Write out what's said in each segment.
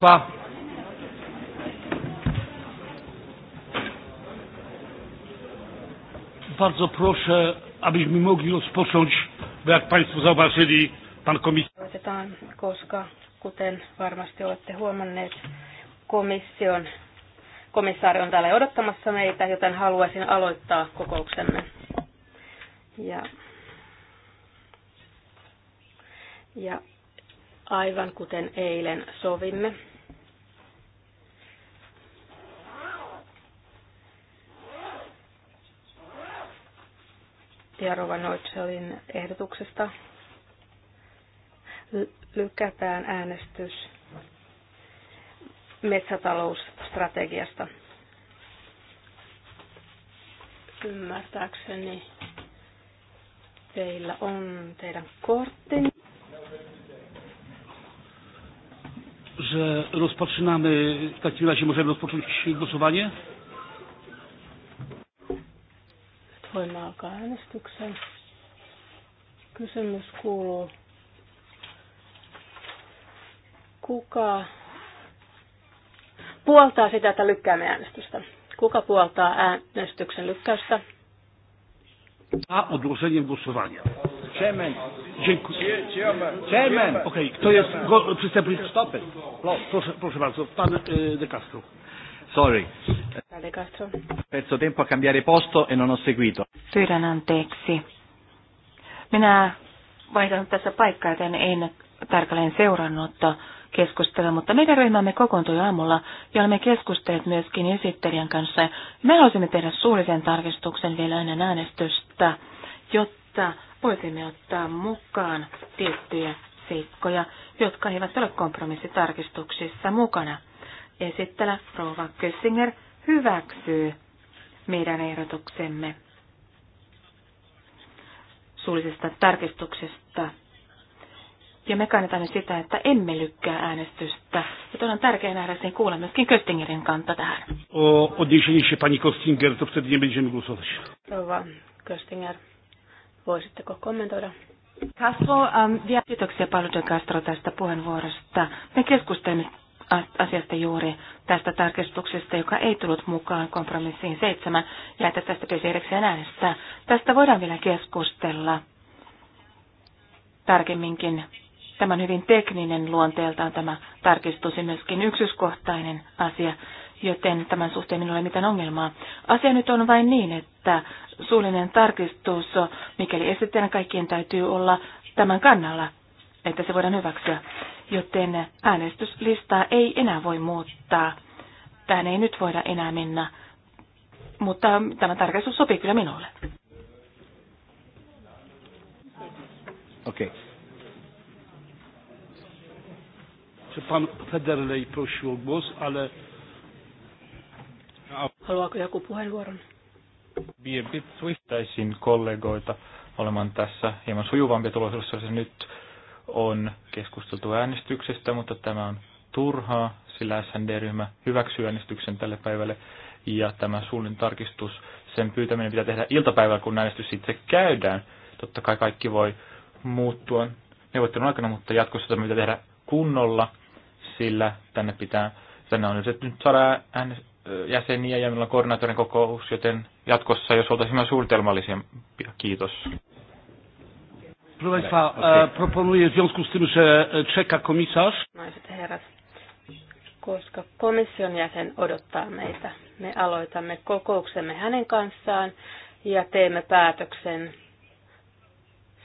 Pa. Bardzo proszę, abyśmy mogli rozpocząć, bo jak Państwo zauważyli, Pan komisarz... Aloitetaan, koska kuten varmasti olette huomanneet, komission, komissaari on täällä odottamassa meitä, joten haluaisin aloittaa kokouksemme. Ja, ja aivan kuten eilen sovimme, Jarova Noitselin ehdotuksesta. Lykätään äänestys metsätalousstrategiasta. Ymmärtääkseni teillä on teidän kortti. Że rozpoczynamy, w takim razie możemy rozpocząć głosowanie? Voimme alkaa äänestyksen. Kysymys kuuluu, kuka puoltaa sitä, että lykkäämme äänestystä? Kuka puoltaa äänestyksen lykkäystä? A odłożeniem głosowania. Chairman. Dziękuję. Chairman. Okej, okay, kto jest przystępny? Proszę, proszę bardzo, pan De Castro. Sorry. Dale, Castro. Perso tempo a cambiare posto e non ho seguito. Pyydän anteeksi. Minä vaihdan tässä paikkaa, joten en tarkalleen seurannut keskustella, mutta meidän ryhmämme kokoontui aamulla ja olemme keskustelleet myöskin esittelijän kanssa. Me haluaisimme tehdä suullisen tarkistuksen vielä ennen äänestystä, jotta voisimme ottaa mukaan tiettyjä seikkoja, jotka eivät ole kompromissitarkistuksissa mukana esittelä Rova Kössinger hyväksyy meidän ehdotuksemme suullisesta tarkistuksesta. Ja me kannatamme sitä, että emme lykkää äänestystä. Ja on tärkeää nähdä sen kuulla myöskin Köstingerin kanta tähän. Odniesienie się pani Kostinger, to wtedy nie będziemy głosować. Rova Köstinger, voisitteko kommentoida? Castro, um, ja... Kiitoksia paljon Castro tästä puheenvuorosta. Me keskustelimme asiasta juuri tästä tarkistuksesta, joka ei tullut mukaan kompromissiin seitsemän, ja että tästä pitäisi erikseen äänestää. Tästä voidaan vielä keskustella tarkemminkin. Tämän hyvin tekninen luonteeltaan tämä tarkistus ja myöskin yksyskohtainen asia, joten tämän suhteen minulla ei mitään ongelmaa. Asia nyt on vain niin, että suullinen tarkistus, mikäli esittelen kaikkien täytyy olla tämän kannalla, että se voidaan hyväksyä joten äänestyslistaa ei enää voi muuttaa. Tähän ei nyt voida enää mennä, mutta tämä tarkastus sopii kyllä minulle. Okei. Okay. pan Federley prosił o głos, ale... Haluaako joku puheenvuoron? Biebit suihtaisin kollegoita olemaan tässä hieman sujuvampi tulos, nyt on keskusteltu äänestyksestä, mutta tämä on turhaa, sillä SND-ryhmä hyväksyy äänestyksen tälle päivälle. Ja tämä suullinen tarkistus, sen pyytäminen pitää tehdä iltapäivällä, kun äänestys itse käydään. Totta kai kaikki voi muuttua neuvottelun aikana, mutta jatkossa tämä pitää tehdä kunnolla, sillä tänne pitää, tänne on nyt saada äänestys, jäseniä ja meillä on koordinaattorin kokous, joten jatkossa, jos oltaisiin suunnitelmallisempia, Kiitos. Proszę Państwa, okay. E, proponuję w związku z tym, że e, czeka komisarz. Naiset teraz, koska komission jäsen odottaa meitä, me aloitamme kokouksemme hänen kanssaan ja teemme päätöksen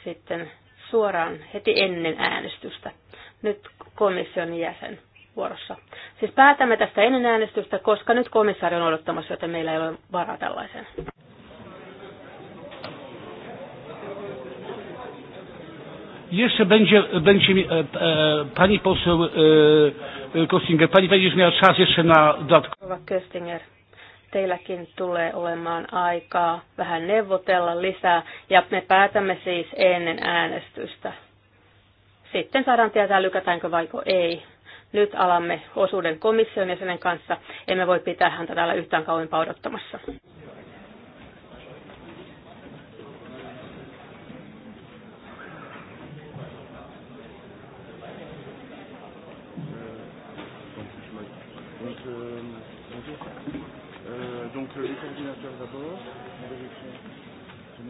sitten suoraan heti ennen äänestystä. Nyt komission jäsen vuorossa. Siis päätämme tästä ennen äänestystä, koska nyt komissaari on odottamassa, joten meillä ei ole varaa tällaiseen. Jeszcze będzie, będzie e, e, pani poseł e, Kostinger, pani będzie miała czas jeszcze na dodatkowe. Kostinger. teilläkin tulee olemaan aikaa vähän neuvotella lisää ja me päätämme siis ennen äänestystä. Sitten saadaan tietää, lykätäänkö vaiko ei. Nyt alamme osuuden komission jäsenen kanssa. Emme voi pitää häntä täällä yhtään kauempaa odottamassa. le coordinateur d'abord, on vérifie. Tout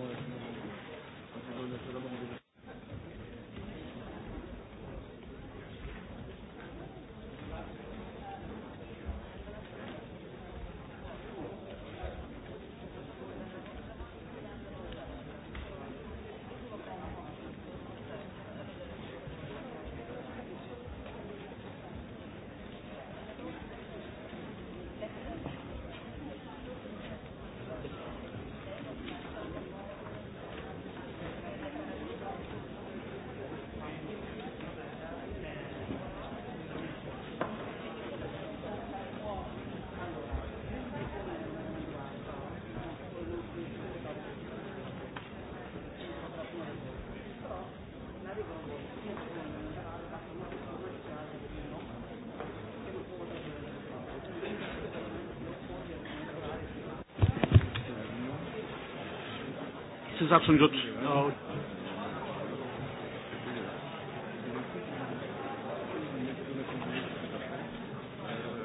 zacząć od.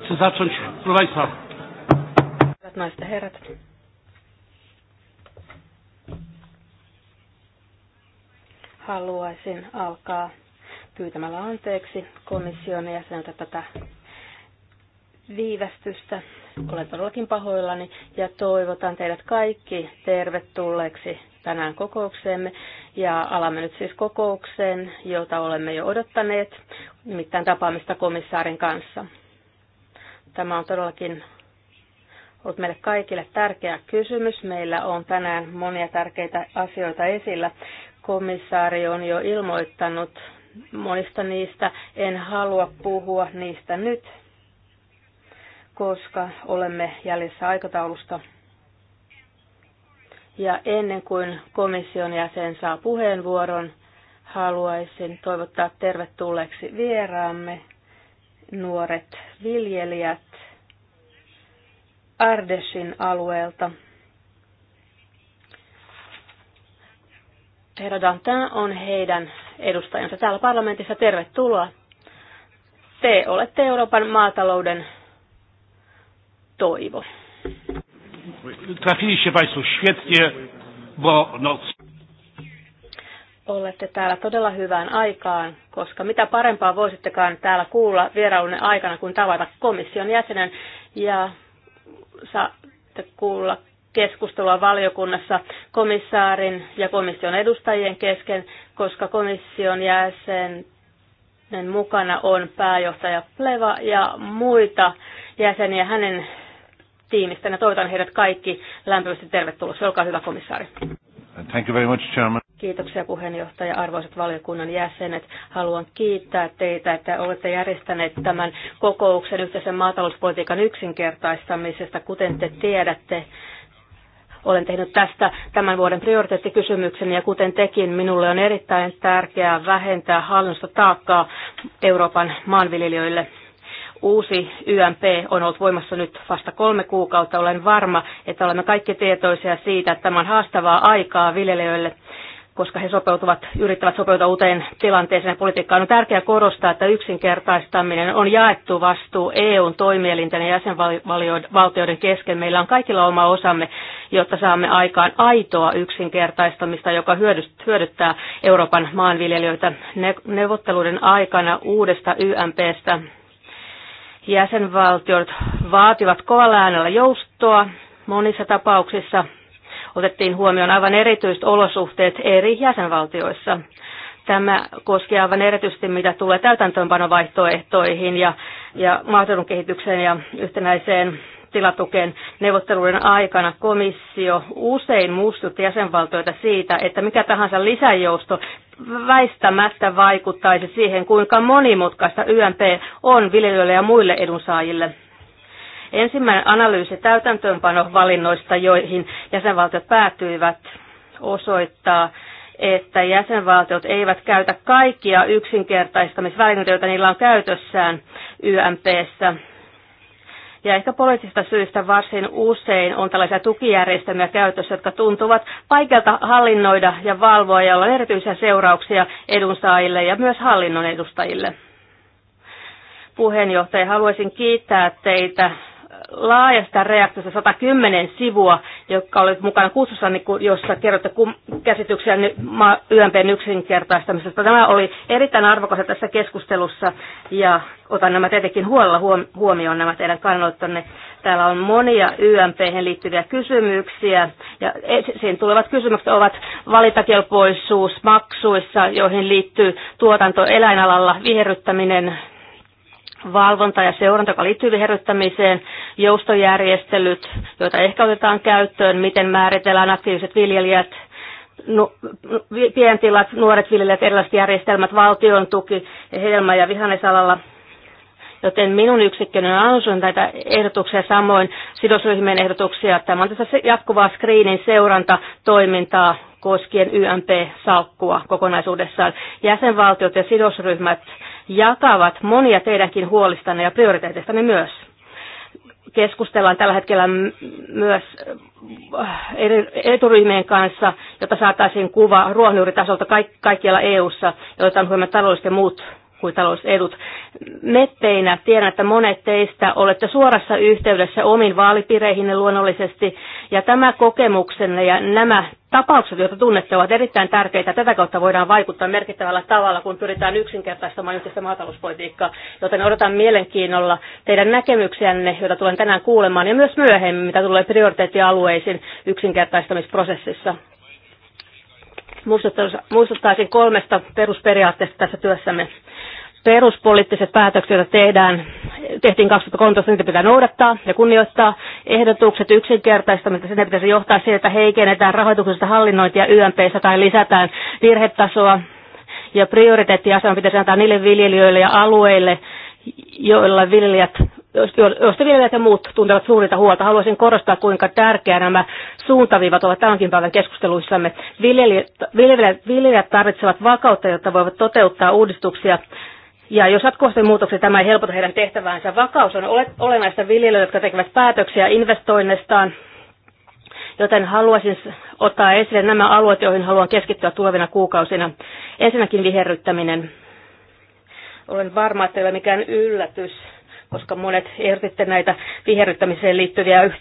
Chcę zacząć, proszę Państwa. Haluaisin alkaa pyytämällä anteeksi komission jäseneltä tätä viivästystä. Olen todellakin pahoillani ja toivotan teidät kaikki tervetulleeksi tänään kokoukseemme. Ja alamme nyt siis kokoukseen, jota olemme jo odottaneet, nimittäin tapaamista komissaarin kanssa. Tämä on todellakin ollut meille kaikille tärkeä kysymys. Meillä on tänään monia tärkeitä asioita esillä. Komissaari on jo ilmoittanut monista niistä. En halua puhua niistä nyt, koska olemme jäljessä aikataulusta. Ja ennen kuin komission jäsen saa puheenvuoron, haluaisin toivottaa tervetulleeksi vieraamme nuoret viljelijät Ardeshin alueelta. Herra Dantin on heidän edustajansa täällä parlamentissa. Tervetuloa. Te olette Euroopan maatalouden toivo. Trafiliście Państwo świetnie, bo noc. Olette täällä todella hyvään aikaan, koska mitä parempaa voisittekaan täällä kuulla vierailunne aikana kuin tavata komission jäsenen ja saatte kuulla keskustelua valiokunnassa komissaarin ja komission edustajien kesken, koska komission jäsenen mukana on pääjohtaja Pleva ja muita jäseniä hänen tiimistä. Ja toivotan heidät kaikki lämpimästi tervetulleeksi. Olkaa hyvä komissaari. Thank you very much, Chairman. Kiitoksia puheenjohtaja, arvoisat valiokunnan jäsenet. Haluan kiittää teitä, että olette järjestäneet tämän kokouksen yhteisen maatalouspolitiikan yksinkertaistamisesta. Kuten te tiedätte, olen tehnyt tästä tämän vuoden prioriteettikysymyksen ja kuten tekin, minulle on erittäin tärkeää vähentää hallinnosta taakkaa Euroopan maanviljelijöille Uusi YMP on ollut voimassa nyt vasta kolme kuukautta. Olen varma, että olemme kaikki tietoisia siitä, että tämä on haastavaa aikaa viljelijöille koska he sopeutuvat, yrittävät sopeutua uuteen tilanteeseen ja politiikkaan. On tärkeää korostaa, että yksinkertaistaminen on jaettu vastuu EUn toimielinten ja jäsenvaltioiden kesken. Meillä on kaikilla oma osamme, jotta saamme aikaan aitoa yksinkertaistamista, joka hyödyttää Euroopan maanviljelijöitä. Neuvotteluiden aikana uudesta YMPstä Jäsenvaltiot vaativat kovalla äänellä joustoa. Monissa tapauksissa otettiin huomioon aivan erityiset olosuhteet eri jäsenvaltioissa. Tämä koskee aivan erityisesti, mitä tulee täytäntöönpanovaihtoehtoihin ja, ja maatalouden kehitykseen ja yhtenäiseen tilatukeen neuvotteluiden aikana komissio usein muistutti jäsenvaltioita siitä, että mikä tahansa lisäjousto väistämättä vaikuttaisi siihen, kuinka monimutkaista YMP on viljelijöille ja muille edunsaajille. Ensimmäinen analyysi täytäntöönpanovalinnoista, joihin jäsenvaltiot päätyivät, osoittaa, että jäsenvaltiot eivät käytä kaikkia yksinkertaistamisvälineitä, joita niillä on käytössään YMPssä ja ehkä poliittisista syistä varsin usein on tällaisia tukijärjestelmiä käytössä, jotka tuntuvat vaikealta hallinnoida ja valvoa, ja olla erityisiä seurauksia edunsaajille ja myös hallinnon edustajille puheenjohtaja, haluaisin kiittää teitä laajasta reaktiosta 110 sivua, joka oli mukana kuusussa, niin jossa kerrotte käsityksiä YMPn yksinkertaistamisesta. Tämä oli erittäin arvokasta tässä keskustelussa ja otan nämä tietenkin huolella huomioon nämä teidän kannanottonne. Täällä on monia YMP liittyviä kysymyksiä ja esiin tulevat kysymykset ovat valintakelpoisuus maksuissa, joihin liittyy tuotanto eläinalalla, viherryttäminen, valvonta ja seuranta, joka liittyy viherryttämiseen, joustojärjestelyt, joita ehkä otetaan käyttöön, miten määritellään aktiiviset viljelijät, no, pientilat, nuoret viljelijät, erilaiset järjestelmät, valtion tuki, hedelmä- ja vihannesalalla. Joten minun yksikköni on analysoinut näitä ehdotuksia samoin sidosryhmien ehdotuksia. Tämä on tässä jatkuvaa screenin seurantatoimintaa koskien YMP-salkkua kokonaisuudessaan. Jäsenvaltiot ja sidosryhmät jakavat monia teidänkin huolistanne ja prioriteeteistanne myös. Keskustellaan tällä hetkellä myös äh, eturyhmien kanssa, jotta saataisiin kuva ruohonjuuritasolta kaikkialla EU-ssa, joita on huomioon taloudelliset ja muut kuin talousedut. Meppeinä tiedän, että monet teistä olette suorassa yhteydessä omiin vaalipiireihinne luonnollisesti, ja tämä kokemuksenne ja nämä tapaukset, joita tunnette, ovat erittäin tärkeitä. Tätä kautta voidaan vaikuttaa merkittävällä tavalla, kun pyritään yksinkertaistamaan yhteistä maatalouspolitiikkaa, joten odotan mielenkiinnolla teidän näkemyksiänne, joita tulen tänään kuulemaan, ja myös myöhemmin, mitä tulee prioriteettialueisiin yksinkertaistamisprosessissa muistuttaisin kolmesta perusperiaatteesta tässä työssämme peruspoliittiset päätökset, joita tehdään, tehtiin 2013, niitä pitää noudattaa ja kunnioittaa. Ehdotukset yksinkertaistamista, sinne pitäisi johtaa siihen, että heikennetään rahoituksesta hallinnointia YMPssä tai lisätään virhetasoa. Ja prioriteettiasema pitäisi antaa niille viljelijöille ja alueille, joilla viljelijät, joista viljelijät ja muut tuntevat suurinta huolta. Haluaisin korostaa, kuinka tärkeää nämä suuntaviivat ovat tämänkin päivän keskusteluissamme. Viljelijät, viljelijät, viljelijät tarvitsevat vakautta, jotta voivat toteuttaa uudistuksia ja jos jatkuvasti muutoksia tämä ei helpota heidän tehtäväänsä, vakaus on olennaista viljelijöille, jotka tekevät päätöksiä investoinnistaan. joten haluaisin ottaa esille nämä alueet, joihin haluan keskittyä tulevina kuukausina. Ensinnäkin viherryttäminen. Olen varma, että ei ole mikään yllätys, koska monet ehdotitte näitä viherryttämiseen liittyviä yh-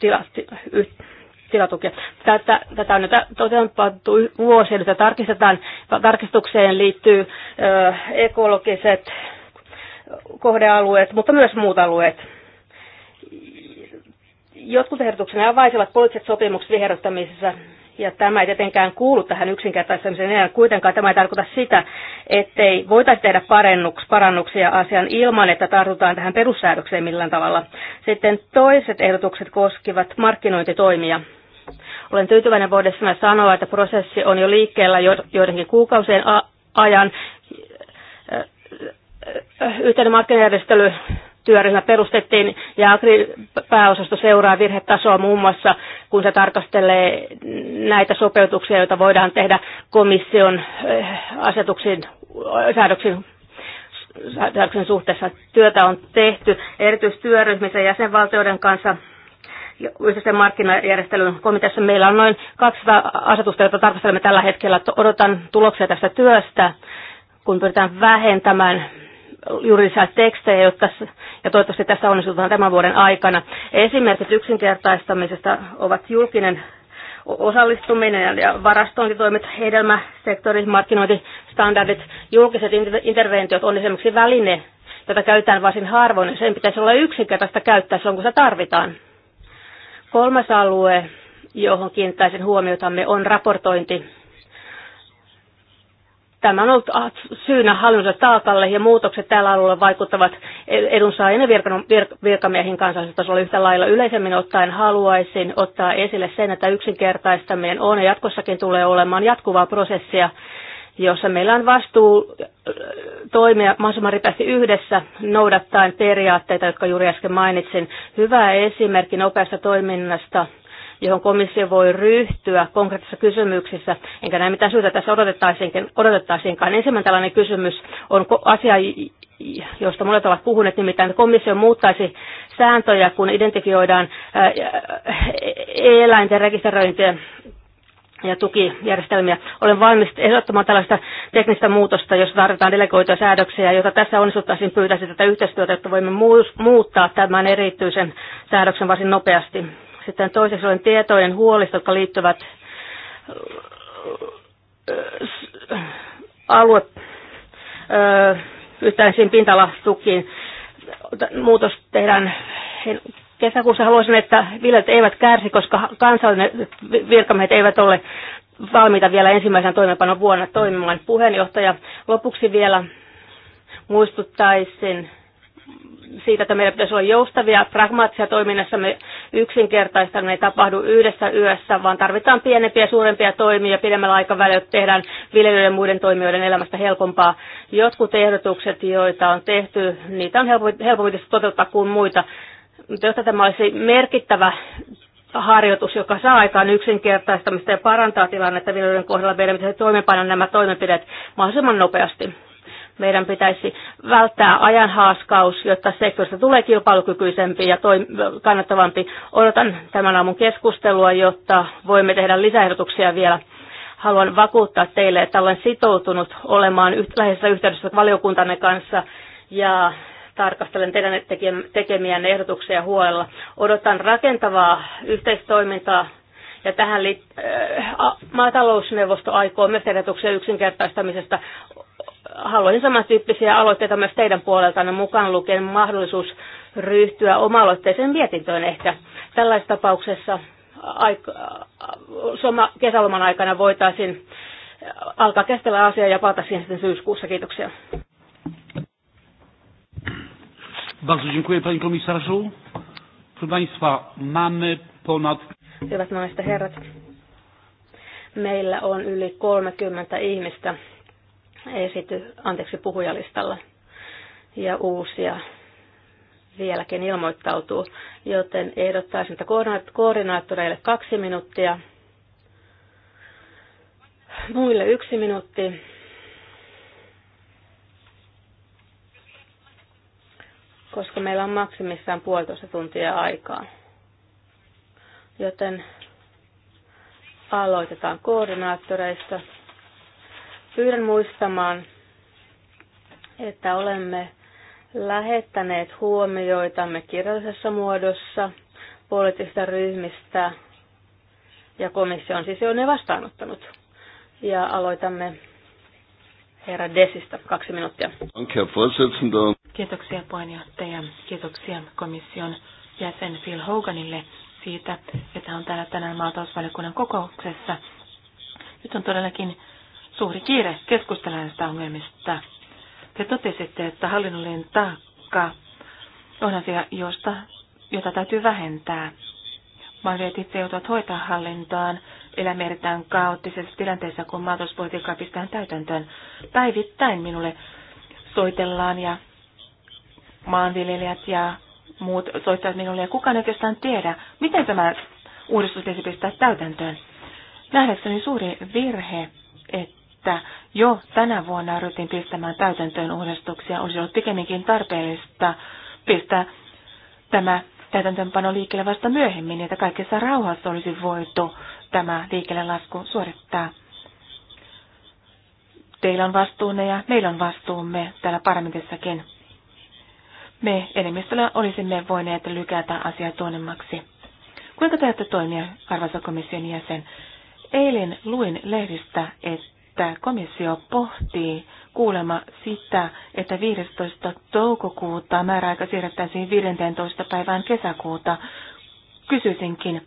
tila- yh- tilatukia. Tätä, tätä on toteutettu vuosi, eli tarkistetaan. Tarkistukseen liittyy ö, ekologiset kohdealueet, mutta myös muut alueet. Jotkut ehdotuksena avaisivat poliittiset sopimukset viherryttämisessä, ja tämä ei tietenkään kuulu tähän yksinkertaistamiseen enää. Kuitenkaan tämä ei tarkoita sitä, ettei voitaisi tehdä parannuksia asian ilman, että tartutaan tähän perussäädökseen millään tavalla. Sitten toiset ehdotukset koskivat markkinointitoimia. Olen tyytyväinen voidessani sanoa, että prosessi on jo liikkeellä joidenkin kuukausien ajan. Yhteinen markkinajärjestely työryhmä perustettiin ja pääosasto seuraa virhetasoa muun muassa, kun se tarkastelee näitä sopeutuksia, joita voidaan tehdä komission eh, asetuksiin, säädöksiin säädöksen suhteessa työtä on tehty erityistyöryhmissä jäsenvaltioiden kanssa yhteisen markkinajärjestelyn komiteassa meillä on noin 200 asetusta, joita tarkastelemme tällä hetkellä. Odotan tuloksia tästä työstä, kun pyritään vähentämään juridisia tekstejä, jotta, ja toivottavasti tässä onnistutaan tämän vuoden aikana. Esimerkit yksinkertaistamisesta ovat julkinen osallistuminen ja varastointitoimet, hedelmäsektori, markkinointistandardit, julkiset interventiot on esimerkiksi väline, jota käytetään varsin harvoin. Sen pitäisi olla yksinkertaista käyttää silloin, kun se tarvitaan. Kolmas alue, johon kiinnittäisin huomiotamme, on raportointi. Tämä on ollut syynä hallinnossa taakalle ja muutokset tällä alueella vaikuttavat e- edunsaajien ja virkamiehin kansallisella tasolla yhtä lailla. Yleisemmin ottaen haluaisin ottaa esille sen, että yksinkertaistaminen on ja jatkossakin tulee olemaan jatkuvaa prosessia jossa meillä on vastuu äh, toimia mahdollisimman ripeästi yhdessä noudattaen periaatteita, jotka juuri äsken mainitsin. Hyvä esimerkki nopeasta toiminnasta johon komissio voi ryhtyä konkreettisissa kysymyksissä, enkä näe mitään syytä tässä odotettaisiinkaan. Ensimmäinen tällainen kysymys on asia, josta monet ovat puhuneet, nimittäin komissio muuttaisi sääntöjä, kun identifioidaan äh, e- e- e- eläinten rekisteröintiä ja tukijärjestelmiä. Olen valmis ehdottamaan tällaista teknistä muutosta, jos tarvitaan delegoituja säädöksiä, jota tässä onnistuttaisiin pyytäisi tätä yhteistyötä, että voimme muuttaa tämän erityisen säädöksen varsin nopeasti. Sitten toiseksi olen tietoinen huolista, jotka liittyvät äh, alue äh, yhteisiin pintalatukiin. Muutos tehdään Kesäkuussa haluaisin, että viljelijät eivät kärsi, koska kansalliset virkamiehet eivät ole valmiita vielä ensimmäisen toimeenpanon vuonna toimimaan. Puheenjohtaja, lopuksi vielä muistuttaisin siitä, että meidän pitäisi olla joustavia, pragmaattisia toiminnassa. Me yksinkertaista ei tapahdu yhdessä yössä, vaan tarvitaan pienempiä ja suurempia toimia. Pidemmällä aikavälillä tehdään viljelijöiden ja muiden toimijoiden elämästä helpompaa. Jotkut ehdotukset, joita on tehty, niitä on helpompi toteuttaa kuin muita. Mutta jotta tämä olisi merkittävä harjoitus, joka saa aikaan yksinkertaistamista ja parantaa tilannetta viljelijöiden kohdalla, meidän pitäisi toimeenpanna nämä toimenpiteet mahdollisimman nopeasti. Meidän pitäisi välttää ajanhaaskaus, jotta sektorista tulee kilpailukykyisempi ja toim- kannattavampi. Odotan tämän aamun keskustelua, jotta voimme tehdä lisäehdotuksia vielä. Haluan vakuuttaa teille, että olen sitoutunut olemaan yht- läheisessä yhteydessä valiokuntanne kanssa ja tarkastelen teidän tekemiänne ehdotuksia huolella. Odotan rakentavaa yhteistoimintaa ja tähän liit- äh, maatalousneuvosto aikoo myös ehdotuksia yksinkertaistamisesta. Haluaisin samantyyppisiä aloitteita myös teidän puoleltanne mukaan lukien mahdollisuus ryhtyä oma-aloitteiseen mietintöön ehkä. Tällaisessa tapauksessa aika, äh, kesäloman aikana voitaisiin alkaa kestellä asiaa ja palata siihen sitten syyskuussa. Kiitoksia. Bardzo dziękuję panie komisarzu. Proszę państwa, mamy ponad... Hyvät naiset ja herrat, meillä on yli 30 ihmistä esity, anteeksi, puhujalistalla ja uusia vieläkin ilmoittautuu, joten ehdottaisin, että koordinaattoreille kaksi minuuttia, muille yksi minuutti koska meillä on maksimissaan puolitoista tuntia aikaa. Joten aloitetaan koordinaattoreista. Pyydän muistamaan, että olemme lähettäneet huomioitamme kirjallisessa muodossa poliittisista ryhmistä ja komissio on siis jo ne vastaanottanut. Ja aloitamme herra Desistä kaksi minuuttia. Kiitoksia puheenjohtaja, kiitoksia komission jäsen Phil Hoganille siitä, että hän on täällä tänään maatalousvaliokunnan kokouksessa. Nyt on todellakin suuri kiire keskustella näistä ongelmista. Te totesitte, että hallinnollinen taakka on asia, josta, jota täytyy vähentää. Maanviljat itse joutuvat hoitaa hallintoaan. elämme erittäin kaoottisessa tilanteessa, kun maatalouspolitiikkaa pistetään täytäntöön. Päivittäin minulle soitellaan ja maanviljelijät ja muut soittavat minulle, ja kukaan ei oikeastaan tiedä, miten tämä uudistus pitäisi pistää täytäntöön. Nähdäkseni suuri virhe, että jo tänä vuonna ryhtiin pistämään täytäntöön uudistuksia, olisi ollut pikemminkin tarpeellista pistää tämä täytäntöönpano liikkeelle vasta myöhemmin, että kaikessa rauhassa olisi voitu tämä liikkeelle lasku suorittaa. Teillä on vastuunne ja meillä on vastuumme täällä parlamentissakin me enemmistöllä olisimme voineet lykätä asiaa tuonemmaksi. Kuinka te ajatte toimia, arvoisa komission jäsen? Eilen luin lehdistä, että komissio pohtii kuulema sitä, että 15. toukokuuta määräaika siirrettäisiin 15. päivään kesäkuuta. Kysyisinkin,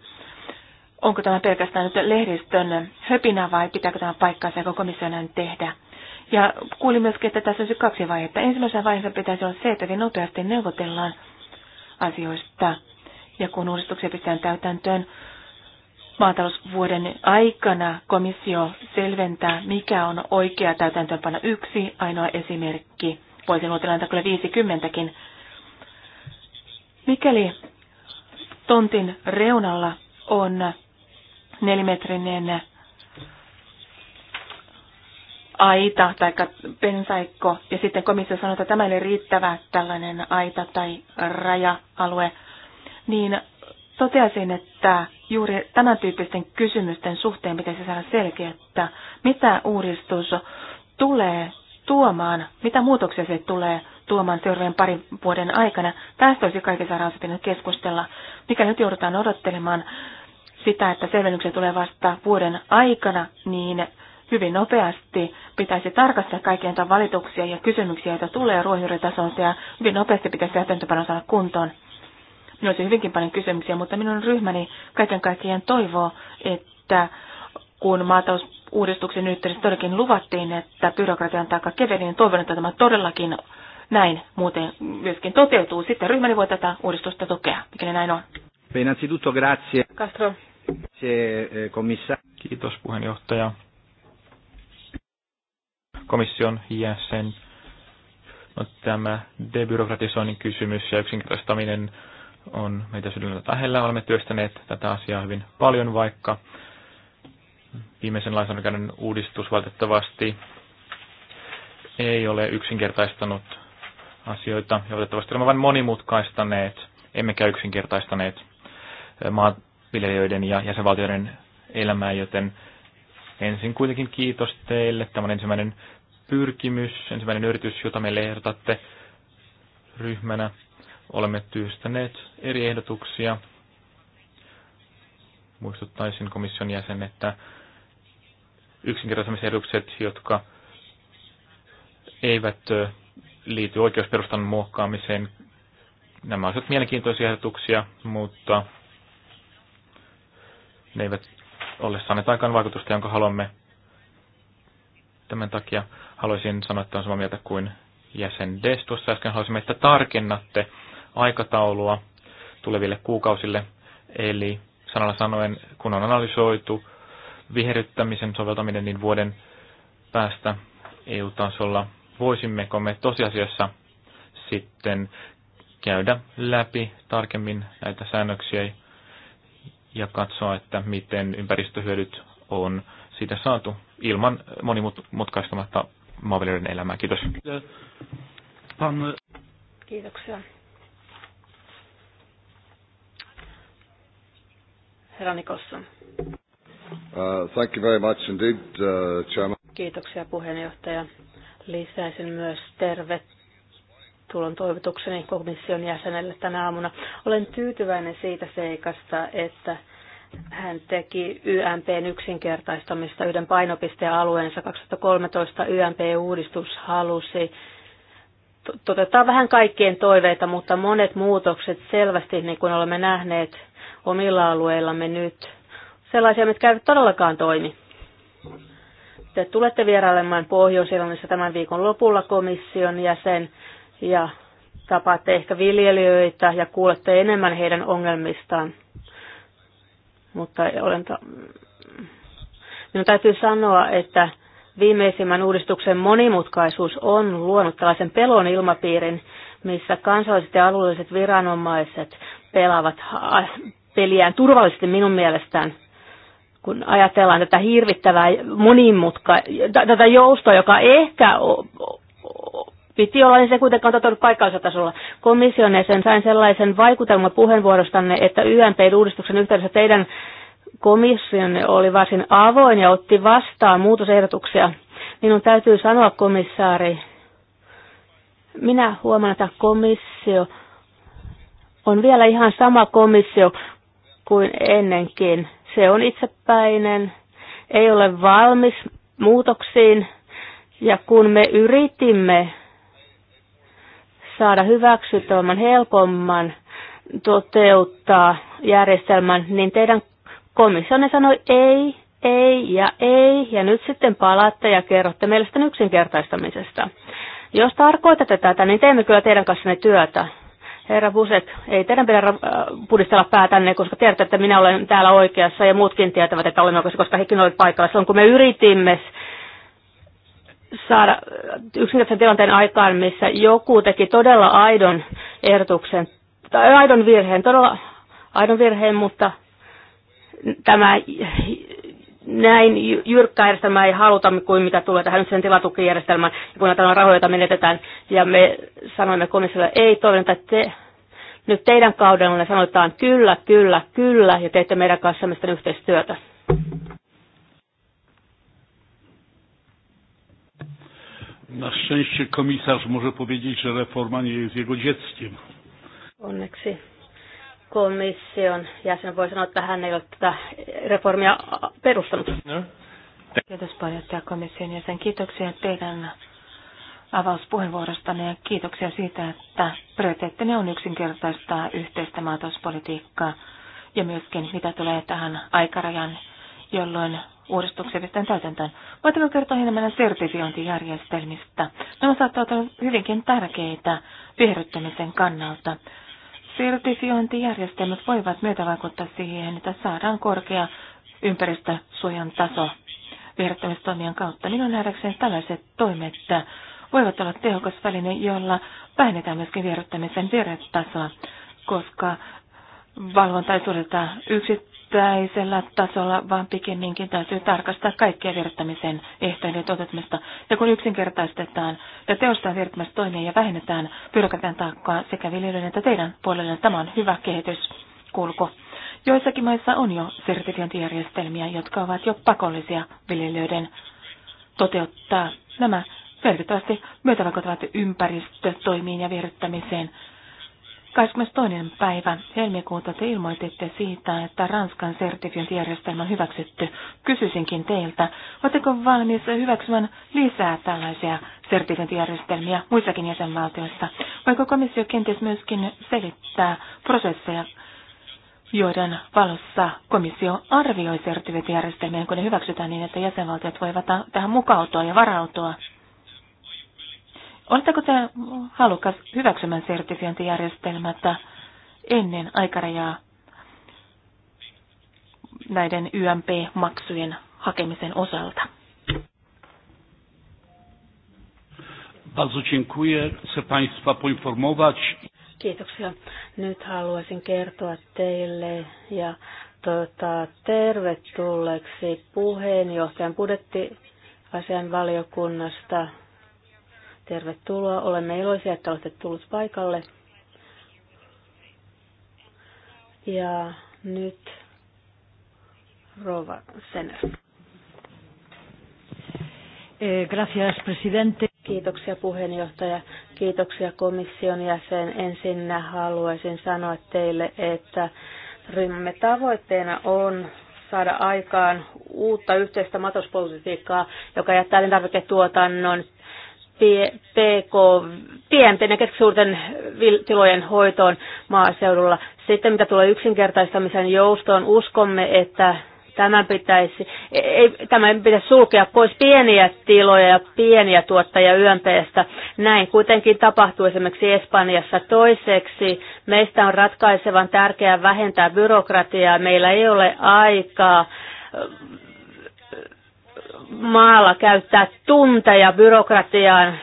onko tämä pelkästään nyt lehdistön höpinä vai pitääkö tämä paikkaa sen komissio näin tehdä? Ja kuulin myöskin, että tässä olisi kaksi vaihetta. Ensimmäisen vaiheessa pitäisi olla se, että hyvin nopeasti neuvotellaan asioista. Ja kun uudistuksia pistetään täytäntöön maatalousvuoden aikana, komissio selventää, mikä on oikea täytäntöönpano yksi ainoa esimerkki. Voisin luotella antaa kyllä 50kin. Mikäli tontin reunalla on nelimetrinen aita tai pensaikko, ja sitten komissio sanoo, että tämä ei ole riittävä tällainen aita tai raja-alue, niin toteaisin, että juuri tämän tyyppisten kysymysten suhteen pitäisi saada että mitä uudistus tulee tuomaan, mitä muutoksia se tulee tuomaan seuraavien parin vuoden aikana. Tästä olisi kaikessa saadaan sitten keskustella, mikä nyt joudutaan odottelemaan sitä, että selvennykset tulee vasta vuoden aikana, niin hyvin nopeasti pitäisi tarkastaa kaikkien valituksia ja kysymyksiä, joita tulee ruohonjuuritasolta ja hyvin nopeasti pitäisi täytäntöpano saada kuntoon. Minulla olisi hyvinkin paljon kysymyksiä, mutta minun ryhmäni kaiken kaikkiaan toivoo, että kun maatalousuudistuksen yhteydessä todellakin luvattiin, että byrokratian taakka keveni, niin toivon, että tämä todellakin näin muuten myöskin toteutuu. Sitten ryhmäni voi tätä uudistusta tukea, mikä näin on. Innanzitutto grazie. Castro. Eh, Kiitos puheenjohtaja komission jäsen. No, tämä debyrokratisoinnin kysymys ja yksinkertaistaminen on meitä sydämellä lähellä. Olemme työstäneet tätä asiaa hyvin paljon, vaikka viimeisen lainsäädännön uudistus valitettavasti ei ole yksinkertaistanut asioita. Ja valitettavasti olemme vain monimutkaistaneet, emmekä yksinkertaistaneet maanviljelijöiden ja jäsenvaltioiden elämää, joten ensin kuitenkin kiitos teille. Tämä on ensimmäinen pyrkimys, ensimmäinen yritys, jota me lehdotatte ryhmänä. Olemme työstäneet eri ehdotuksia. Muistuttaisin komission jäsen, että yksinkertaisemmaiset jotka eivät liity oikeusperustan muokkaamiseen. Nämä ovat mielenkiintoisia ehdotuksia, mutta ne eivät ole saaneet aikaan vaikutusta, jonka haluamme. Tämän takia Haluaisin sanoa, että on samaa mieltä kuin jäsen Des tuossa äsken. Haluaisimme, että tarkennatte aikataulua tuleville kuukausille. Eli sanalla sanoen, kun on analysoitu viherryttämisen soveltaminen, niin vuoden päästä EU-tasolla voisimmeko me tosiasiassa sitten käydä läpi tarkemmin näitä säännöksiä ja katsoa, että miten ympäristöhyödyt on siitä saatu ilman monimutkaistamatta maanviljelijöiden elämää. Kiitos. Kiitoksia. Herra Nikosson. Uh, thank you very much indeed, uh, Chairman. Kiitoksia puheenjohtaja. Lisäisin myös tervetulon toivotukseni komission jäsenelle tänä aamuna. Olen tyytyväinen siitä seikasta, että hän teki YMPn yksinkertaistamista yhden alueensa 2013 YMP-uudistus halusi toteuttaa vähän kaikkien toiveita, mutta monet muutokset selvästi, niin kuin olemme nähneet omilla alueillamme nyt, sellaisia, mitkä eivät todellakaan toimi. Te tulette vierailemaan pohjois tämän viikon lopulla komission jäsen ja tapaatte ehkä viljelijöitä ja kuulette enemmän heidän ongelmistaan. Mutta olen ta- minun täytyy sanoa, että viimeisimmän uudistuksen monimutkaisuus on luonut tällaisen pelon ilmapiirin, missä kansalliset ja alueelliset viranomaiset pelaavat peliään turvallisesti minun mielestään kun ajatellaan tätä hirvittävää monimutkaa, tätä joustoa, joka ehkä piti olla, niin se kuitenkaan toteutunut paikallisella tasolla. Komission sen sain sellaisen vaikutelman puheenvuorostanne, että YMP-uudistuksen yhteydessä teidän komissionne oli varsin avoin ja otti vastaan muutosehdotuksia. Minun täytyy sanoa, komissaari, minä huomaan, että komissio on vielä ihan sama komissio kuin ennenkin. Se on itsepäinen, ei ole valmis muutoksiin. Ja kun me yritimme saada hyväksyttävämmän, helpomman toteuttaa järjestelmän, niin teidän komissionne sanoi ei, ei ja ei, ja nyt sitten palaatte ja kerrotte meille sitten yksinkertaistamisesta. Jos tarkoitatte tätä, niin teemme kyllä teidän kanssanne työtä. Herra Buset, ei teidän pidä äh, pudistella päätänne, koska tiedätte, että minä olen täällä oikeassa ja muutkin tietävät, että olemme oikeassa, koska hekin olivat paikalla. Silloin kun me yritimme saada äh, yksinkertaisen tilanteen aikaan, missä joku teki todella aidon ehdotuksen, tai aidon virheen, todella aidon virheen, mutta tämä näin jyrkkää järjestelmää ei haluta kuin mitä tulee tähän sen tilatukijärjestelmään, ja kun näitä rahoja, menetetään, ja me sanoimme komissiolle, ei toivon, että te, nyt teidän kaudellanne sanotaan kyllä, kyllä, kyllä, ja teette meidän kanssamme yhteistyötä. Na szczęście komisarz może powiedzieć, że reforma nie jest jego dzieckiem. Onneksi komission jäsen voi sanoa, että hän ei ole tätä reformia perustanut. No. Kiitos puheenjohtaja komission jäsen. Kiitoksia teidän avauspuheenvuorostanne ja kiitoksia siitä, että prioriteettinen on yksinkertaistaa yhteistä maatalouspolitiikkaa ja myöskin mitä tulee tähän aikarajan jolloin uudistuksia pistetään täytäntöön. Voitteko kertoa enemmän sertifiointijärjestelmistä? Nämä saattavat olla hyvinkin tärkeitä viherryttämisen kannalta. Sertifiointijärjestelmät voivat vaikuttaa siihen, että saadaan korkea ympäristösuojan taso viherryttämistoimien kautta. Minun nähdäkseni tällaiset toimet voivat olla tehokas väline, jolla vähennetään myöskin viherryttämisen virhetasoa, koska valvonta ei suoriteta yksi yksittäisellä tasolla, vaan pikemminkin täytyy tarkastaa kaikkia virittämisen ehtojen toteutumista. Ja kun yksinkertaistetaan ja virittämistä toimia ja vähennetään byrokratian taakkaa sekä viljelijöiden että teidän puolelle, niin tämä on hyvä kehityskulku. Joissakin maissa on jo sertifiointijärjestelmiä, jotka ovat jo pakollisia viljelijöiden toteuttaa. Nämä merkittävästi myötävaikuttavat ympäristötoimiin ja viherryttämiseen 22. päivä helmikuuta te ilmoititte siitä, että Ranskan sertifiointijärjestelmä on hyväksytty. Kysyisinkin teiltä, oletteko valmis hyväksymään lisää tällaisia sertifiointijärjestelmiä muissakin jäsenvaltioissa? Voiko komissio kenties myöskin selittää prosesseja, joiden valossa komissio arvioi sertifiointijärjestelmiä, kun ne hyväksytään niin, että jäsenvaltiot voivat tähän mukautua ja varautua? Oletteko te halukas hyväksymään sertifiointijärjestelmät ennen aikarajaa näiden YMP-maksujen hakemisen osalta? Kiitoksia. Nyt haluaisin kertoa teille ja tota, tervetulleeksi puheenjohtajan budjettiasian valiokunnasta Tervetuloa. Olemme iloisia, että olette tullut paikalle. Ja nyt Rova Senner. Eh, gracias, presidente. Kiitoksia puheenjohtaja. Kiitoksia komission jäsen. Ensin haluaisin sanoa teille, että ryhmämme tavoitteena on saada aikaan uutta yhteistä matospolitiikkaa, joka jättää elintarviketuotannon PK, pienten ja keskisuurten tilojen hoitoon maaseudulla. Sitten mitä tulee yksinkertaistamisen joustoon, uskomme, että tämän pitäisi, ei, tämän pitäisi sulkea pois pieniä tiloja ja pieniä tuottajia YMPstä. Näin kuitenkin tapahtuu esimerkiksi Espanjassa toiseksi. Meistä on ratkaisevan tärkeää vähentää byrokratiaa. Meillä ei ole aikaa maalla käyttää tunteja byrokratiaan,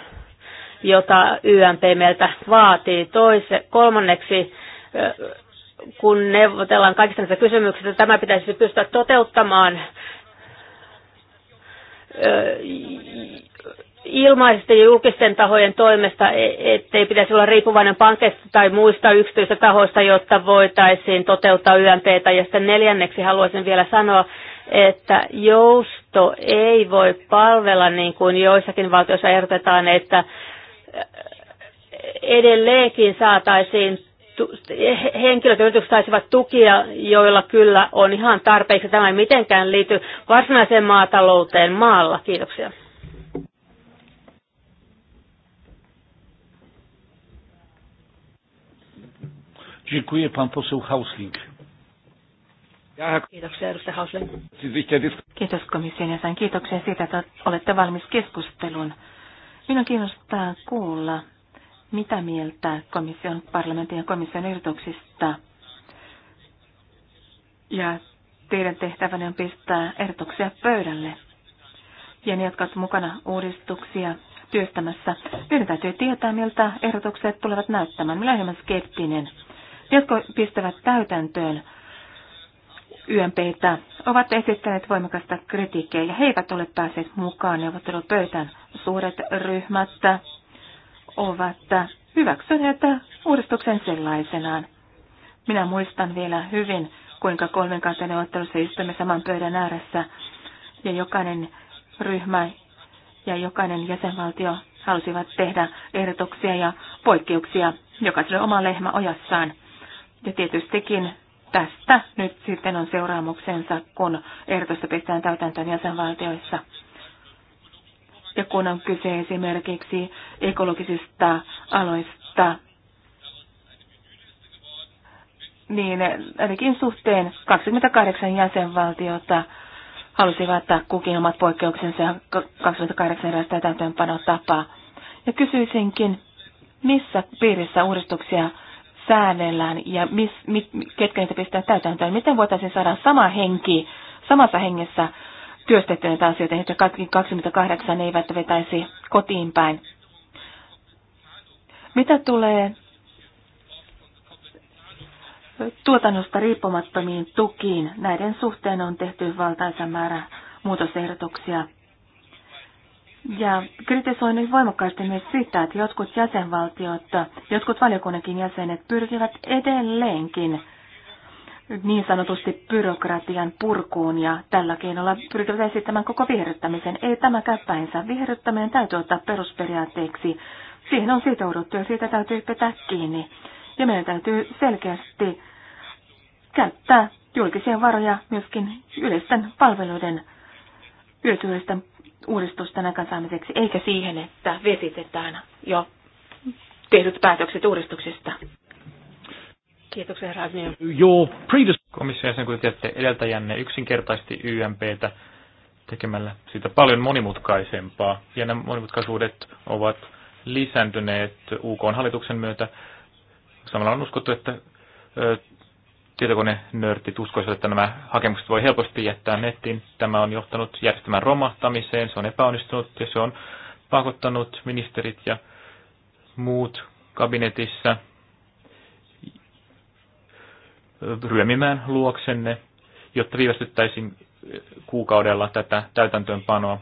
jota YMP meiltä vaatii. Toise, kolmanneksi, kun neuvotellaan kaikista näistä kysymyksistä, tämä pitäisi pystyä toteuttamaan ilmaisesti julkisten tahojen toimesta, e, ettei pitäisi olla riippuvainen pankeista tai muista yksityistä tahoista, jotta voitaisiin toteuttaa YMPtä. Ja sitten neljänneksi haluaisin vielä sanoa, että jousto ei voi palvella niin kuin joissakin valtioissa ehdotetaan, että edelleenkin saataisiin henkilöt ja yritykset saisivat tukia, joilla kyllä on ihan tarpeeksi. Tämä ei mitenkään liity varsinaiseen maatalouteen maalla. Kiitoksia. Dziękuję pan poseł Hausling. Kiitoksia, edustaja Kiitos komission jäsen. Kiitoksia siitä, että olette valmis keskusteluun. Minun kiinnostaa kuulla, mitä mieltä komission, parlamentin ja komission ehdotuksista. Ja teidän tehtävänne on pistää ehdotuksia pöydälle. Ja ne, jotka ovat mukana uudistuksia työstämässä, teidän täytyy tietää, miltä ehdotukset tulevat näyttämään. Minä olen hieman skeptinen. Ne, jotka pistävät täytäntöön YMPtä ovat esittäneet voimakasta kritiikkiä ja he eivät ole päässeet mukaan neuvottelupöytään. Suuret ryhmät ovat hyväksyneet uudistuksen sellaisenaan. Minä muistan vielä hyvin, kuinka kolmen kanssa neuvottelussa istumme saman pöydän ääressä ja jokainen ryhmä ja jokainen jäsenvaltio halusivat tehdä ehdotuksia ja poikkeuksia, jokaiselle oma lehmä ojassaan. Ja tietystikin tästä nyt sitten on seuraamuksensa, kun ehdotusta pistetään täytäntöön jäsenvaltioissa. Ja kun on kyse esimerkiksi ekologisista aloista, niin ainakin suhteen 28 jäsenvaltiota halusivat kukin omat poikkeuksensa ja 28 erilaista tapaa Ja kysyisinkin, missä piirissä uudistuksia säännellään ja mis, mit, ketkä niitä pistää täytäntöön. Miten voitaisiin saada sama henki, samassa hengessä työstettyä näitä asioita, niin että kaikki 28 eivät vetäisi kotiin päin. Mitä tulee tuotannosta riippumattomiin tukiin, näiden suhteen on tehty valtaisa määrä muutosehdotuksia. Ja kritisoin nyt voimakkaasti myös sitä, että jotkut jäsenvaltiot, jotkut valiokunnankin jäsenet pyrkivät edelleenkin niin sanotusti byrokratian purkuun ja tällä keinolla pyrkivät esittämään koko viherryttämisen. Ei tämä käppäinsä. Viherryttäminen täytyy ottaa perusperiaatteeksi. Siihen on sitouduttu ja siitä täytyy pitää kiinni. Ja meidän täytyy selkeästi käyttää julkisia varoja myöskin yleisten palveluiden, yleisten uudistusten aikaansaamiseksi, eikä siihen, että vesitetään jo tehdyt päätökset uudistuksista. Kiitoksia, Ragnio. Joo, previous... Komission jäsen, kun tiedätte edeltäjänne yksinkertaisesti YMPtä tekemällä siitä paljon monimutkaisempaa. Ja nämä monimutkaisuudet ovat lisääntyneet UK-hallituksen myötä. Samalla on uskottu, että Tietokone nörtit uskoisivat, että nämä hakemukset voi helposti jättää nettiin. Tämä on johtanut järjestelmän romahtamiseen, se on epäonnistunut ja se on pakottanut ministerit ja muut kabinetissa ryömimään luoksenne, jotta viivästyttäisiin kuukaudella tätä täytäntöönpanoa.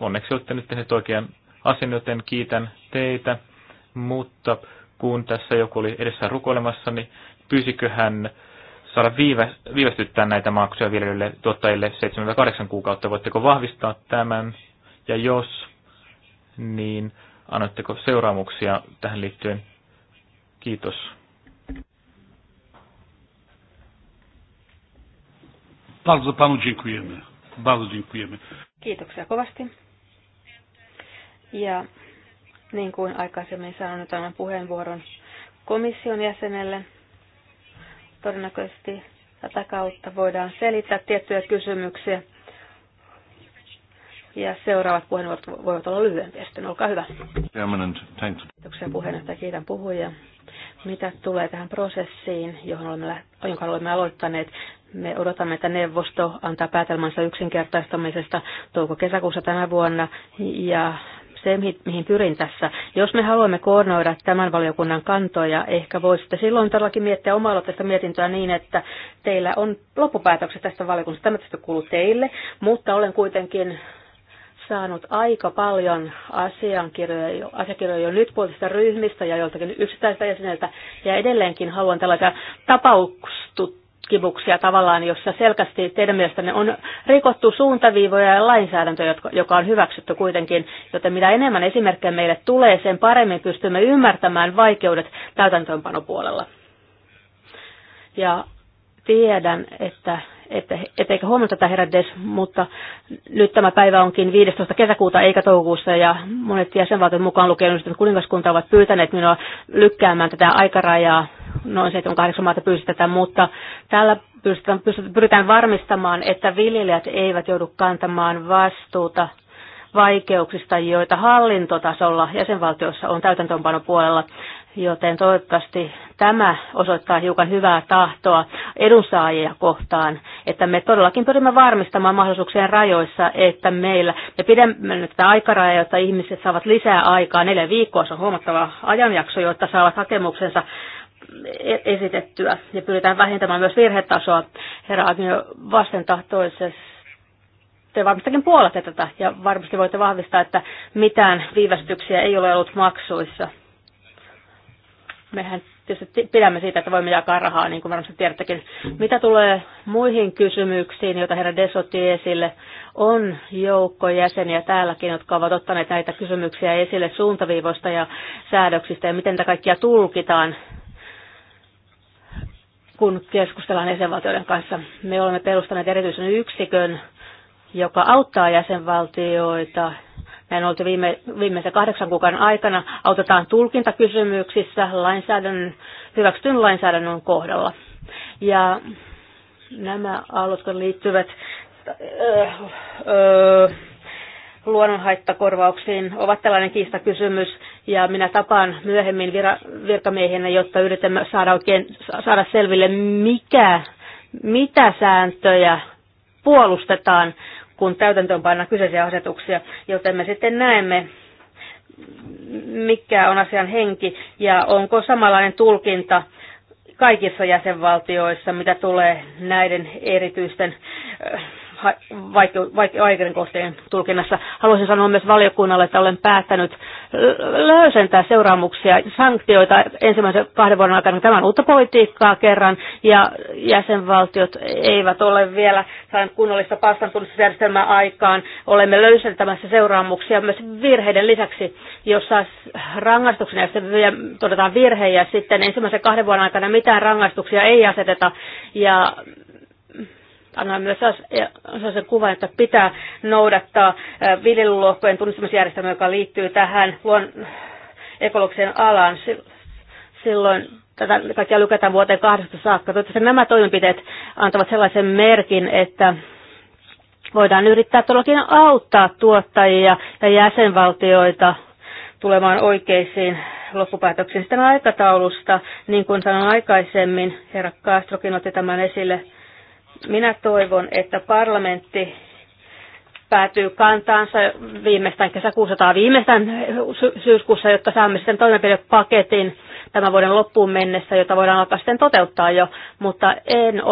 Onneksi olette nyt tehneet oikean asian, joten kiitän teitä, mutta kun tässä joku oli edessä rukoilemassa, niin pyysikö hän saada viivästyttää näitä maksuja viljelijöille tuottajille 7-8 kuukautta? Voitteko vahvistaa tämän? Ja jos, niin annatteko seuraamuksia tähän liittyen? Kiitos. Bardzo panu dziękujemy. Bardzo dziękujemy. Kiitoksia kovasti. Ja niin kuin aikaisemmin sanoin tämän puheenvuoron komission jäsenelle. Todennäköisesti tätä kautta voidaan selittää tiettyjä kysymyksiä. Ja seuraavat puheenvuorot voivat olla lyhyempiä sitten. Olkaa hyvä. Kiitoksia puheenjohtaja. Kiitän puhujia. Mitä tulee tähän prosessiin, johon olemme, jonka olemme aloittaneet, me odotamme, että neuvosto antaa päätelmänsä yksinkertaistamisesta touko-kesäkuussa tänä vuonna ja se, mihin pyrin tässä. Jos me haluamme koordinoida tämän valiokunnan kantoja, ehkä voisitte silloin todellakin miettiä omalla tästä mietintöä niin, että teillä on loppupäätökset tästä valiokunnasta. Tämä tästä kuuluu teille, mutta olen kuitenkin saanut aika paljon asiakirjoja, asiakirjoja jo nyt puolista ryhmistä ja joltakin yksittäistä jäseneltä. Ja edelleenkin haluan tällaisia tapaukset tutkimuksia tavallaan, jossa selkeästi teidän mielestänne on rikottu suuntaviivoja ja lainsäädäntöä, joka on hyväksytty kuitenkin, joten mitä enemmän esimerkkejä meille tulee, sen paremmin pystymme ymmärtämään vaikeudet täytäntöönpanopuolella. Ja tiedän, että että, etteikö huomannut tätä herädes, mutta nyt tämä päivä onkin 15. kesäkuuta eikä toukokuussa ja monet jäsenvaltiot mukaan lukien että kuningaskunta ovat pyytäneet minua lykkäämään tätä aikarajaa. Noin 7-8 maata pyysi tätä, mutta tällä pystytään, pyritään varmistamaan, että viljelijät eivät joudu kantamaan vastuuta vaikeuksista, joita hallintotasolla jäsenvaltiossa on täytäntöönpanopuolella. Joten toivottavasti tämä osoittaa hiukan hyvää tahtoa edunsaajia kohtaan, että me todellakin pyrimme varmistamaan mahdollisuuksien rajoissa, että meillä, me pidämme nyt tätä aikarajaa, jotta ihmiset saavat lisää aikaa, neljä viikkoa, se on huomattava ajanjakso, jotta saavat hakemuksensa e- esitettyä ja pyritään vähentämään myös virhetasoa. Herra Agnio, vastentahtoisessa te varmastikin puolatte tätä ja varmasti voitte vahvistaa, että mitään viivästyksiä ei ole ollut maksuissa mehän tietysti pidämme siitä, että voimme jakaa rahaa, niin kuin varmasti tiedättekin. Mitä tulee muihin kysymyksiin, joita herra Desotti esille, on joukko jäseniä täälläkin, jotka ovat ottaneet näitä kysymyksiä esille suuntaviivoista ja säädöksistä ja miten tätä kaikkia tulkitaan kun keskustellaan jäsenvaltioiden kanssa. Me olemme perustaneet erityisen yksikön, joka auttaa jäsenvaltioita näin oltu viime, viimeisen kahdeksan kuukauden aikana, autetaan tulkintakysymyksissä lainsäädännön, hyväksytyn lainsäädännön kohdalla. Ja nämä alutkan liittyvät öö, öö, luonnonhaittakorvauksiin ovat tällainen kiistakysymys, ja minä tapaan myöhemmin vira- virkamiehenä, jotta yritämme saada oikein saada selville, mikä, mitä sääntöjä puolustetaan kun täytäntöönpanna kyseisiä asetuksia, joten me sitten näemme, mikä on asian henki ja onko samanlainen tulkinta kaikissa jäsenvaltioissa, mitä tulee näiden erityisten äh, vaikeuden kohteen tulkinnassa. Haluaisin sanoa myös valiokunnalle, että olen päättänyt löysentää seuraamuksia, sanktioita ensimmäisen kahden vuoden aikana tämän uutta politiikkaa kerran, ja jäsenvaltiot eivät ole vielä saaneet kunnollista pastantunnistusjärjestelmää aikaan. Olemme löysentämässä seuraamuksia myös virheiden lisäksi, jossa rangaistuksen ja todetaan virhe, ja sitten ensimmäisen kahden vuoden aikana mitään rangaistuksia ei aseteta, ja annan myös sellaisen kuvan, että pitää noudattaa viljelylohkojen tunnistamisjärjestelmää, joka liittyy tähän luon ekologiseen alaan. Silloin tätä kaikkia lykätään vuoteen kahdesta saakka. Toivottavasti nämä toimenpiteet antavat sellaisen merkin, että voidaan yrittää todellakin auttaa tuottajia ja jäsenvaltioita tulemaan oikeisiin loppupäätöksiin. Sitten aikataulusta, niin kuin sanoin aikaisemmin, herra Kastrokin otti tämän esille, minä toivon, että parlamentti päätyy kantaansa viimeistään kesäkuussa tai viimeistään syyskuussa, jotta saamme sitten toimenpidepaketin tämän vuoden loppuun mennessä, jota voidaan alkaa sitten toteuttaa jo, mutta en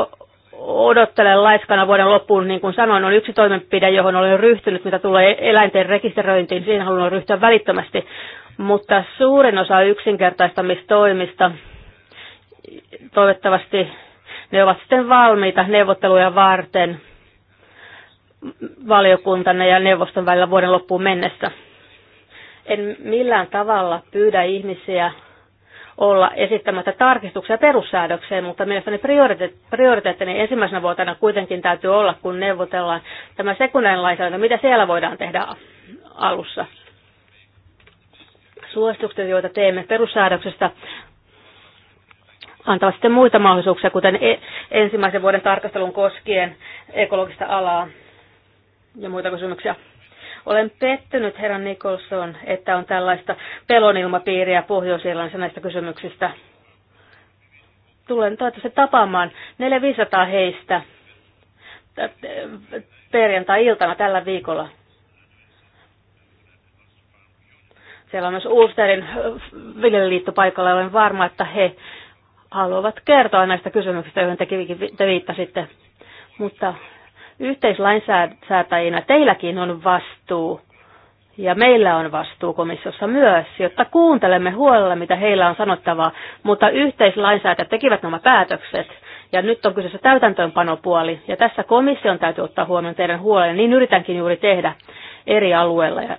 odottele laiskana vuoden loppuun, niin kuin sanoin, on yksi toimenpide, johon olen ryhtynyt, mitä tulee eläinten rekisteröintiin, siihen haluan ryhtyä välittömästi, mutta suurin osa yksinkertaistamistoimista toivottavasti ne ovat sitten valmiita neuvotteluja varten valiokuntanne ja neuvoston välillä vuoden loppuun mennessä. En millään tavalla pyydä ihmisiä olla esittämättä tarkistuksia perussäädökseen, mutta mielestäni prioriteettini ensimmäisenä vuotena kuitenkin täytyy olla, kun neuvotellaan tämä sekundaarinen lainsäädäntö, mitä siellä voidaan tehdä alussa. Suositukset, joita teemme perussäädöksestä, antavat sitten muita mahdollisuuksia, kuten e- ensimmäisen vuoden tarkastelun koskien ekologista alaa ja muita kysymyksiä. Olen pettynyt, herra Nicholson, että on tällaista pelonilmapiiriä Pohjois-Irlannissa näistä kysymyksistä. Tulen toivottavasti tapaamaan 400 heistä perjantai-iltana tällä viikolla. Siellä on myös Ulsterin viljeliitto paikalla. Olen varma, että he haluavat kertoa näistä kysymyksistä, joihin te viittasitte. Mutta yhteislainsäätäjinä teilläkin on vastuu ja meillä on vastuu komissiossa myös, jotta kuuntelemme huolella, mitä heillä on sanottavaa, mutta yhteislainsäätäjät tekivät nämä päätökset. Ja nyt on kyseessä täytäntöönpanopuoli, ja tässä komission täytyy ottaa huomioon teidän huolen, niin yritänkin juuri tehdä eri alueilla ja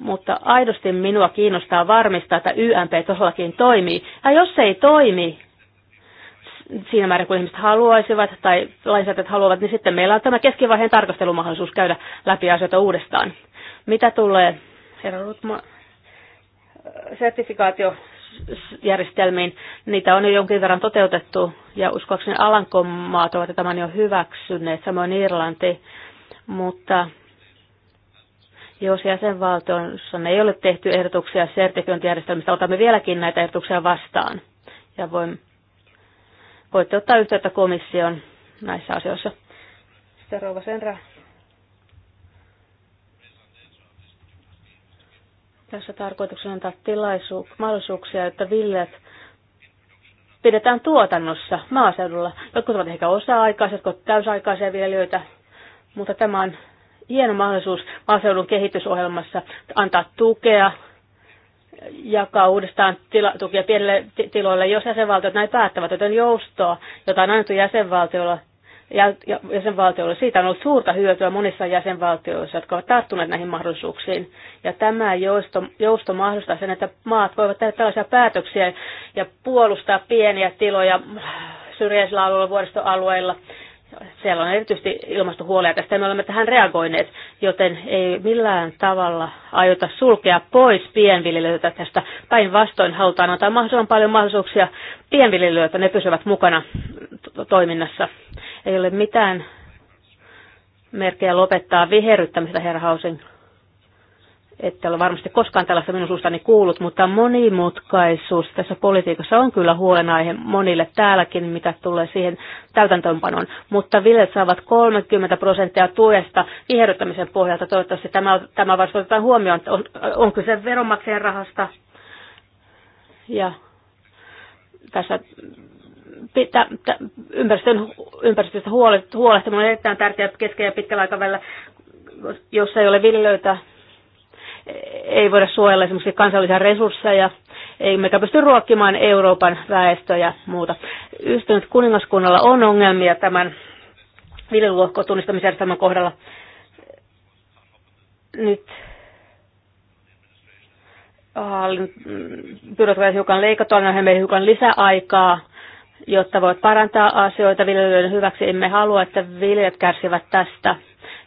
mutta aidosti minua kiinnostaa varmistaa, että YMP todellakin toimii. Ja jos se ei toimi, siinä määrin kuin ihmiset haluaisivat tai lainsäätäjät haluavat, niin sitten meillä on tämä keskivaiheen tarkastelumahdollisuus käydä läpi asioita uudestaan. Mitä tulee, herra Rutma, sertifikaatiojärjestelmiin, niitä on jo jonkin verran toteutettu ja uskoakseni Alankomaat ovat tämän jo hyväksyneet, samoin Irlanti, mutta jos jäsenvaltioissa ei ole tehty ehdotuksia sertifiointijärjestelmistä, otamme vieläkin näitä ehdotuksia vastaan. Ja voin, voitte ottaa yhteyttä komission näissä asioissa. Sitten Rouva Senra. Tässä tarkoituksena antaa tilaisuuk, mahdollisuuksia, että villet pidetään tuotannossa maaseudulla. Jotkut ovat ehkä osa aikaiset jotkut täysaikaisia viljelijöitä, mutta tämä on hieno mahdollisuus maaseudun kehitysohjelmassa antaa tukea, jakaa uudestaan tila, tukia pienille tiloille, jos jäsenvaltiot näin päättävät, joten joustoa, jota on annettu jäsenvaltioilla, jäsenvaltioille. Siitä on ollut suurta hyötyä monissa jäsenvaltioissa, jotka ovat tarttuneet näihin mahdollisuuksiin. Ja tämä jousto, jousto mahdollistaa sen, että maat voivat tehdä tällaisia päätöksiä ja puolustaa pieniä tiloja syrjäisillä alueilla, vuoristoalueilla siellä on erityisesti ilmastohuolia tästä, me olemme tähän reagoineet, joten ei millään tavalla aiota sulkea pois pienviljelijöitä tästä. Päinvastoin halutaan antaa mahdollisimman paljon mahdollisuuksia pienviljelijöitä, ne pysyvät mukana toiminnassa. Ei ole mitään merkkejä lopettaa viherryttämistä, herra Hausing että ole varmasti koskaan tällaista minun suustani kuullut, mutta monimutkaisuus tässä politiikassa on kyllä huolenaihe monille täälläkin, mitä tulee siihen täytäntöönpanoon. Mutta viljelijät saavat 30 prosenttia tuesta viherryttämisen pohjalta. Toivottavasti tämä, tämä varmasti otetaan huomioon, on, on kyse veronmaksajan rahasta. Ja tässä pitä, ympäristön, ympäristöstä huolehtiminen on erittäin tärkeää keskellä ja pitkällä aikavälillä. Jos ei ole viljelijöitä, ei voida suojella esimerkiksi kansallisia resursseja, ei mekä pysty ruokkimaan Euroopan väestöä ja muuta. Yhtynyt kuningaskunnalla on ongelmia tämän viljelylohko tunnistamisjärjestelmän kohdalla. Nyt byrokratia hiukan leikattua näihin meidän hiukan lisäaikaa, jotta voit parantaa asioita viljelijöiden hyväksi. Emme halua, että viljelijät kärsivät tästä.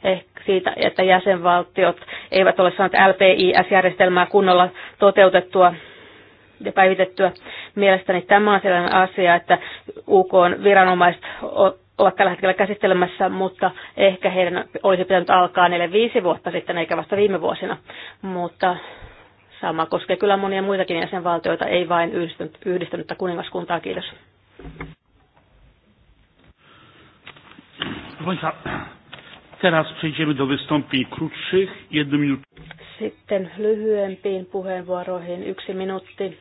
Ehkä siitä, että jäsenvaltiot eivät ole saaneet LPIS-järjestelmää kunnolla toteutettua ja päivitettyä. Mielestäni tämä on sellainen asia, että UK on viranomaiset ovat tällä hetkellä käsittelemässä, mutta ehkä heidän olisi pitänyt alkaa 4-5 vuotta sitten, eikä vasta viime vuosina. Mutta sama koskee kyllä monia muitakin jäsenvaltioita, ei vain yhdistynyt, yhdistynyttä kuningaskuntaa. Kiitos. Arvoisa Teraz przejdziemy do wystąpień krótszych, jedno minut. Sitten lyhyempiin puheenvuoroihin yksi minuutti,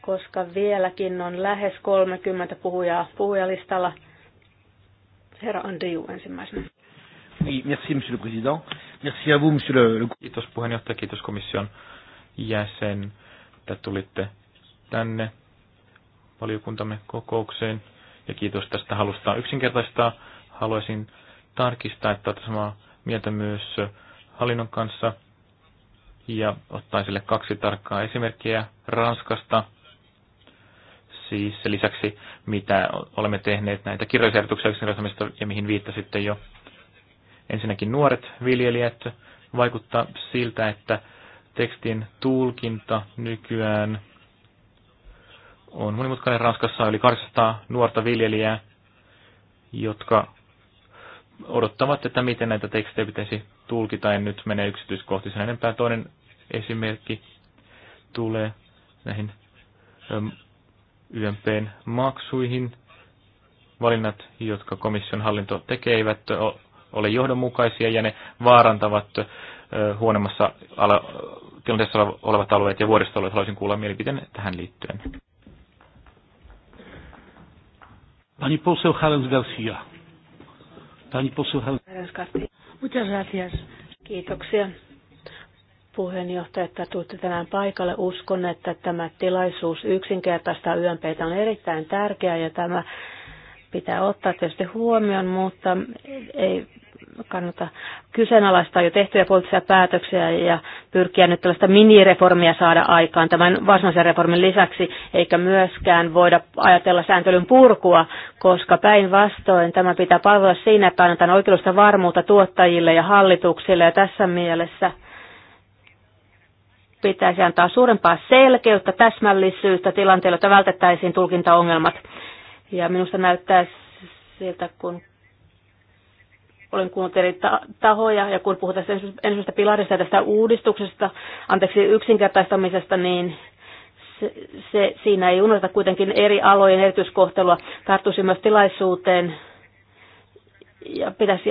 koska vieläkin on lähes 30 puhujaa puhujalistalla. Herra Andriu ensimmäisenä. Oui, merci, monsieur le président. Merci à vous, monsieur le... Kiitos puheenjohtaja, kiitos komission jäsen, että tulitte tänne valiokuntamme kokoukseen. Ja kiitos tästä halusta yksinkertaistaa. Haluaisin tarkistaa, että olet samaa mieltä myös hallinnon kanssa ja ottaa sille kaksi tarkkaa esimerkkiä Ranskasta. Siis lisäksi, mitä olemme tehneet näitä kirjallisehdotuksia yksinkertaisemmista ja mihin viittasitte jo. Ensinnäkin nuoret viljelijät vaikuttaa siltä, että tekstin tulkinta nykyään on monimutkainen Ranskassa yli 800 nuorta viljelijää, jotka odottavat, että miten näitä tekstejä pitäisi tulkita. En nyt mene yksityiskohtiin enempää. Toinen esimerkki tulee näihin ähm, YMPn maksuihin. Valinnat, jotka komission hallinto tekee, eivät ole johdonmukaisia ja ne vaarantavat äh, huonommassa tilanteessa olevat alueet ja vuoristoalueet. Haluaisin kuulla mielipiteen tähän liittyen. Pani poseł Halens Garcia. Pani posuhel. Muchas gracias. Kiitoksia puheenjohtaja, että tulitte tänään paikalle. Uskon, että tämä tilaisuus yksinkertaista yönpeitä on erittäin tärkeä ja tämä pitää ottaa tietysti huomioon, mutta ei kannata kyseenalaistaa jo tehtyjä poliittisia päätöksiä ja pyrkiä nyt tällaista minireformia saada aikaan tämän varsinaisen reformin lisäksi, eikä myöskään voida ajatella sääntelyn purkua, koska päinvastoin tämä pitää palvella siinä, että annetaan oikeudellista varmuutta tuottajille ja hallituksille ja tässä mielessä pitäisi antaa suurempaa selkeyttä, täsmällisyyttä tilanteelle, että vältettäisiin tulkintaongelmat. Ja minusta näyttää siltä, kun olen kuunnellut tahoja ja kun puhutaan ensimmäisestä pilarista ja tästä uudistuksesta, anteeksi yksinkertaistamisesta, niin se, se, siinä ei unohdeta kuitenkin eri alojen erityiskohtelua. Tarttuisi myös tilaisuuteen ja pitäisi,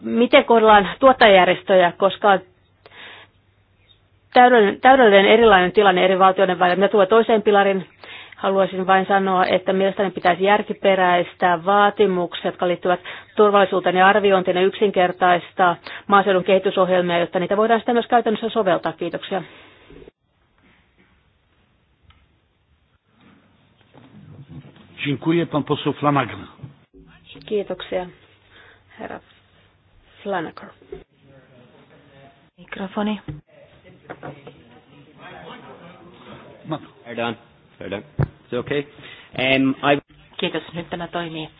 miten kohdellaan tuottajajärjestöjä, koska on täydellinen, täydellinen erilainen tilanne eri valtioiden välillä. Mitä tulee toiseen pilarin, Haluaisin vain sanoa, että mielestäni pitäisi järkiperäistää vaatimukset, jotka liittyvät turvallisuuteen ja arviointiin ja yksinkertaistaa maaseudun kehitysohjelmia, jotta niitä voidaan sitten myös käytännössä soveltaa. Kiitoksia. Dziękuję, pan poseł Flanagan. Kiitoksia, herra Flanagan. Mikrofoni. Pardon. Pardon okay? Um, I... Kiitos, nyt tämä toimii.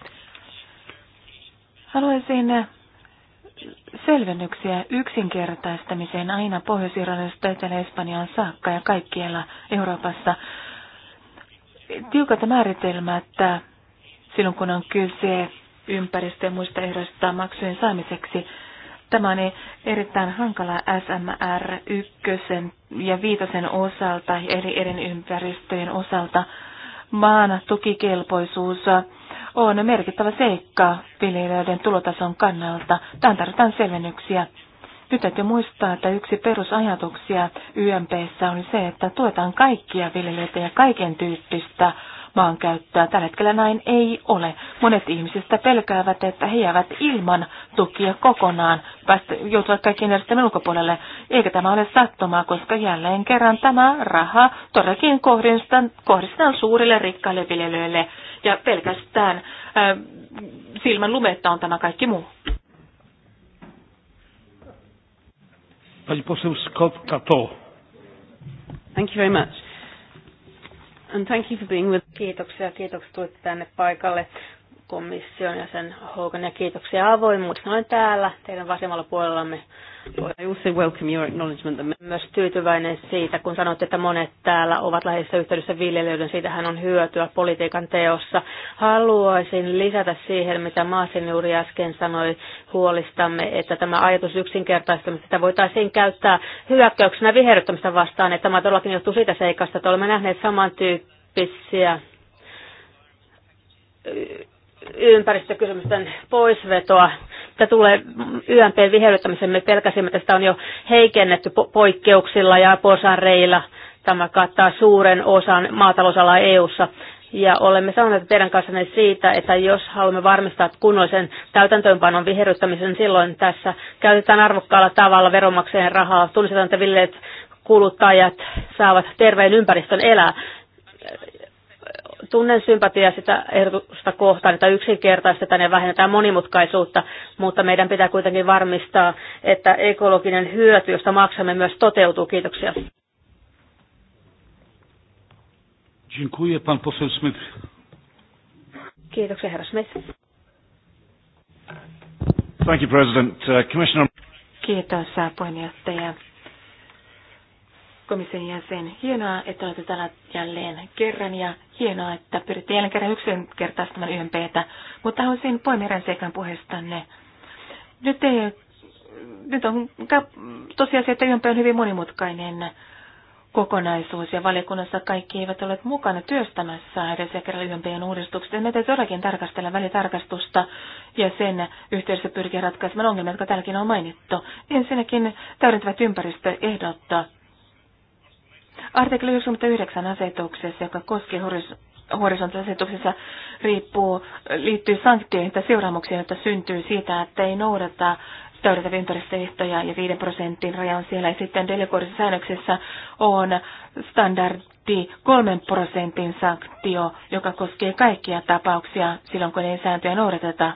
Haluaisin äh, selvennyksiä yksinkertaistamiseen aina Pohjois-Irlannista Etelä-Espanjaan saakka ja kaikkialla Euroopassa. Tiukat määritelmät äh, silloin, kun on kyse ympäristö- ja muista ehdoista maksujen saamiseksi. Tämä on erittäin hankala SMR 1 ja 5 osalta, eli eri ympäristöjen osalta maan tukikelpoisuus on merkittävä seikka viljelijöiden tulotason kannalta. Tähän tarvitaan selvennyksiä. Nyt täytyy muistaa, että yksi perusajatuksia YMPssä on se, että tuetaan kaikkia viljelijöitä ja kaiken tyyppistä maankäyttöä. Tällä hetkellä näin ei ole. Monet ihmisistä pelkäävät, että he jäävät ilman tukia kokonaan, päästä, joutuvat kaikkien järjestelmän ulkopuolelle. Eikä tämä ole sattumaa, koska jälleen kerran tämä raha todellakin kohdistetaan, kohdistetaan suurille rikkaille viljelijöille ja pelkästään äh, silmän lumetta on tämä kaikki muu. Pani poseł Scott Thank you very much and thank you for being with... Kiitoksia, kiitoksia tänne paikalle komission ja sen Hogan ja kiitoksia avoimuudesta. Olen täällä teidän vasemmalla puolellamme. I also welcome your acknowledgement. Myös tyytyväinen siitä, kun sanotte, että monet täällä ovat läheisessä yhteydessä viljelijöiden. Siitähän on hyötyä politiikan teossa. Haluaisin lisätä siihen, mitä Maasin juuri äsken sanoi huolistamme, että tämä ajatus yksinkertaistamista sitä voitaisiin käyttää hyökkäyksenä viherryttämistä vastaan. Että tämä todellakin johtuu siitä seikasta, että olemme nähneet samantyyppisiä ympäristökysymysten poisvetoa. Tämä tulee YMP viheryttämisen me pelkäsimme, että sitä on jo heikennetty poikkeuksilla ja posareilla. Tämä kattaa suuren osan maatalousalaa EU-ssa. Ja olemme sanoneet teidän kanssanne siitä, että jos haluamme varmistaa kunnollisen täytäntöönpanon viherryttämisen, silloin tässä käytetään arvokkaalla tavalla veronmaksajien rahaa. Tulisivat, että villeet kuluttajat saavat terveen ympäristön elää tunnen sympatiaa sitä ehdotusta kohtaan, että yksinkertaistetaan ja vähennetään monimutkaisuutta, mutta meidän pitää kuitenkin varmistaa, että ekologinen hyöty, josta maksamme, myös toteutuu. Kiitoksia. Dziękuję, pan poseł Smith. Kiitoksia, herra Smith. Thank you, President. Uh, Commissioner... Kiitos, puheenjohtaja komission jäsen. Hienoa, että olette täällä jälleen kerran ja hienoa, että pyritte jälleen kerran yksinkertaistamaan YMPtä, mutta haluaisin poimia seikan puheestanne. Nyt, ei, nyt on se, että YMP on hyvin monimutkainen kokonaisuus ja valiokunnassa kaikki eivät ole mukana työstämässä edes ja kerran YMPn uudistukset. Me täytyy todellakin tarkastella välitarkastusta ja sen yhteydessä pyrkiä ratkaisemaan ongelmia, jotka täälläkin on mainittu. Ensinnäkin täydentävät ympäristöehdot Artikli 99 asetuksessa, joka koskee horisontasetuksessa, riippuu, liittyy sanktioihin tai seuraamuksiin, joita syntyy siitä, että ei noudata täydetä ympäristöehtoja ja 5 prosentin raja on siellä. Ja sitten delegoidussa säännöksessä on standardi 3 prosentin sanktio, joka koskee kaikkia tapauksia silloin, kun ei sääntöjä noudateta.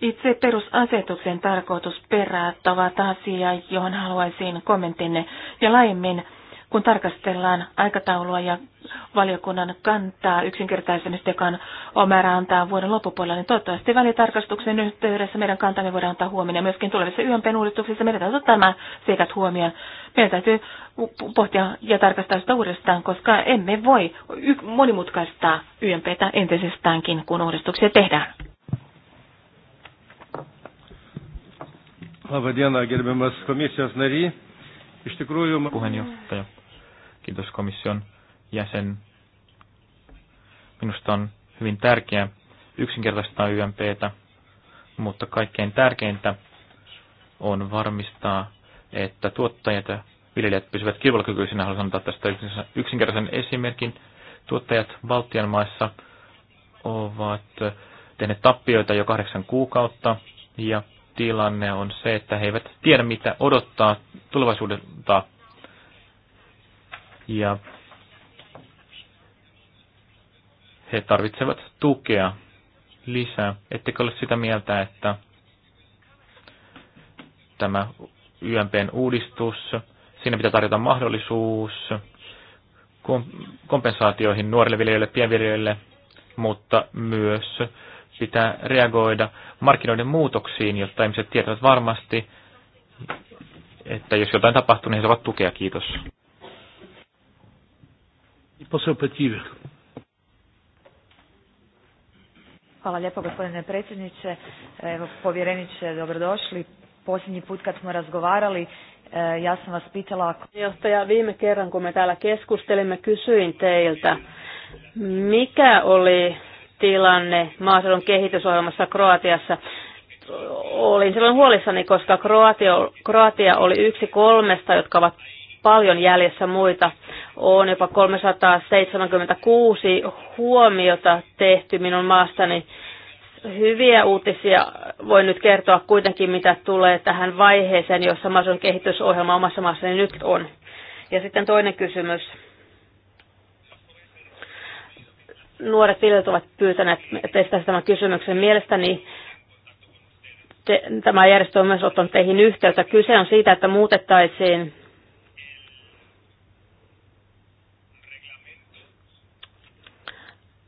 Itse perusasetuksen tarkoitusperät ovat asia, johon haluaisin kommentinne ja laajemmin, kun tarkastellaan aikataulua ja valiokunnan kantaa yksinkertaisemmista, joka on määrä antaa vuoden loppupuolella, niin toivottavasti välitarkastuksen yhteydessä meidän kantamme voidaan antaa huomioon ja myöskin tulevissa YMPn uudistuksissa meidän täytyy ottaa nämä seikat huomioon. Meidän täytyy pohtia ja tarkastaa sitä uudestaan, koska emme voi monimutkaistaa YMPtä entisestäänkin, kun uudistuksia tehdään. Labą dieną, gerbiamas komisijos nary. Iš tikrųjų... Puheenjohtaja. Kiitos komission jäsen. Minusta on hyvin tärkeää yksinkertaistaa YMPtä, mutta kaikkein tärkeintä on varmistaa, että tuottajat ja viljelijät pysyvät kilpailukykyisinä. Haluan sanoa tästä yksinkertaisen esimerkin. Tuottajat Baltian maissa ovat tehneet tappioita jo kahdeksan kuukautta ja tilanne on se, että he eivät tiedä, mitä odottaa tulevaisuudelta. Ja he tarvitsevat tukea lisää. Ettekö ole sitä mieltä, että tämä YMPn uudistus, siinä pitää tarjota mahdollisuus kompensaatioihin nuorille viljelijöille, pienviljelijöille, mutta myös sitä reagoida markkinoiden muutoksiin, jotta ihmiset tietävät varmasti, että jos jotain tapahtuu, niin he saavat tukea. Kiitos. Hvala lijepo gospodine predsjedniče. Evo, povjereniče, dobrodošli. Posljednji put kad smo razgovarali, e, ja sam vas pitala... Johtaja, viime kerran kun me täällä keskustelimme, kysyin teiltä, mikä oli tilanne maaseudun kehitysohjelmassa Kroatiassa. Olin silloin huolissani, koska Kroatia, Kroatia oli yksi kolmesta, jotka ovat paljon jäljessä muita. On jopa 376 huomiota tehty minun maastani. Hyviä uutisia voin nyt kertoa kuitenkin, mitä tulee tähän vaiheeseen, jossa maaseudun kehitysohjelma omassa maassani nyt on. Ja sitten toinen kysymys nuoret viljelijät ovat pyytäneet teistä tämän kysymyksen. Mielestäni te, tämä järjestö on myös ottanut teihin yhteyttä. Kyse on siitä, että muutettaisiin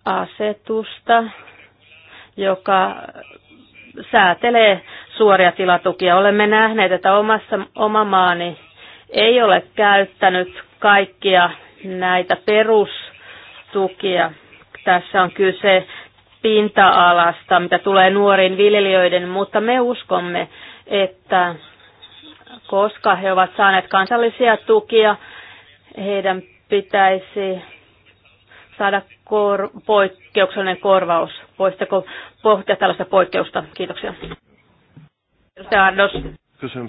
asetusta, joka säätelee suoria tilatukia. Olemme nähneet, että omassa, oma maani ei ole käyttänyt kaikkia näitä perustukia tässä on kyse pinta-alasta, mitä tulee nuoriin viljelijöiden, mutta me uskomme, että koska he ovat saaneet kansallisia tukia, heidän pitäisi saada kor- poikkeuksellinen korvaus. Voisitteko pohtia tällaista poikkeusta? Kiitoksia. Edustaja Ardos. Köszönöm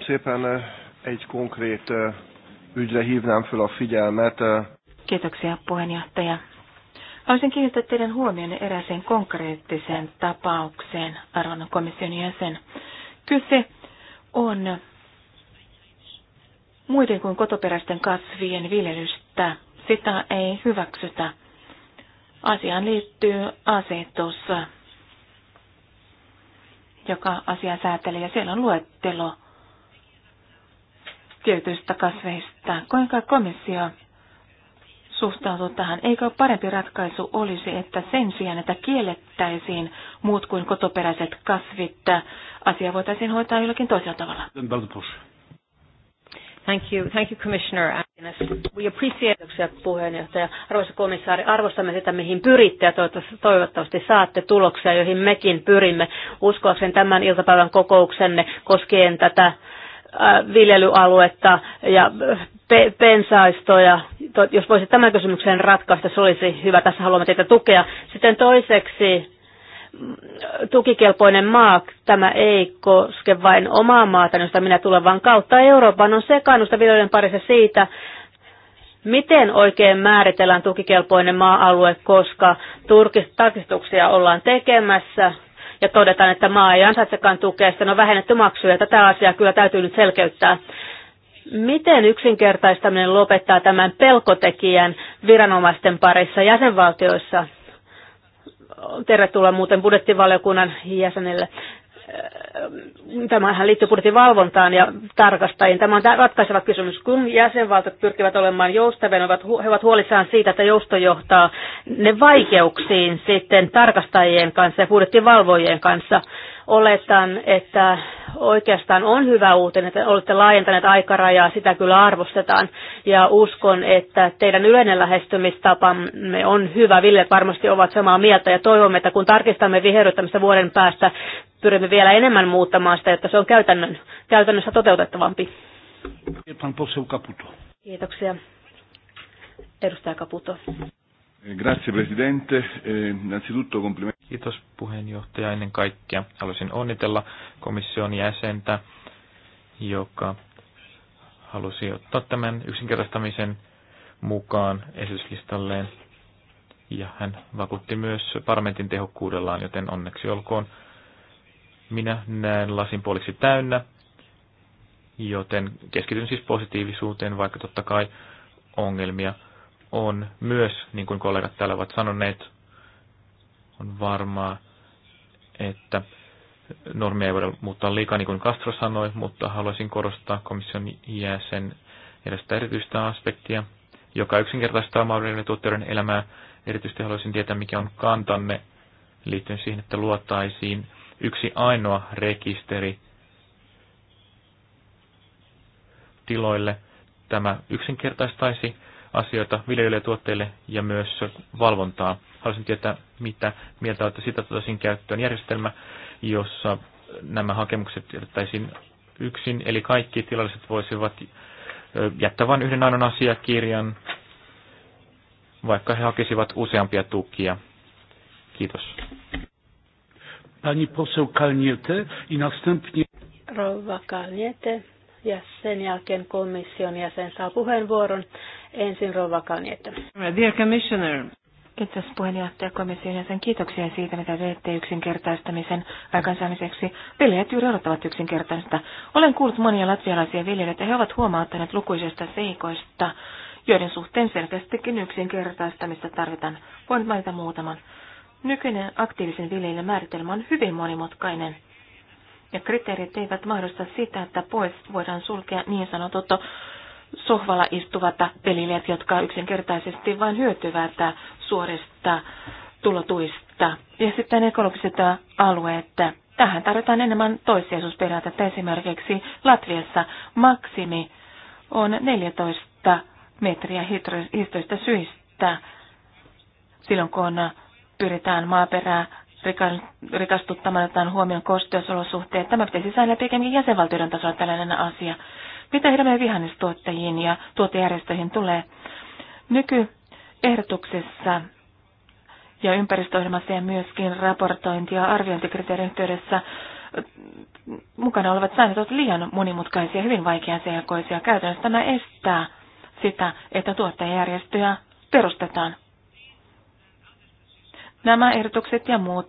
ügyre hívnám föl a figyelmet. Kiitoksia puheenjohtaja. Haluaisin kiinnittää teidän huomioon eräseen konkreettiseen tapaukseen, arvon komission jäsen. Kyse on muiden kuin kotoperäisten kasvien viljelystä. Sitä ei hyväksytä. Asiaan liittyy asetus, joka asia säätelee, ja siellä on luettelo tietyistä kasveista. Kuinka komissio suhtautua tähän? Eikö parempi ratkaisu olisi, että sen sijaan, että kiellettäisiin muut kuin kotoperäiset kasvit, asia voitaisiin hoitaa jollakin toisella tavalla? Thank you. Thank you, Commissioner. We appreciate puheenjohtaja. Arvoisa komissaari, arvostamme sitä, mihin pyritte ja toivottavasti saatte tuloksia, joihin mekin pyrimme. Uskoakseni tämän iltapäivän kokouksenne koskien tätä viljelyaluetta ja pe- pensaistoja. Jos voisit tämän kysymyksen ratkaista, se olisi hyvä. Tässä haluamme teitä tukea. Sitten toiseksi mm, tukikelpoinen maa, tämä ei koske vain omaa maata, josta minä tulen, vaan kautta Euroopan on sekaannusta viljelijöiden parissa siitä, miten oikein määritellään tukikelpoinen maa-alue, koska tarkistuksia ollaan tekemässä ja todetaan, että maa ei ansaitsekaan tukea, sitten on vähennetty maksuja. Tätä asiaa kyllä täytyy nyt selkeyttää. Miten yksinkertaistaminen lopettaa tämän pelkotekijän viranomaisten parissa jäsenvaltioissa? Tervetuloa muuten budjettivaliokunnan jäsenille. Äh, tämähän liittyy budjetin valvontaan ja tarkastajiin. Tämä on ratkaiseva kysymys. Kun jäsenvaltiot pyrkivät olemaan joustavia, ovat, he ovat huolissaan siitä, että jousto johtaa ne vaikeuksiin sitten tarkastajien kanssa ja budjettivalvojien kanssa. Oletan, että oikeastaan on hyvä uutinen, että olette laajentaneet aikarajaa, sitä kyllä arvostetaan. Ja uskon, että teidän yleinen lähestymistapamme on hyvä. Ville varmasti ovat samaa mieltä ja toivomme, että kun tarkistamme viheryttämistä vuoden päästä, pyrimme vielä enemmän muuttamaan sitä, että se on käytännön, käytännössä toteutettavampi. Kiitoksia. Edustaja Kaputo. Eh, grazie Presidente. Eh, innanzitutto complimenti. Kiitos puheenjohtaja. Ennen kaikkea haluaisin onnitella komission jäsentä, joka halusi ottaa tämän yksinkertaistamisen mukaan esityslistalleen. Ja hän vakuutti myös parlamentin tehokkuudellaan, joten onneksi olkoon. Minä näen lasin puoliksi täynnä, joten keskityn siis positiivisuuteen, vaikka totta kai ongelmia on myös, niin kuin kollegat täällä ovat sanoneet, on varmaa, että normia ei voida muuttaa liikaa, niin kuin Castro sanoi, mutta haluaisin korostaa komission jäsen edestä erityistä aspektia, joka yksinkertaistaa maailman tuotteiden elämää. Erityisesti haluaisin tietää, mikä on kantanne liittyen siihen, että luotaisiin yksi ainoa rekisteri tiloille. Tämä yksinkertaistaisi asioita viljelijöille ja tuotteille ja myös valvontaa. Haluaisin tietää, mitä mieltä olette sitä tosin käyttöön järjestelmä, jossa nämä hakemukset jätettäisiin yksin, eli kaikki tilalliset voisivat jättää vain yhden ainoan asiakirjan, vaikka he hakisivat useampia tukia. Kiitos. Pani poseł Kalniete i następnie... Rouva Kalniete ja sen jälkeen komission jäsen saa puheenvuoron Ensin Rova Kalnietta. Dear Commissioner. Kiitos puheenjohtaja komission jäsen. Kiitoksia siitä, mitä teette yksinkertaistamisen aikaansaamiseksi. Viljelijät juuri odottavat yksinkertaista. Olen kuullut monia latvialaisia viljelijöitä. He ovat huomauttaneet lukuisista seikoista, joiden suhteen selkeästikin yksinkertaistamista tarvitaan. Voin mainita muutaman. Nykyinen aktiivisen viljelijän määritelmä on hyvin monimutkainen. Ja kriteerit eivät mahdollista sitä, että pois voidaan sulkea niin sanotut sohvalla istuvat pelilijät, jotka yksinkertaisesti vain hyötyvät suorista tulotuista. Ja sitten ekologiset alueet. Tähän tarvitaan enemmän toissijaisuusperiaatetta. Esimerkiksi Latviassa maksimi on 14 metriä histoista syistä silloin, kun pyritään maaperää rikastuttamaan otetaan huomioon kosteusolosuhteet. Tämä pitäisi säännellä pikemminkin jäsenvaltioiden tasolla tällainen asia. Mitä hedelmä- ja vihannestuottajiin ja tuotejärjestöihin tulee? Nykyehdotuksessa ja ympäristöohjelmassa ja myöskin raportointi- ja arviointikriteerin yhteydessä äh, mukana olevat säännöt ovat liian monimutkaisia, hyvin vaikeaselkoisia. Käytännössä tämä estää sitä, että tuottajärjestöjä perustetaan. Nämä ehdotukset ja muut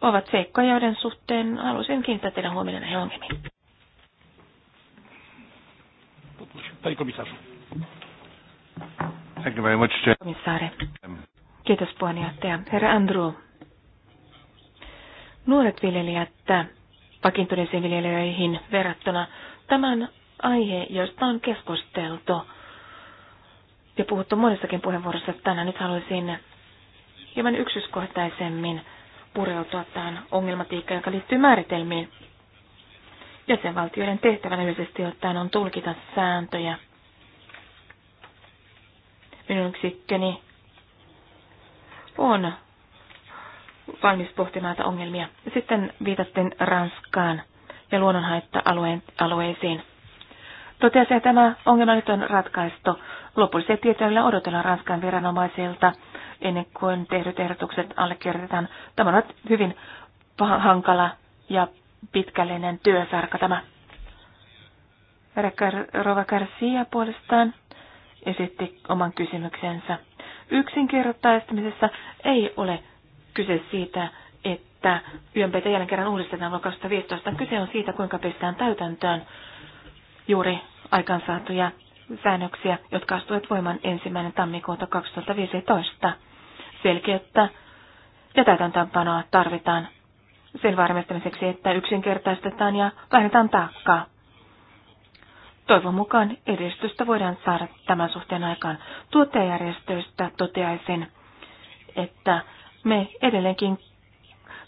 ovat seikkoja, joiden suhteen haluaisin kiinnittää teidän huomioon näihin ongelmiin. Panie komisarzu. Thank you very much, Komissaari. Um, Kiitos puheenjohtaja. Herra Andrew. Nuoret viljelijät vakiintuneisiin viljelijöihin verrattuna. Tämän aihe, josta on keskusteltu ja puhuttu monissakin puheenvuorossa tänään, nyt haluaisin hieman yksityiskohtaisemmin pureutua tähän ongelmatiikkaan, joka liittyy määritelmiin. Jäsenvaltioiden tehtävänä yleisesti ottaen on tulkita sääntöjä. Minun yksikköni on valmis pohtimaan näitä ongelmia. Sitten viitattiin Ranskaan ja luonnonhaitta-alueisiin. Totesi, että tämä ongelma nyt on ratkaistu. Lopullisia tietoja odotellaan Ranskan viranomaisilta ennen kuin tehdyt ehdotukset allekirjoitetaan. Tämä on hyvin hankala ja pitkällinen työsarka tämä. Rova Garcia puolestaan esitti oman kysymyksensä. Yksinkertaistamisessa ei ole kyse siitä, että YMPT jälleen kerran uudistetaan vuonna 2015. Kyse on siitä, kuinka pistetään täytäntöön juuri aikansaatuja säännöksiä, jotka astuivat voimaan ensimmäinen tammikuuta 2015. Selkeyttä ja täytäntöönpanoa tarvitaan sen varmistamiseksi, että yksinkertaistetaan ja vähennetään taakkaa. Toivon mukaan edistystä voidaan saada tämän suhteen aikaan. Tuottajajärjestöistä toteaisin, että me edelleenkin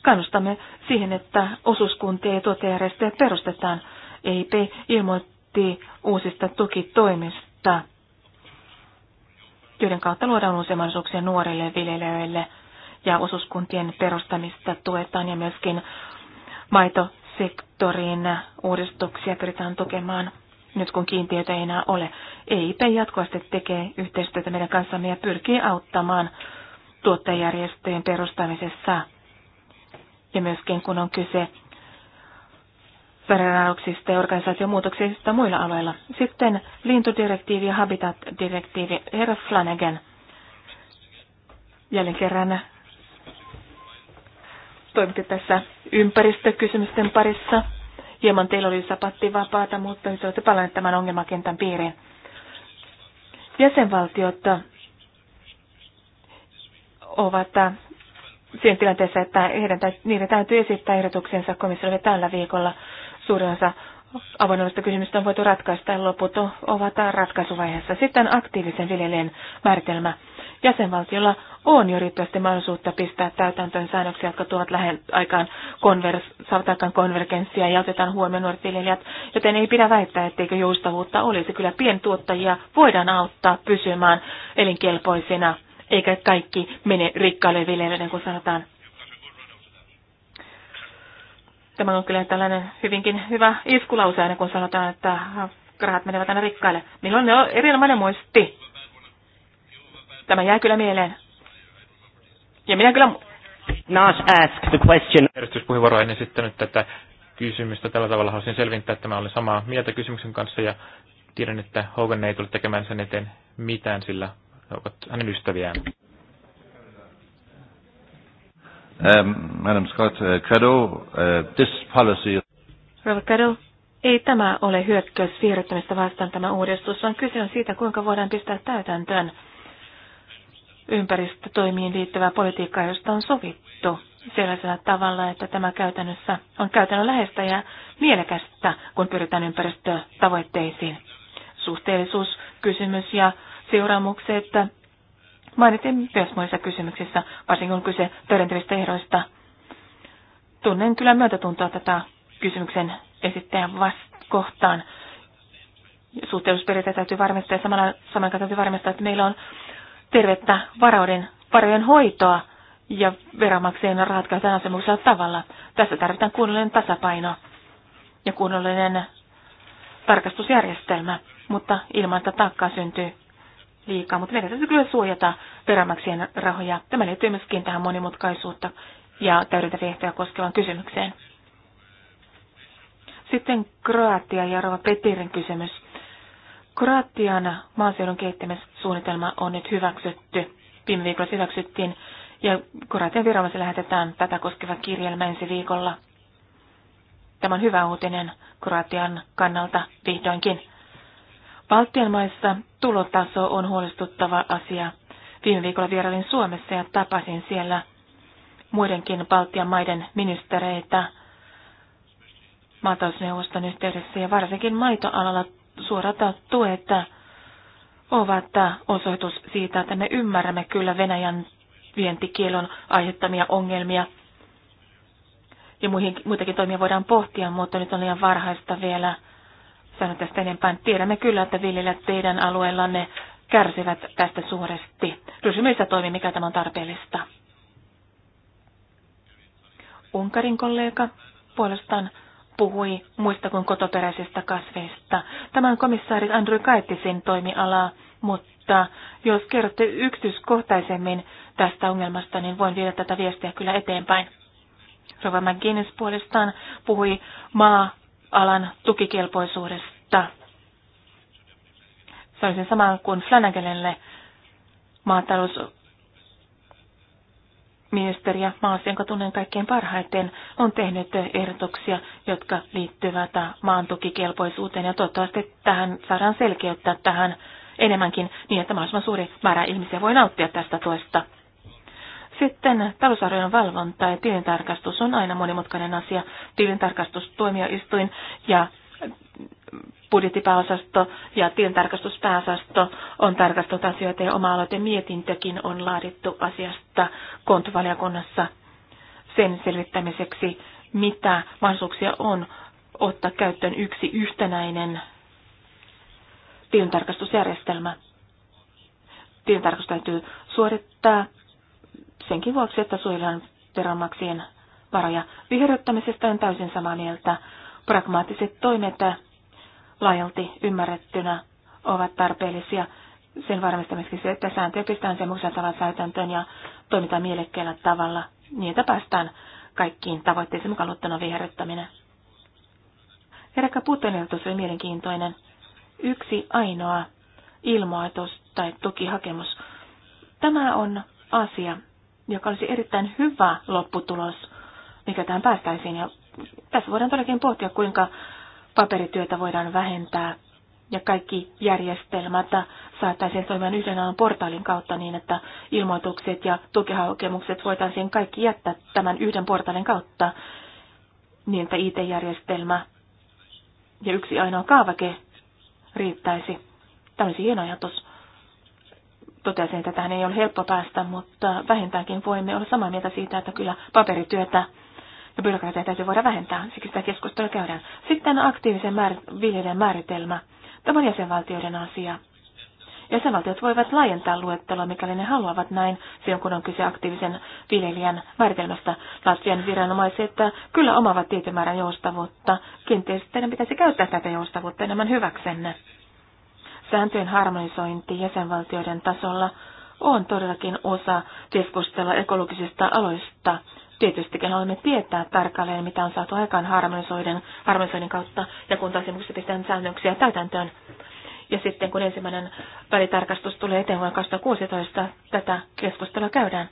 kannustamme siihen, että osuuskuntia ja tuottajajärjestöjä perustetaan. EIP ilmoitti uusista tukitoimista, joiden kautta luodaan uusia mahdollisuuksia nuorille viljelijöille – ja osuuskuntien perustamista tuetaan ja myöskin maitosektorin uudistuksia pyritään tukemaan nyt kun kiintiöitä ei enää ole. EIP jatkuvasti tekee yhteistyötä meidän kanssamme ja pyrkii auttamaan tuottajajärjestöjen perustamisessa ja myöskin kun on kyse verenarauksista ja organisaatiomuutoksista muilla aloilla. Sitten lintudirektiivi ja habitatdirektiivi. Herra Flanagan, jälleen kerran toimitte tässä ympäristökysymysten parissa. Hieman teillä oli vapaata, mutta nyt olette palanneet tämän ongelmakentän piiriin. Jäsenvaltiot ovat siinä tilanteessa, että heidän, niiden täytyy esittää ehdotuksensa komissiolle tällä viikolla. Suurin osa avoinnollista kysymystä on voitu ratkaista. Loput ovat ratkaisuvaiheessa. Sitten aktiivisen viljelijän määritelmä. Jäsenvaltiolla on jo riittävästi mahdollisuutta pistää täytäntöön säännöksiä, jotka tuovat lähen aikaan konvers- konvergenssia ja otetaan huomioon nuoret viljelijät, joten ei pidä väittää, etteikö joustavuutta olisi. Kyllä pientuottajia voidaan auttaa pysymään elinkelpoisina, eikä kaikki mene rikkaille viljelijöiden, kun sanotaan Tämä on kyllä tällainen hyvinkin hyvä iskulause aina, kun sanotaan, että rahat menevät aina rikkaille. Milloin ne on erinomainen muisti. Tämä jää kyllä mieleen. Ja minä kyllä... Nas ask the question. Järjestyspuheenvuoro en esittänyt tätä kysymystä. Tällä tavalla haluaisin selvittää, että mä olin samaa mieltä kysymyksen kanssa ja tiedän, että Hogan ei tule tekemään sen eteen mitään, sillä he ovat hänen ystäviään. Um, Madam Scott, uh, Credo, uh, this policy... Credo, ei tämä ole hyökkäys siirryttämistä vastaan tämä uudistus, vaan kyse on siitä, kuinka voidaan pistää täytäntöön ympäristötoimiin liittyvää politiikkaa, josta on sovittu sellaisella tavalla, että tämä käytännössä on käytännönläheistä ja mielekästä, kun pyritään ympäristötavoitteisiin. Suhteellisuuskysymys ja seuraamukset Mainitin myös muissa kysymyksissä, varsinkin kun kyse täydentävistä ehdoista. Tunnen kyllä myötätuntoa tätä kysymyksen esittäjän vast- kohtaan. Suhteellisuusperiaate täytyy varmistaa ja samalla, samalla täytyy varmistaa, että meillä on tervettä varauden, varojen hoitoa ja veronmaksajien rahat käytetään asemuksella tavalla. Tässä tarvitaan kunnollinen tasapaino ja kunnollinen tarkastusjärjestelmä, mutta ilman, että taakkaa syntyy liikaa, mutta meidän täytyy kyllä suojata veronmaksajien rahoja. Tämä liittyy myöskin tähän monimutkaisuutta ja täydentäviehtoja koskevan kysymykseen. Sitten Kroatia ja Rova Petirin kysymys. Kroatian maaseudun kehittämissuunnitelma on nyt hyväksytty. Viime viikolla se hyväksyttiin ja Kroatian viranomaisille lähetetään tätä koskeva kirjelmä ensi viikolla. Tämä on hyvä uutinen Kroatian kannalta vihdoinkin. Baltian maissa tulotaso on huolestuttava asia. Viime viikolla vierailin Suomessa ja tapasin siellä muidenkin Baltian maiden ministereitä maatalousneuvoston yhteydessä ja varsinkin maitoalalla suorata tuetta. ovat osoitus siitä, että me ymmärrämme kyllä Venäjän vientikielon aiheuttamia ongelmia. Ja muihin, muitakin toimia voidaan pohtia, mutta nyt on liian varhaista vielä sano tästä enempää. Tiedämme kyllä, että viljelijät teidän alueellanne kärsivät tästä suuresti. Ryhmissä toimi, mikä tämä on tarpeellista. Unkarin kollega puolestaan puhui muista kuin kotoperäisistä kasveista. Tämä on komissaari Andrew Kaittisin toimialaa, mutta jos kerrotte yksityiskohtaisemmin tästä ongelmasta, niin voin viedä tätä viestiä kyllä eteenpäin. Rova McGuinness puolestaan puhui maa alan tukikelpoisuudesta. Se olisi sama kuin Flanagelille maatalous ministeri ja maassa, jonka tunnen kaikkein parhaiten, on tehnyt ehdotuksia, jotka liittyvät maantukikelpoisuuteen ja toivottavasti tähän saadaan selkeyttää tähän enemmänkin niin, että mahdollisimman suuri määrä ihmisiä voi nauttia tästä tuesta. Sitten talousarvion valvonta ja tilintarkastus on aina monimutkainen asia. Tilintarkastustuomioistuin ja budjettipääosasto ja tilintarkastuspääosasto on tarkastanut asioita ja oma mietintökin on laadittu asiasta kontovaliokunnassa sen selvittämiseksi, mitä mahdollisuuksia on ottaa käyttöön yksi yhtenäinen tilintarkastusjärjestelmä. Tilintarkastus täytyy suorittaa senkin vuoksi, että suojellaan veronmaksien varoja. Viherryttämisestä on täysin samaa mieltä. Pragmaattiset toimet laajalti ymmärrettynä ovat tarpeellisia sen varmistamiseksi, että sääntöjä pistetään sen mukaan tavalla täytäntöön ja toimitaan mielekkäällä tavalla. Niitä päästään kaikkiin tavoitteisiin mukaan luottuna viherryttäminen. Herra puutteellisuus oli mielenkiintoinen. Yksi ainoa ilmoitus tai tukihakemus. Tämä on asia, joka olisi erittäin hyvä lopputulos, mikä tähän päästäisiin. Ja tässä voidaan todellakin pohtia, kuinka paperityötä voidaan vähentää ja kaikki järjestelmät saattaisiin toimimaan yhden alan portaalin kautta niin, että ilmoitukset ja tukihakemukset voitaisiin kaikki jättää tämän yhden portaalin kautta niin, että IT-järjestelmä ja yksi ainoa kaavake riittäisi. Tämä olisi hieno ajatus totesin, että tähän ei ole helppo päästä, mutta vähintäänkin voimme olla samaa mieltä siitä, että kyllä paperityötä ja byrokratiaa täytyy voida vähentää, siksi sitä keskustelua käydään. Sitten aktiivisen määr- viljelijän määritelmä. Tämä on jäsenvaltioiden asia. Jäsenvaltiot voivat laajentaa luetteloa, mikäli ne haluavat näin, silloin kun on kyse aktiivisen viljelijän määritelmästä. Latvian viranomaiset kyllä omaavat tietyn määrän joustavuutta. Kiinteistöiden pitäisi käyttää tätä joustavuutta enemmän hyväksenne. Sääntöjen harmonisointi jäsenvaltioiden tasolla on todellakin osa keskustella ekologisista aloista. Tietystikin haluamme tietää tarkalleen, mitä on saatu aikaan harmonisoiden, harmonisoiden kautta ja kun taas pistetään säännöksiä täytäntöön. Ja sitten kun ensimmäinen välitarkastus tulee eteen vuonna 2016, tätä keskustelua käydään.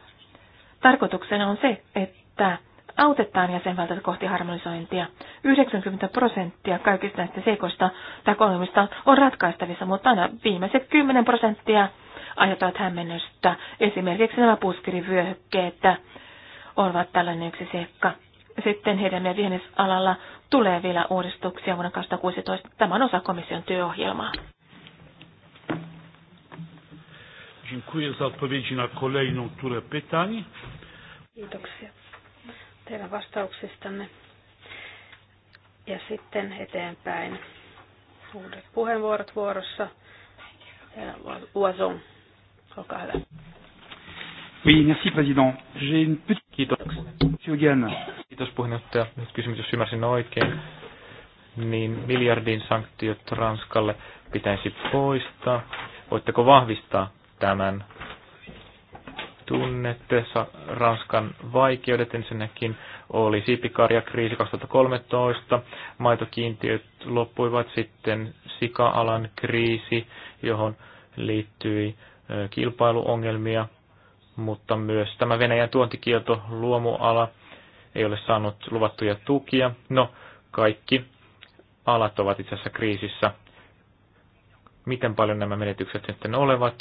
Tarkoituksena on se, että autetaan jäsenvaltiota kohti harmonisointia. 90 prosenttia kaikista näistä seikoista tai kolmista on ratkaistavissa, mutta aina viimeiset 10 prosenttia aiheuttavat hämmennystä. Esimerkiksi nämä puskirivyöhykkeet ovat tällainen yksi seikka. Sitten hedelmien vihennysalalla tulee vielä uudistuksia vuonna 2016. Tämä on osa komission työohjelmaa. Dziękuję za odpowiedzi na kolejną turę pytań. Kiitoksia teidän vastauksistanne. Ja sitten eteenpäin uudet puheenvuorot vuorossa. Uazon, olkaa hyvä. Oui, merci président. J'ai une petite... Kiitos. Kiitos puheenjohtaja. Nyt kysymys, jos ymmärsin oikein, niin miljardin sanktiot Ranskalle pitäisi poistaa. Voitteko vahvistaa tämän tunnette Ranskan vaikeudet. Ensinnäkin oli siipikarjakriisi 2013, maitokiintiöt loppuivat sitten sika-alan kriisi, johon liittyi kilpailuongelmia, mutta myös tämä Venäjän tuontikielto luomuala ei ole saanut luvattuja tukia. No, kaikki alat ovat itse asiassa kriisissä miten paljon nämä menetykset sitten olevat,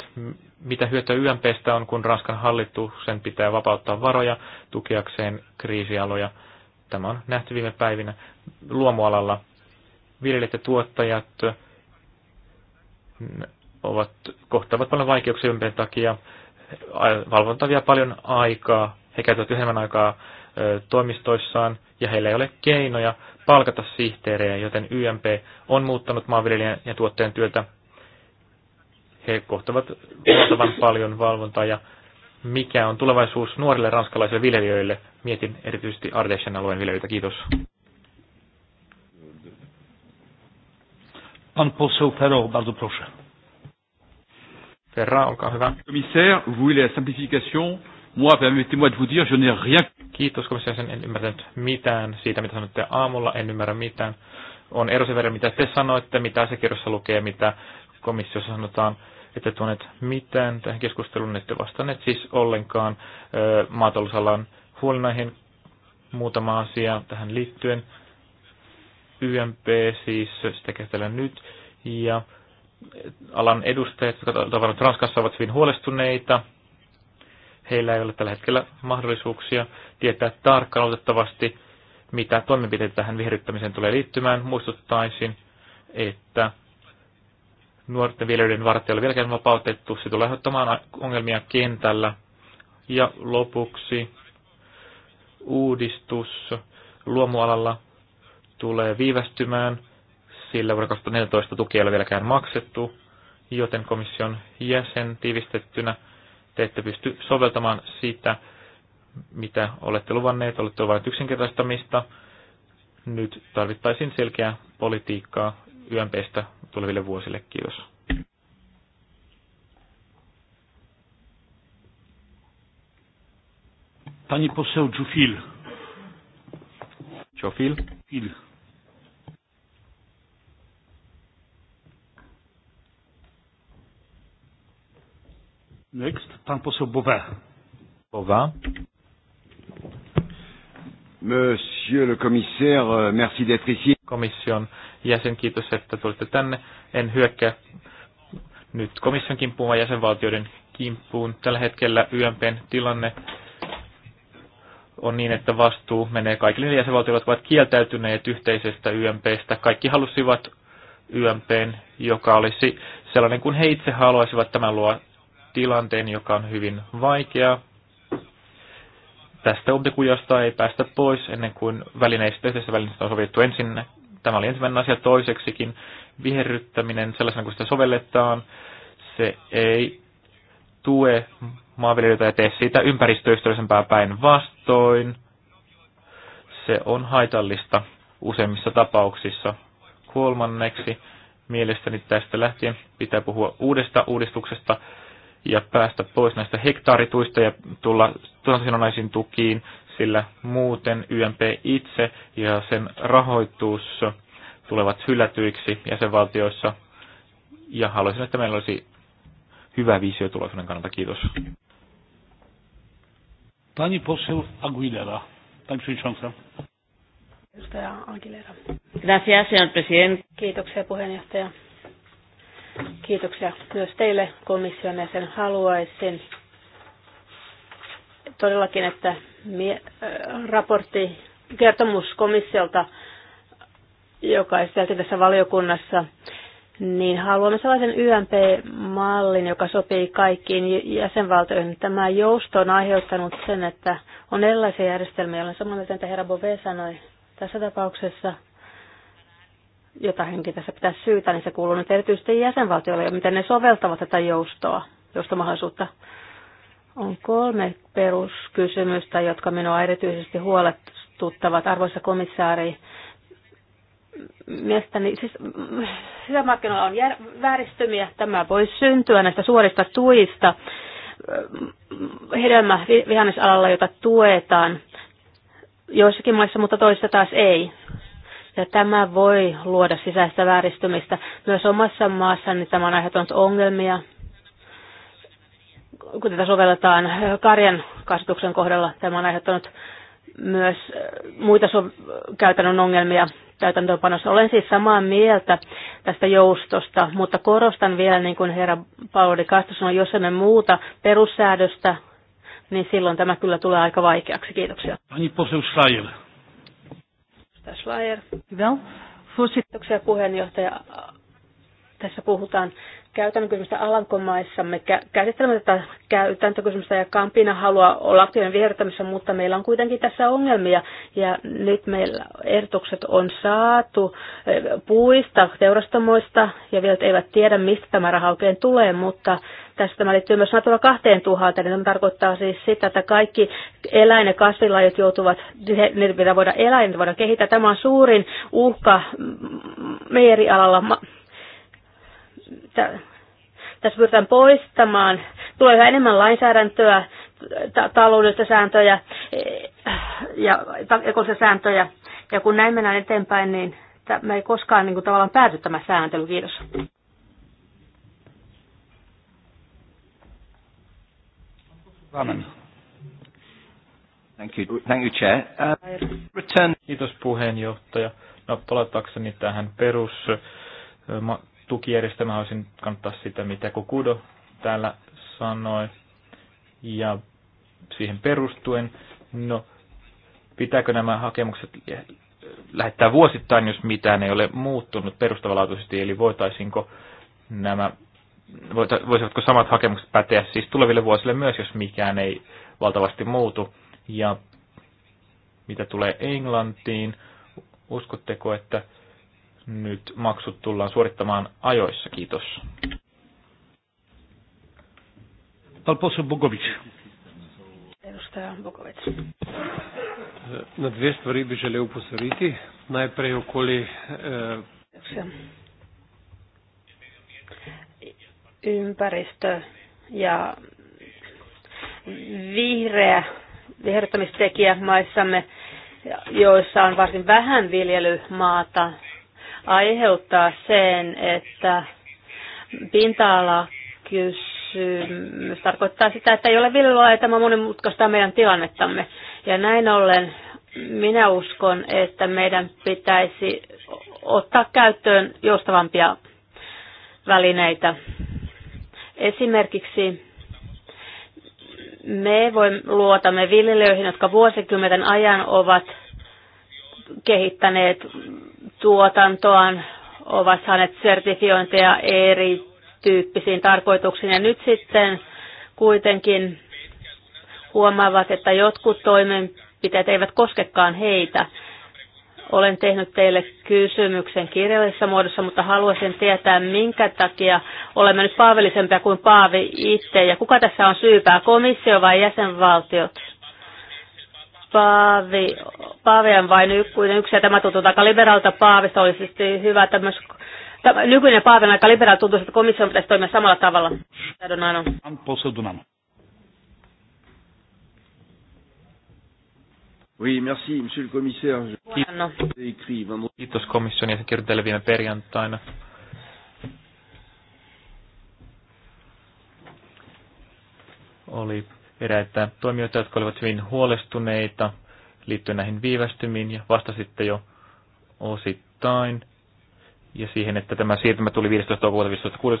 mitä hyötyä YMPstä on, kun Ranskan hallituksen pitää vapauttaa varoja tukiakseen kriisialoja. Tämä on nähty viime päivinä luomualalla. Viljelijät ja tuottajat mm, ovat, kohtaavat paljon vaikeuksia YMPn takia, valvontavia paljon aikaa, he käyttävät yhden aikaa toimistoissaan ja heillä ei ole keinoja palkata sihteerejä, joten YMP on muuttanut maanviljelijän ja tuottajan työtä he kohtavat valtavan paljon valvontaa ja mikä on tulevaisuus nuorille ranskalaisille viljelijöille? Mietin erityisesti Ardèchen alueen viljelijöitä. Kiitos. bardzo proszę. Ferra, olkaa hyvä. Commissaire, vous voulez la simplification. Moi, permettez-moi de vous dire, je n'ai rien... Kiitos, komissaari, en ymmärtänyt mitään siitä, mitä sanoitte aamulla, en ymmärrä mitään. On ero se verran, mitä te sanoitte, mitä kirjassa lukee, mitä komissiossa sanotaan ette tuoneet mitään tähän keskusteluun, ette vastanneet siis ollenkaan maatalousalan huolenaihin muutama asia tähän liittyen. YMP siis, sitä käsitellään nyt, ja alan edustajat, jotka tavallaan Transkassa ovat hyvin huolestuneita. Heillä ei ole tällä hetkellä mahdollisuuksia tietää tarkkaan otettavasti, mitä toimenpiteitä tähän viherryttämiseen tulee liittymään. Muistuttaisin, että nuorten viljelijöiden vartija oli vieläkään vapautettu. Se tulee aiheuttamaan ongelmia kentällä. Ja lopuksi uudistus luomualalla tulee viivästymään, sillä vuonna 2014 tuki ei ole vieläkään maksettu, joten komission jäsen tiivistettynä te ette pysty soveltamaan sitä, mitä olette luvanneet, olette luvanneet yksinkertaistamista. Nyt tarvittaisiin selkeää politiikkaa YMPstä tuleville vuosille. Kiitos. Pani poseł jufil. Jufil? Fil. Next, pan poseł Bové. Bové. Monsieur le commissaire, euh, merci d'être ici komission jäsen, kiitos, että tulitte tänne. En hyökkää nyt komission kimppuun, vaan jäsenvaltioiden kimppuun. Tällä hetkellä YMPn tilanne on niin, että vastuu menee kaikille niille jäsenvaltioille, jotka ovat kieltäytyneet yhteisestä YMPstä. Kaikki halusivat YMPn, joka olisi sellainen kuin he itse haluaisivat. tämän luo tilanteen, joka on hyvin vaikea. Tästä umpikujasta ei päästä pois ennen kuin välineistä, välineistä on sovittu ensin Tämä oli ensimmäinen asia toiseksikin. Viherryttäminen sellaisena kuin sitä sovelletaan, se ei tue maanviljelijöitä ja tee siitä ympäristöystävällisempää päin vastoin. Se on haitallista useimmissa tapauksissa. Kolmanneksi mielestäni tästä lähtien pitää puhua uudesta uudistuksesta, ja päästä pois näistä hektaarituista ja tulla tuotantosidonnaisiin tukiin, sillä muuten YMP itse ja sen rahoitus tulevat hylätyiksi jäsenvaltioissa. Ja haluaisin, että meillä olisi hyvä visio tulevaisuuden kannalta. Kiitos. Pani poseł Aguilera, pani przewodnicząca. Edustaja Aguilera. Gracias, señor presidente. Kiitoksia puheenjohtaja. Kiitoksia myös teille komission ja sen haluaisin todellakin, että äh, raportti kertomus komissiolta, joka esiteltiin tässä valiokunnassa, niin haluamme sellaisen YMP-mallin, joka sopii kaikkiin jäsenvaltioihin. Tämä jousto on aiheuttanut sen, että on erilaisia järjestelmiä, joilla samoin, että mitä herra Bove sanoi. Tässä tapauksessa jotainkin tässä pitää syytä, niin se kuuluu nyt erityisesti jäsenvaltioille ja miten ne soveltavat tätä joustoa, joustomahdollisuutta. On kolme peruskysymystä, jotka minua erityisesti huolestuttavat. Arvoisa komissaari, mielestäni siis, mm, sisämarkkinoilla on jär, vääristymiä. Tämä voi syntyä näistä suorista tuista hedelmä vihannesalalla, jota tuetaan joissakin maissa, mutta toisissa taas ei ja tämä voi luoda sisäistä vääristymistä. Myös omassa maassani tämä on aiheuttanut ongelmia, kun tätä sovelletaan karjan kasvatuksen kohdalla. Tämä on aiheuttanut myös äh, muita so- käytännön ongelmia täytäntöönpanossa. Olen siis samaa mieltä tästä joustosta, mutta korostan vielä, niin kuin herra Pauli Kasto sanoi, jos emme muuta perussäädöstä, niin silloin tämä kyllä tulee aika vaikeaksi. Kiitoksia. Pani poseus Schreier. Edustaja Schleier. Hyvä. Kiitoksia puheenjohtaja. Tässä puhutaan käytännön kysymystä Alankomaissamme. Käsittelemme tätä käytäntökysymystä ja Kampina haluaa olla aktiivinen vihertämisessä, mutta meillä on kuitenkin tässä ongelmia. Ja nyt meillä ehdotukset on saatu eh, puista, teurastamoista ja vielä eivät tiedä, mistä tämä raha oikein tulee, mutta tässä tämä liittyy myös Natura 2000, niin tämä tarkoittaa siis sitä, että kaikki eläin- ja kasvilajit joutuvat, niitä pitää voida eläin voida voidaan kehittää. Tämä on suurin uhka merialalla mm, mm, mm, tässä pyritään poistamaan, tulee yhä enemmän lainsäädäntöä, ta- taloudellista sääntöjä eh, ja ekosia sääntöjä. Ja kun näin mennään eteenpäin, niin me ei koskaan niin kuin, tavallaan pääty tämä sääntely. Kiitos. Thank you, thank you chair. Uh, return. Kiitos puheenjohtaja. No, palatakseni tähän perus tukijärjestelmä, olisin kannattaa sitä, mitä Kokudo täällä sanoi. Ja siihen perustuen, no pitääkö nämä hakemukset lähettää vuosittain, jos mitään ei ole muuttunut perustavanlaatuisesti, eli voitaisiinko nämä, voisivatko samat hakemukset päteä siis tuleville vuosille myös, jos mikään ei valtavasti muutu. Ja mitä tulee Englantiin, uskotteko, että nyt maksut tullaan suorittamaan ajoissa. Kiitos. Palposu Bogovic. Edustaja Bogovic. Na dve stvari bi želeo upozoriti. Najprej okoli... Eh... Ympäristö ja vihreä viherryttämistekijä maissamme, joissa on varsin vähän viljelymaata, aiheuttaa sen, että pinta-ala kysymys tarkoittaa sitä, että ei ole villoa ja tämä monimutkaistaa meidän tilannettamme. Ja näin ollen minä uskon, että meidän pitäisi ottaa käyttöön joustavampia välineitä. Esimerkiksi me voimme luotamme viljelijöihin, jotka vuosikymmenten ajan ovat kehittäneet tuotantoaan, ovat saaneet sertifiointeja erityyppisiin tarkoituksiin. Ja nyt sitten kuitenkin huomaavat, että jotkut toimenpiteet eivät koskekaan heitä. Olen tehnyt teille kysymyksen kirjallisessa muodossa, mutta haluaisin tietää, minkä takia olemme nyt paavillisempia kuin paavi itse ja kuka tässä on syypää, komissio vai jäsenvaltiot? Paavi, Paavi on vain yksi, yksi, ja tämä tuntuu aika liberaalta Paavista. Olisi siis hyvä, että tämä, nykyinen Paavi on aika liberaali, tuntuu, että komissio pitäisi toimia samalla tavalla. Donano. Oui, merci, monsieur le commissaire. Kiitos komission jäsenkirjoin teille viime perjantaina. Oli eräitä toimijoita, jotka olivat hyvin huolestuneita liittyen näihin viivästymiin ja vastasitte jo osittain. Ja siihen, että tämä siirtymä tuli 15. toukokuuta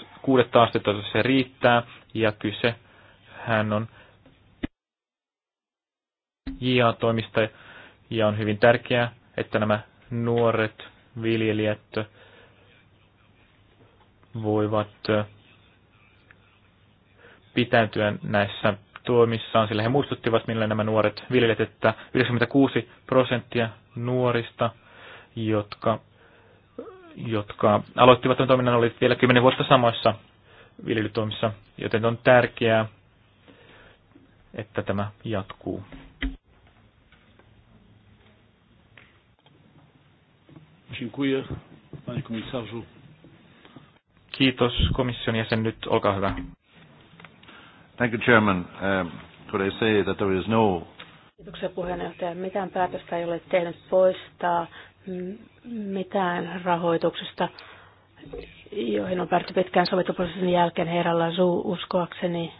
15.6. astetta, se riittää. Ja kyse hän on JA-toimista ja on hyvin tärkeää, että nämä nuoret viljelijät voivat äh, pitäytyä näissä tuomissaan, sillä he muistuttivat, millä nämä nuoret viljelijät, että 96 prosenttia nuorista, jotka, jotka aloittivat tämän toiminnan, oli vielä 10 vuotta samoissa viljelytoimissa, joten on tärkeää, että tämä jatkuu. Dziękuję, panie komisarzu. Kiitos komission jäsen. Nyt olkaa hyvä. Thank you, Chairman. Um, could I say that there is no... Kiitoksia puheenjohtaja. Mitään päätöstä ei ole tehnyt poistaa mitään rahoituksesta, joihin on päätty pitkään sovintoprosessin jälkeen herralla suu uskoakseni.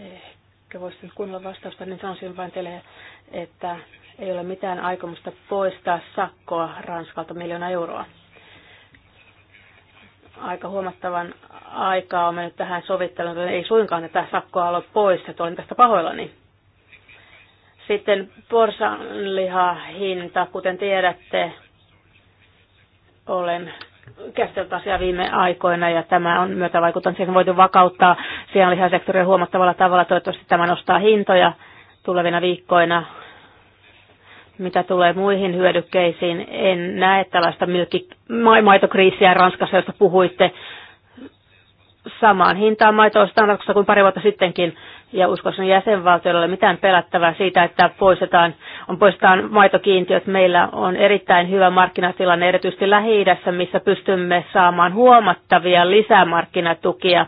Ehkä voisin kuunnella vastausta, niin sanoisin vain teille, että ei ole mitään aikomusta poistaa sakkoa Ranskalta miljoona euroa aika huomattavan aikaa on mennyt tähän sovitteluun, että ei suinkaan tätä sakkoa ole pois, että olen tästä pahoillani. Sitten porsanlihahinta, kuten tiedätte, olen käsitellyt asiaa viime aikoina ja tämä on myötä vaikuttanut siihen, voitu vakauttaa sianlihasektoria huomattavalla tavalla. Toivottavasti tämä nostaa hintoja tulevina viikkoina mitä tulee muihin hyödykkeisiin, en näe tällaista maitokriisiä Ranskassa, josta puhuitte samaan hintaan maitoa standardissa kuin pari vuotta sittenkin, ja uskoisin jäsenvaltioilla ole mitään pelättävää siitä, että poistetaan, on poistetaan maitokiintiöt. Meillä on erittäin hyvä markkinatilanne, erityisesti lähi missä pystymme saamaan huomattavia lisämarkkinatukia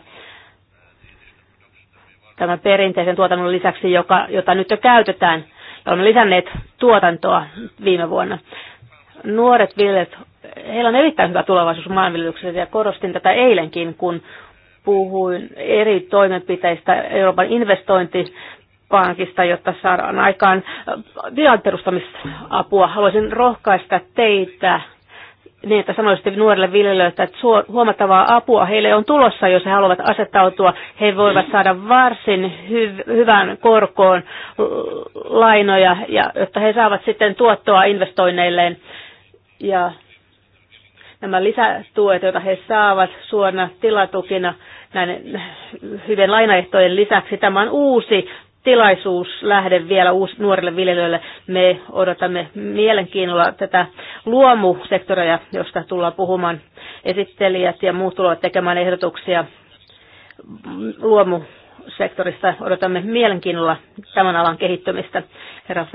tämän perinteisen tuotannon lisäksi, joka, jota nyt jo käytetään – on lisänneet tuotantoa viime vuonna. Nuoret viljelijät, heillä on erittäin hyvä tulevaisuus maanviljelyksessä ja korostin tätä eilenkin, kun puhuin eri toimenpiteistä Euroopan investointipankista, jotta saadaan aikaan tilanperustamisapua. Haluaisin rohkaista teitä niin, että sanoisitte nuorille viljelijöille, että huomattavaa apua heille on tulossa, jos he haluavat asettautua. He voivat saada varsin hyvän korkoon lainoja, ja, jotta he saavat sitten tuottoa investoinneilleen. Ja nämä lisätuet, joita he saavat suorana tilatukina näiden hyvien lainaehtojen lisäksi, tämä on uusi tilaisuus lähde vielä uus, nuorille viljelijöille. Me odotamme mielenkiinnolla tätä luomusektoria, josta tullaan puhumaan esittelijät ja muut tulevat tekemään ehdotuksia luomusektorista. Odotamme mielenkiinnolla tämän alan kehittymistä. Herra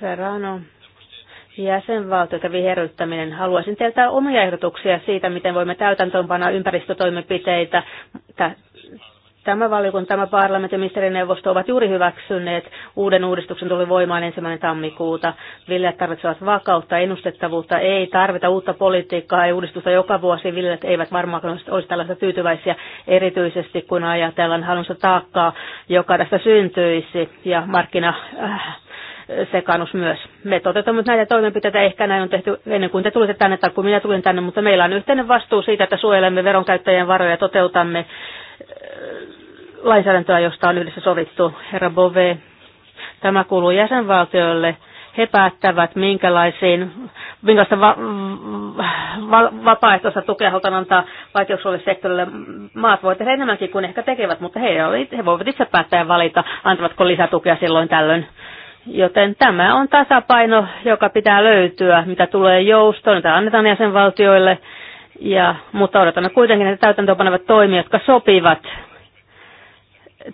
Ferrano jäsenvaltioita viherryttäminen. Haluaisin teiltä omia ehdotuksia siitä, miten voimme täytäntöönpanna ympäristötoimenpiteitä Tämä valiokunta, tämä parlamentti ja ministerineuvosto ovat juuri hyväksyneet uuden uudistuksen tuli voimaan ensimmäinen tammikuuta. Viljelijät tarvitsevat vakautta, ennustettavuutta, ei tarvita uutta politiikkaa ja uudistusta joka vuosi. Viljelijät eivät varmaan olisi tällaista tyytyväisiä, erityisesti kun ajatellaan halunsa taakkaa, joka tästä syntyisi ja markkina äh, myös. Me toteutamme näitä toimenpiteitä, ehkä näin on tehty ennen kuin te tulitte tänne tai kun minä tulin tänne, mutta meillä on yhteinen vastuu siitä, että suojelemme veronkäyttäjien varoja ja toteutamme lainsäädäntöä, josta on yhdessä sovittu. Herra Bove, tämä kuuluu jäsenvaltioille. He päättävät, minkälaisiin, minkälaista va- va- vapaaehtoista tukea halutaan antaa vaikeuksille sektorille. Maat voivat tehdä enemmänkin kuin ehkä tekevät, mutta he, he voivat itse päättää ja valita, antavatko lisätukea silloin tällöin. Joten tämä on tasapaino, joka pitää löytyä, mitä tulee joustoon, mitä annetaan jäsenvaltioille ja, mutta odotamme kuitenkin, että täytäntöönpanevat toimia, jotka sopivat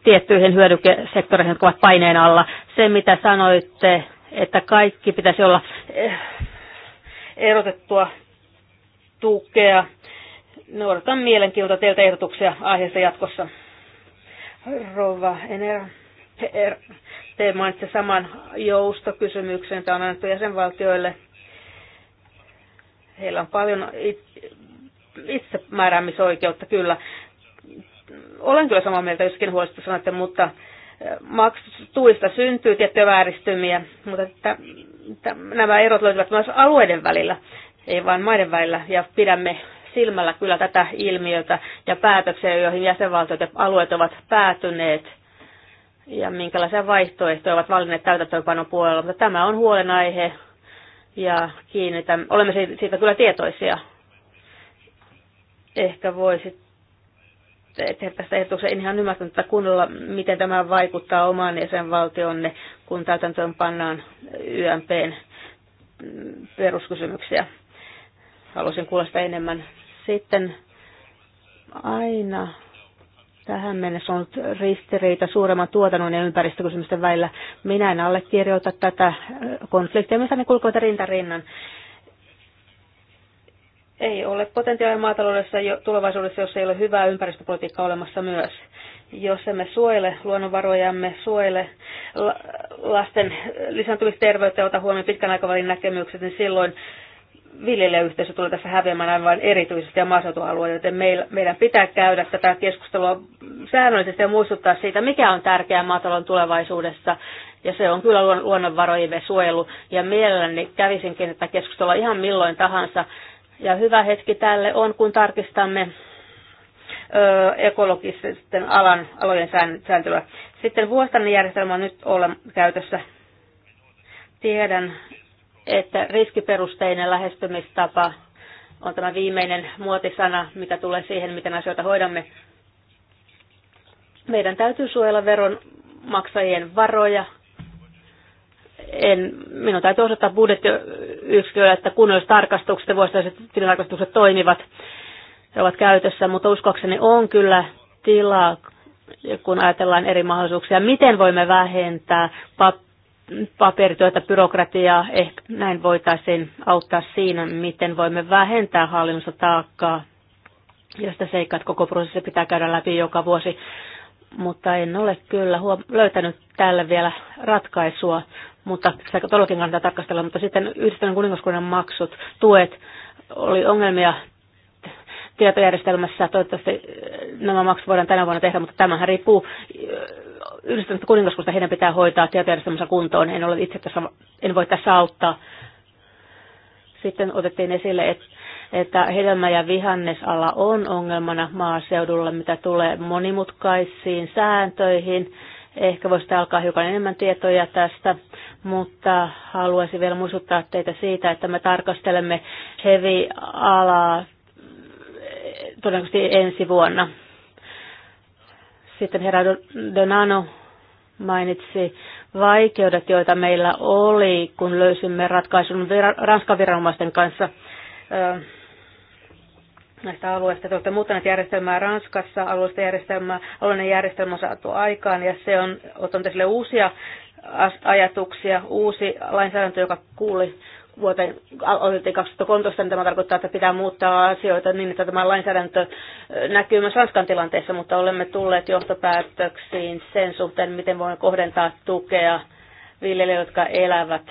tiettyihin hyödykesektoreihin, jotka ovat paineen alla. Se, mitä sanoitte, että kaikki pitäisi olla eh, erotettua tukea. No odotamme mielenkiintoa teiltä ehdotuksia aiheesta jatkossa. Rova Enera, te mainitsitte saman joustokysymyksen, tämä on annettu jäsenvaltioille. Heillä on paljon itsemääräämisoikeutta kyllä. Olen kyllä samaa mieltä, joskin huolesta sanotte, mutta eh, maksutuista syntyy tiettyjä vääristymiä, mutta että, että nämä erot löytyvät myös alueiden välillä, ei vain maiden välillä, ja pidämme silmällä kyllä tätä ilmiötä ja päätöksiä, joihin jäsenvaltiot ja alueet ovat päätyneet ja minkälaisia vaihtoehtoja ovat valinneet täytäntöönpanon puolella. Mutta tämä on huolenaihe ja kiinnitän, olemme siitä kyllä tietoisia Ehkä voisit tehdä tästä ehdotuksen. En ihan ymmärtänyt kunnolla, miten tämä vaikuttaa omaan jäsenvaltionne, kun täytäntöön pannaan YMPn peruskysymyksiä. Haluaisin kuulla sitä enemmän. Sitten aina tähän mennessä on ollut ristiriita suuremman tuotannon ja ympäristökysymysten välillä. Minä en allekirjoita tätä konfliktia, missä ne kulkevat rintarinnan ei ole potentiaalia maataloudessa jo, tulevaisuudessa, jos ei ole hyvää ympäristöpolitiikkaa olemassa myös. Jos emme suojele luonnonvarojamme, suojele lasten lisääntymisterveyttä ja ota huomioon pitkän aikavälin näkemykset, niin silloin viljelijäyhteisö tulee tässä häviämään aivan erityisesti ja maaseutualueilla, joten meidän pitää käydä tätä keskustelua säännöllisesti ja muistuttaa siitä, mikä on tärkeää maatalon tulevaisuudessa. Ja se on kyllä luonnonvarojen suojelu. Ja mielelläni kävisinkin tätä keskustelua ihan milloin tahansa ja hyvä hetki tälle on, kun tarkistamme ekologisten alan, alojen sääntelyä. Sitten vuosittainen järjestelmä on nyt olla käytössä. Tiedän, että riskiperusteinen lähestymistapa on tämä viimeinen muotisana, mitä tulee siihen, miten asioita hoidamme. Meidän täytyy suojella veronmaksajien varoja en, minun täytyy osoittaa budjettiyksiköllä, että kunnolliset tarkastukset ja vuosittaiset tilintarkastukset toimivat ja ovat käytössä, mutta uskoakseni on kyllä tilaa, kun ajatellaan eri mahdollisuuksia. Miten voimme vähentää pap- paperityötä, byrokratiaa, ehkä näin voitaisiin auttaa siinä, miten voimme vähentää hallinnosta taakkaa josta seikkaat koko prosessi pitää käydä läpi joka vuosi mutta en ole kyllä huom- löytänyt tälle vielä ratkaisua, mutta sitä todellakin kannattaa tarkastella. Mutta sitten yhdistyneen kuningaskunnan maksut, tuet, oli ongelmia tietojärjestelmässä. Toivottavasti eh, nämä maksut voidaan tänä vuonna tehdä, mutta tämähän riippuu eh, yhdistyneestä kuningaskunnasta. Heidän pitää hoitaa tietojärjestelmässä kuntoon. En, ole itse tässä, en voi tässä auttaa. Sitten otettiin esille, että että hedelmä- ja vihannesala on ongelmana maaseudulla, mitä tulee monimutkaisiin sääntöihin. Ehkä voisitte alkaa hiukan enemmän tietoja tästä, mutta haluaisin vielä muistuttaa teitä siitä, että me tarkastelemme hevi-alaa todennäköisesti ensi vuonna. Sitten herra Donano mainitsi vaikeudet, joita meillä oli, kun löysimme ratkaisun Ranskan viranomaisten kanssa näistä alueista. Te olette muuttaneet järjestelmää Ranskassa, alueista järjestelmää, alueellinen järjestelmä on saatu aikaan ja se on ottanut esille uusia ajatuksia, uusi lainsäädäntö, joka kuuli vuoteen 2013, niin tämä tarkoittaa, että pitää muuttaa asioita niin, että tämä lainsäädäntö näkyy myös Ranskan tilanteessa, mutta olemme tulleet johtopäätöksiin sen suhteen, miten voimme kohdentaa tukea viljelijöille, jotka elävät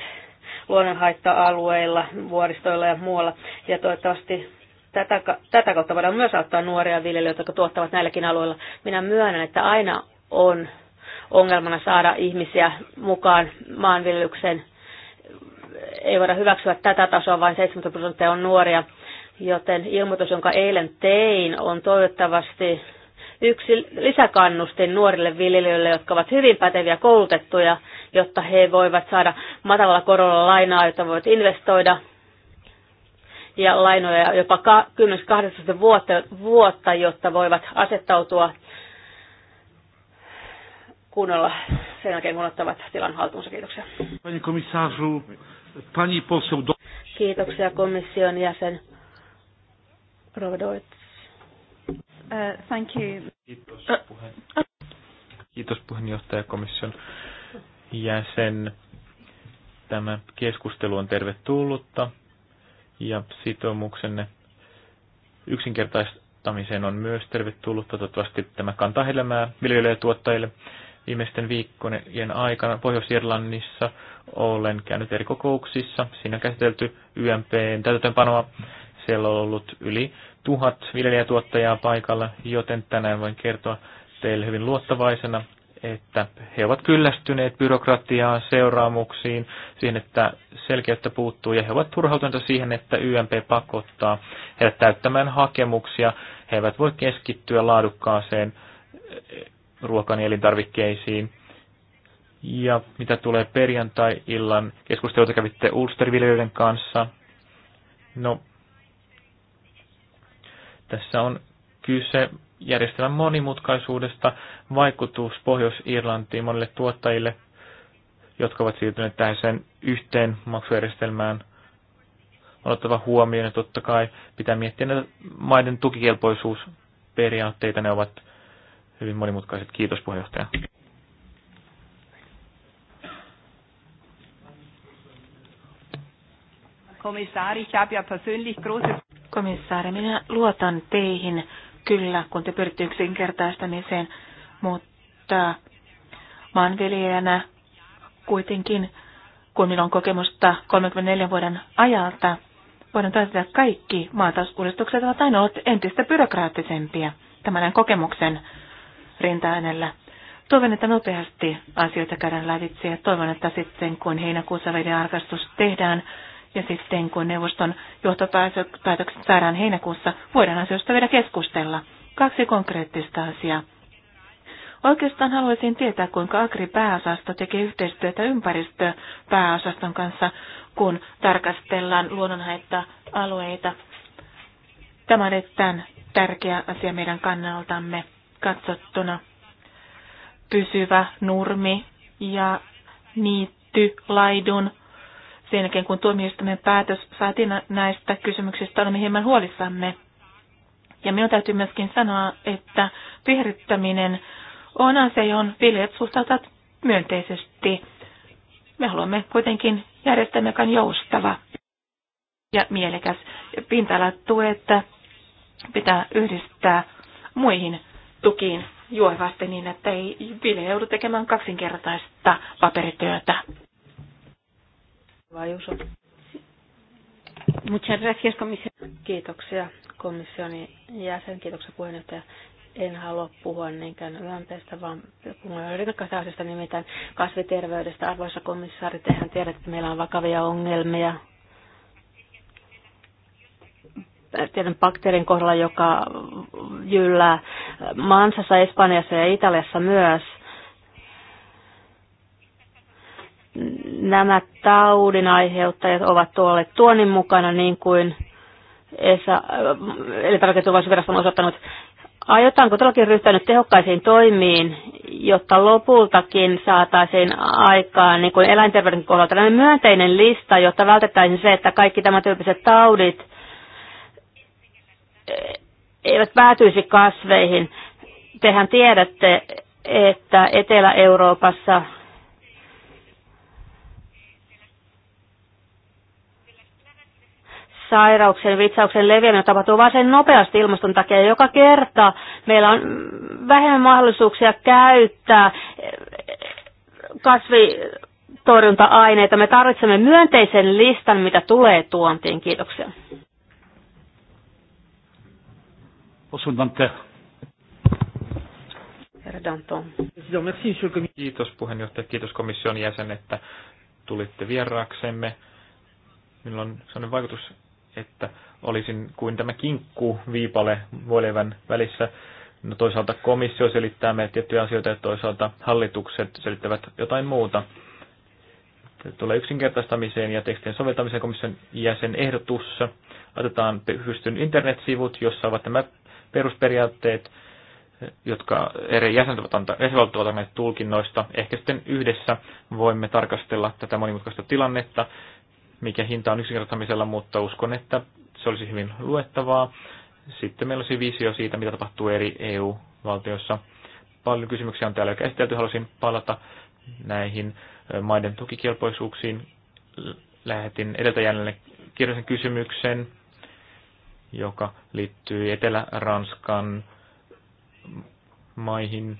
luonnonhaitta-alueilla, vuoristoilla ja muualla. Ja toivottavasti Tätä, tätä kautta voidaan myös auttaa nuoria viljelijöitä, jotka tuottavat näilläkin alueilla. Minä myönnän, että aina on ongelmana saada ihmisiä mukaan maanviljelykseen. Ei voida hyväksyä tätä tasoa, vain 70 prosenttia on nuoria. Joten ilmoitus, jonka eilen tein, on toivottavasti yksi lisäkannustin nuorille viljelijöille, jotka ovat hyvin päteviä koulutettuja, jotta he voivat saada matalalla korolla lainaa, jotta voivat investoida ja lainoja jopa 10-18 vuotta, vuotta, jotta voivat asettautua kunnolla sen jälkeen, kun ottavat tilan haltuunsa. Kiitoksia. Pani pani Kiitoksia komission jäsen Rovedoits. Uh, thank you. Kiitos, uh, puheen... Kiitos puheenjohtaja komission jäsen. Tämä keskustelu on tervetullutta ja sitoumuksenne yksinkertaistamiseen on myös tervetullut. Toivottavasti tämä kantaa helmää viljelijöille ja tuottajille. Viimeisten viikkojen aikana Pohjois-Irlannissa olen käynyt eri kokouksissa. Siinä on käsitelty YMPn täytäntöönpanoa. Siellä on ollut yli tuhat viljelijätuottajaa paikalla, joten tänään voin kertoa teille hyvin luottavaisena, että he ovat kyllästyneet byrokratiaan, seuraamuksiin, siihen, että selkeyttä puuttuu, ja he ovat turhautuneita siihen, että YMP pakottaa heidät täyttämään hakemuksia. He eivät voi keskittyä laadukkaaseen eh, ruokan ja elintarvikkeisiin. Ja mitä tulee perjantai-illan keskusteluita kävitte Ulsterviljelijöiden kanssa, no tässä on kyse järjestelmän monimutkaisuudesta vaikutus Pohjois-Irlantiin monille tuottajille, jotka ovat siirtyneet tähän sen yhteen maksujärjestelmään. On ottava huomioon ja totta kai pitää miettiä näitä maiden tukikelpoisuusperiaatteita. Ne ovat hyvin monimutkaiset. Kiitos puheenjohtaja. Komissaari, ja Komissaari, minä luotan teihin kyllä, kun te pyritte yksinkertaistamiseen, mutta maanviljelijänä kuitenkin, kun minulla on kokemusta 34 vuoden ajalta, voidaan todeta, että kaikki maatausuudistukset ovat aina olleet entistä byrokraattisempia tämän kokemuksen rinta-äänellä. Toivon, että nopeasti asioita käydään lävitse ja toivon, että sitten kun heinäkuussa veden arkastus tehdään, ja sitten kun neuvoston johtopäätökset saadaan heinäkuussa, voidaan asioista vielä keskustella. Kaksi konkreettista asiaa. Oikeastaan haluaisin tietää, kuinka Agri-pääosasto tekee yhteistyötä ympäristöpääosaston kanssa, kun tarkastellaan luonnonhaitta-alueita. Tämä on erittäin tärkeä asia meidän kannaltamme katsottuna. Pysyvä nurmi ja niitty, laidun sen jälkeen, kun tuomioistuimen päätös saatiin näistä kysymyksistä, olemme hieman huolissamme. Ja minun täytyy myöskin sanoa, että viherryttäminen on asia, johon viljelijät suhtautuvat myönteisesti. Me haluamme kuitenkin järjestelmä, joka on joustava ja mielekäs. pinta että pitää yhdistää muihin tukiin juovasti niin, että ei viljelijä joudu tekemään kaksinkertaista paperityötä. Vajuso. Muchas gracias, komission. Kiitoksia komission jäsen, kiitoksia puheenjohtaja. En halua puhua niinkään ylänteestä, vaan puhua rikkaasta asiasta nimittäin kasviterveydestä. Arvoisa komissaari, tehän tiedät, että meillä on vakavia ongelmia tiedän bakteerin kohdalla, joka jyllää Mansassa, Espanjassa ja Italiassa myös – nämä taudin aiheuttajat ovat tuolle tuonin mukana, niin kuin ESA, äh, eli Tarkoitusvirasto on osoittanut. Aiotaanko todellakin ryhtyä nyt tehokkaisiin toimiin, jotta lopultakin saataisiin aikaan niin kuin eläinterveyden kohdalla tällainen myönteinen lista, jotta vältettäisiin se, että kaikki tämän tyyppiset taudit eh, eivät päätyisi kasveihin. Tehän tiedätte, että Etelä-Euroopassa sairauksien, vitsauksien leviäminen tapahtuu varsin nopeasti ilmaston takia. Joka kerta meillä on vähemmän mahdollisuuksia käyttää kasvitorjunta-aineita. Me tarvitsemme myönteisen listan, mitä tulee tuontiin. Kiitoksia. Kiitos puheenjohtaja, kiitos komission jäsen, että tulitte vieraaksemme. Minulla on sellainen vaikutus, että olisin kuin tämä kinkku viipale voilevän välissä. No toisaalta komissio selittää meille tiettyjä asioita ja toisaalta hallitukset selittävät jotain muuta. Tulee yksinkertaistamiseen ja tekstien soveltamiseen komission jäsen ehdotussa. Otetaan pystyn internetsivut, jossa ovat nämä perusperiaatteet, jotka eri jäsenet ovat antaneet tulkinnoista. Ehkä sitten yhdessä voimme tarkastella tätä monimutkaista tilannetta mikä hinta on yksinkertaisella, mutta uskon, että se olisi hyvin luettavaa. Sitten meillä olisi visio siitä, mitä tapahtuu eri EU-valtioissa. Paljon kysymyksiä on täällä jo käsitelty. Haluaisin palata näihin maiden tukikelpoisuuksiin. Lähetin edeltäjälle kirjallisen kysymyksen, joka liittyy Etelä-Ranskan maihin.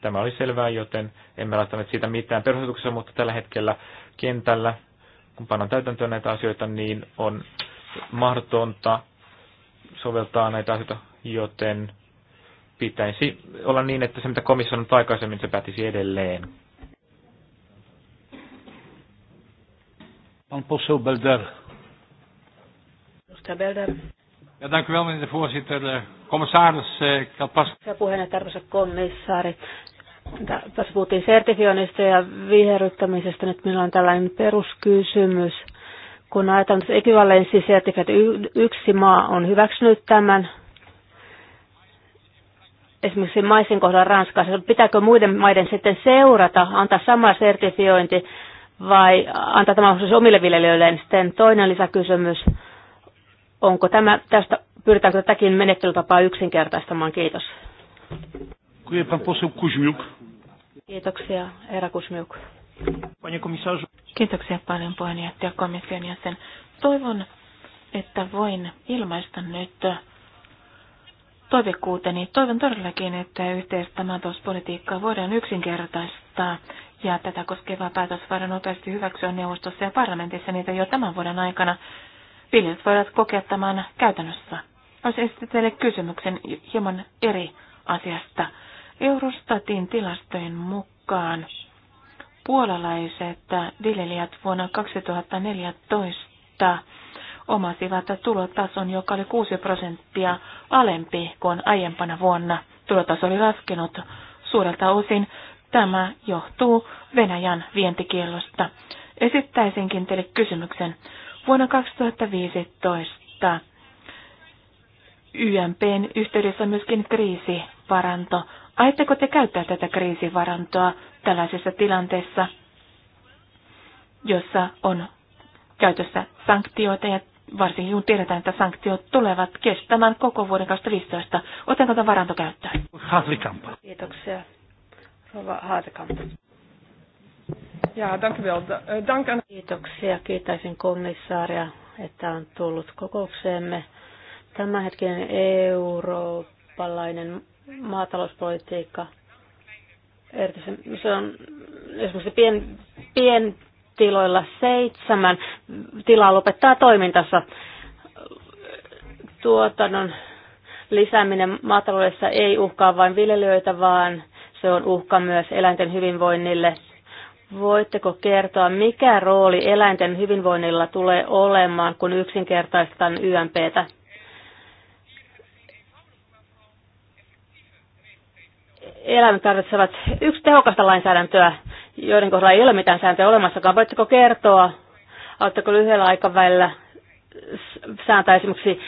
Tämä oli selvää, joten emme laittaneet siitä mitään perusotuksessa, mutta tällä hetkellä kentällä kun pannaan täytäntöön näitä asioita, niin on mahdotonta soveltaa näitä asioita, joten pitäisi olla niin, että se mitä komissio on aikaisemmin, se päätisi edelleen. Pan poseł Belder. Edustaja Belder. Ja dank u wel, meneer de voorzitter. Eh, eh, puheenjohtaja, arvoisa komissaari. Tässä puhuttiin sertifioinnista ja viherryttämisestä. Nyt minulla on tällainen peruskysymys. Kun ajatellaan, että ekvivalenssisertifiointi yksi maa on hyväksynyt tämän, esimerkiksi maisin kohdalla Ranskassa, pitääkö muiden maiden sitten seurata, antaa sama sertifiointi vai antaa tämä mahdollisuus omille viljelijöille? Sitten toinen lisäkysymys, onko tämä, tästä, pyritäänkö tätäkin menettelytapaa yksinkertaistamaan? Kiitos. Kiitos. Kiitoksia, Eera Kusmiuk. Kiitoksia paljon puheenjohtaja komission jäsen. Toivon, että voin ilmaista nyt toivekuuteni. Toivon todellakin, että yhteistä maatalouspolitiikkaa voidaan yksinkertaistaa ja tätä koskevaa päätös voidaan nopeasti hyväksyä neuvostossa ja parlamentissa niitä jo tämän vuoden aikana. Viljelijät voivat kokea tämän käytännössä. Olisi esitetty teille kysymyksen hieman eri asiasta. Eurostatin tilastojen mukaan puolalaiset viljelijät vuonna 2014 omasivat tulotason, joka oli 6 prosenttia alempi kuin aiempana vuonna. Tulotaso oli laskenut suurelta osin. Tämä johtuu Venäjän vientikielosta. Esittäisinkin teille kysymyksen. Vuonna 2015 YMPn yhteydessä myöskin kriisi paranto Ajatteko te käyttää tätä kriisivarantoa tällaisessa tilanteessa, jossa on käytössä sanktioita ja varsinkin kun tiedetään, että sanktiot tulevat kestämään koko vuoden 2015. Otanko tämä varanto käyttöön? Haatlikamp. Kiitoksia. Rova Ja, dank wel. Eh, Kiitoksia. Kiitäisin komissaaria, että on tullut kokoukseemme. Tämänhetkinen eurooppalainen maatalouspolitiikka. se on esimerkiksi pien, pientiloilla seitsemän tilaa lopettaa toimintansa tuotannon lisääminen maataloudessa ei uhkaa vain viljelijöitä, vaan se on uhka myös eläinten hyvinvoinnille. Voitteko kertoa, mikä rooli eläinten hyvinvoinnilla tulee olemaan, kun yksinkertaistan YMPtä? eläimet tarvitsevat yksi tehokasta lainsäädäntöä, joiden kohdalla ei ole mitään sääntöjä olemassakaan. Voitteko kertoa, auttako lyhyellä aikavälillä sääntää esimerkiksi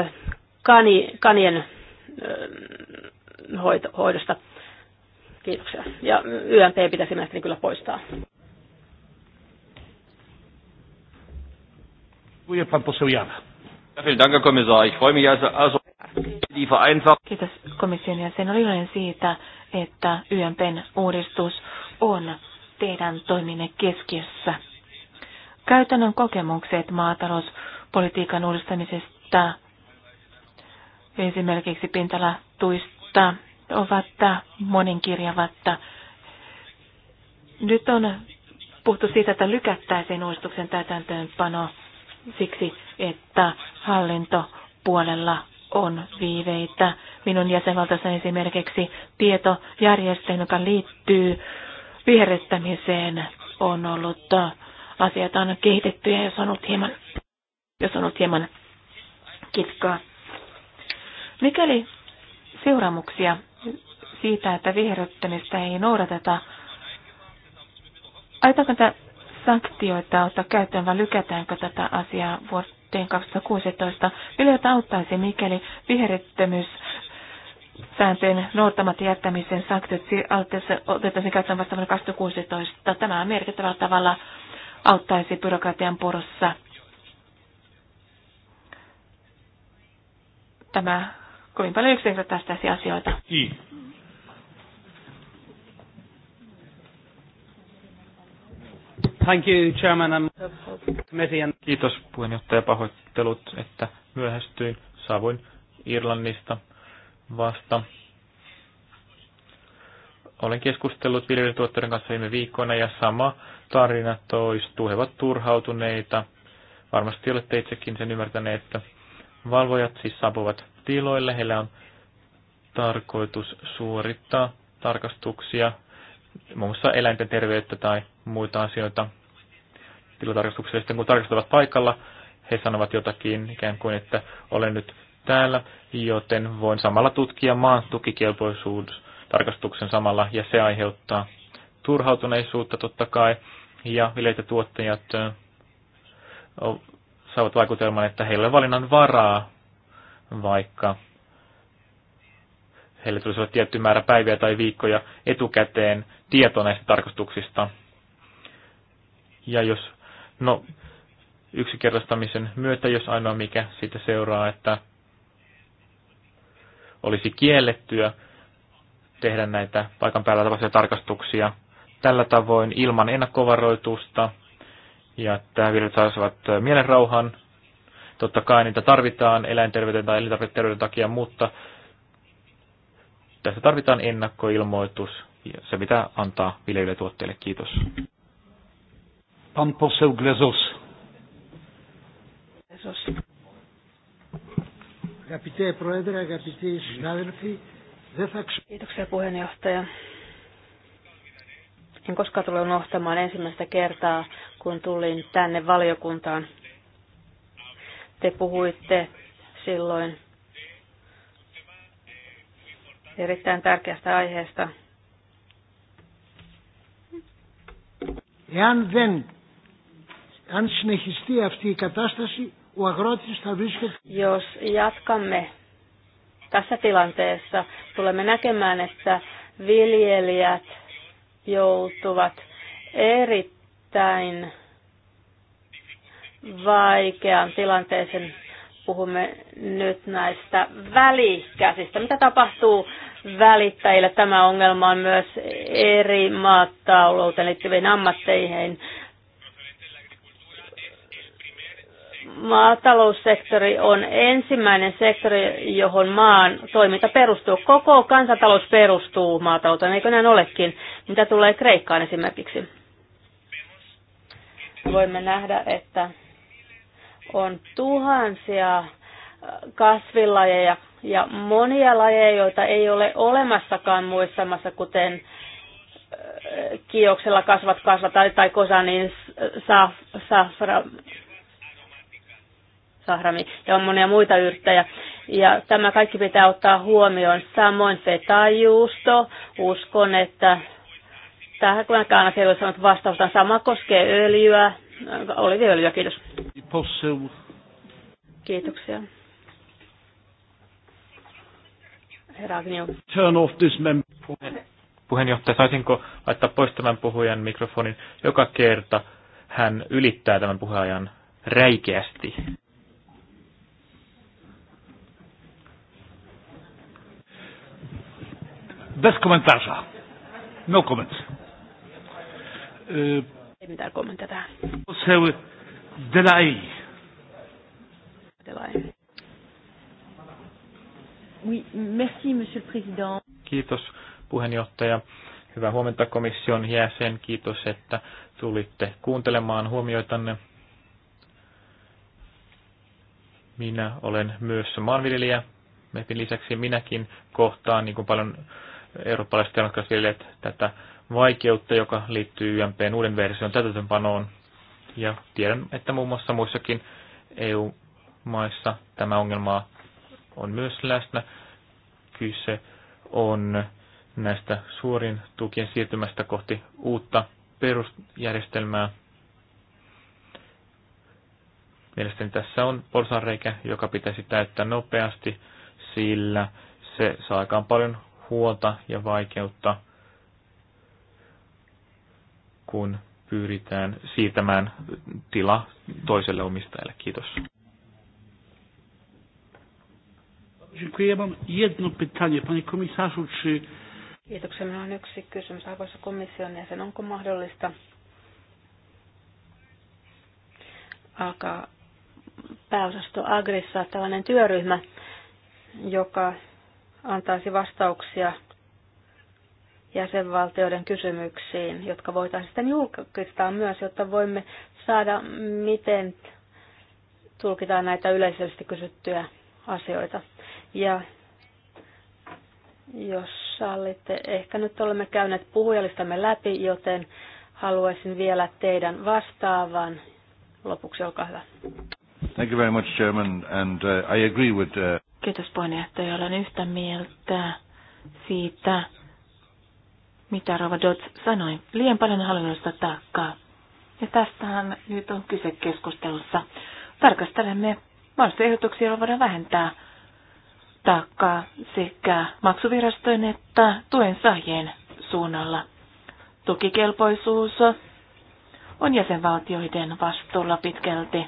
ö, kani, kanien ö, hoito, hoidosta? Kiitoksia. Ja YMP pitäisi mielestäni kyllä poistaa. Dziękuję pan poseł Jana. Vielen Dank, Herr Kommissar. Ich freue mich also, also Kiitos komission jäsen. Olen iloinen siitä, että YMPn uudistus on teidän toiminne keskiössä. Käytännön kokemukset maatalouspolitiikan uudistamisesta, esimerkiksi pintalatuista, ovat moninkirjavatta. Nyt on puhuttu siitä, että lykättäisiin uudistuksen täytäntöönpano siksi, että hallintopuolella on viiveitä. Minun jäsenvaltaisen esimerkiksi tietojärjestelmä, joka liittyy viherrettämiseen, on ollut äh, asiat on kehitetty ja jos on ollut hieman, jos on ollut hieman kitkaa. Mikäli seuraamuksia siitä, että viherryttämistä ei noudateta, aiotaanko tätä sanktioita ottaa käyttöön vai lykätäänkö tätä asiaa vuoteen 2016. Viljelijöitä auttaisi, mikäli viherettömyys sääntöjen noudattamatta jättämisen sanktiot otettaisiin käyttöön vasta vuonna 2016. Tämä merkittävällä tavalla auttaisi byrokratian purussa. Tämä kovin paljon yksinkertaistaisi asioita. Kiitos. Thank you, Chairman and Committee. Kiitos puheenjohtaja pahoittelut, että myöhästyin. Saavuin Irlannista vasta. Olen keskustellut viljelytuotteiden kanssa viime viikkoina ja sama tarina toistuu. He ovat turhautuneita. Varmasti olette itsekin sen ymmärtäneet, että valvojat siis saapuvat tiloille. Heillä on tarkoitus suorittaa tarkastuksia muun muassa eläinten terveyttä tai muita asioita tilatarkastuksessa. Sitten kun tarkastavat paikalla, he sanovat jotakin ikään kuin, että olen nyt täällä, joten voin samalla tutkia maan tarkastuksen samalla, ja se aiheuttaa turhautuneisuutta totta kai, ja vileitä tuottajat saavat vaikutelman, että heillä on valinnan varaa, vaikka heille tulisi olla tietty määrä päiviä tai viikkoja etukäteen tieto näistä tarkastuksista. Ja jos, no, yksinkertaistamisen myötä, jos ainoa mikä siitä seuraa, että olisi kiellettyä tehdä näitä paikan päällä tapahtuvia tarkastuksia tällä tavoin ilman ennakkovaroitusta, ja että viljelijät saisivat mielenrauhan. Totta kai niitä tarvitaan eläinterveyden tai elintarviketerveyden takia, mutta tässä tarvitaan ennakkoilmoitus. Se pitää antaa viljelijätuotteille. Kiitos. Pan poseł Glezos. Kiitoksia puheenjohtaja. En koskaan tule unohtamaan ensimmäistä kertaa, kun tulin tänne valiokuntaan. Te puhuitte silloin erittäin tärkeästä aiheesta. Εάν Αν συνεχιστεί αυτή η κατάσταση, ο αγρότης θα βρίσκεται... Jos jatkamme tässä tilanteessa, tulemme näkemään, että viljelijät joutuvat erittäin vaikean tilanteeseen. Puhumme nyt näistä välikäsistä. Mitä tapahtuu välittäjille? Tämä ongelma on myös eri maatalouteen liittyviin ammatteihin maataloussektori on ensimmäinen sektori, johon maan toiminta perustuu. Koko kansantalous perustuu maatalouteen, eikö näin olekin? Mitä tulee Kreikkaan esimerkiksi? Voimme nähdä, että on tuhansia kasvilajeja ja monia lajeja, joita ei ole olemassakaan muissamassa, kuten kioksella kasvat kasvat tai, tai kosanin safra, Sahrami ja on monia muita yrttejä. Ja tämä kaikki pitää ottaa huomioon. Samoin fetajuusto. Uskon, että tähän kuitenkaan asia ei ole sanonut vastausta. Sama koskee öljyä. öljyä, kiitos. Kiitoksia. Herra Turn off this mem- puheenjohtaja, saisinko laittaa pois tämän puhujan mikrofonin joka kerta? Hän ylittää tämän puheajan räikeästi. Bez komentarza. No comment. Yy, Ei mitään kommentteja tähän. Poseł Delay. Delay. Oui, merci, monsieur le président. Kiitos puheenjohtaja. Hyvää huomenta komission jäsen. Kiitos, että tulitte kuuntelemaan huomioitanne. Minä olen myös maanviljelijä. Mepin lisäksi minäkin kohtaan niin kuin paljon eurooppalaiset jalkaisviljelijät tätä vaikeutta, joka liittyy YMPn uuden version täytäntöönpanoon. Ja tiedän, että muun muassa muissakin EU-maissa tämä ongelma on myös läsnä. Kyse on näistä suorin tukien siirtymästä kohti uutta perusjärjestelmää. Mielestäni tässä on porsanreikä, joka pitäisi täyttää nopeasti, sillä se saa aikaan paljon huolta ja vaikeutta, kun pyritään siirtämään tila toiselle omistajalle. Kiitos. Dziękuję. Mam jedno pytanie. Panie komisarzu, czy... Kiitoksia. Minulla on yksi kysymys arvoisa komission jäsen. Onko mahdollista alkaa pääosasto Agrissa tällainen työryhmä, joka antaisi vastauksia jäsenvaltioiden kysymyksiin, jotka voitaisiin sitten julkistaa myös, jotta voimme saada, miten tulkitaan näitä yleisesti kysyttyjä asioita. Ja jos sallitte, ehkä nyt olemme käyneet puhujalistamme läpi, joten haluaisin vielä teidän vastaavan. Lopuksi olkaa hyvä. Thank you very much, Chairman, and uh, I agree with... Uh... Kiitos puheenjohtaja. Olen yhtä mieltä siitä, mitä Rova Dots sanoi. Liian paljon hallinnollista taakkaa. Ja tästähän nyt on kyse keskustelussa. Tarkastelemme mahdollisia ehdotuksia, joilla voidaan vähentää taakkaa sekä maksuvirastojen että tuen saajien suunnalla. Tukikelpoisuus on jäsenvaltioiden vastuulla pitkälti.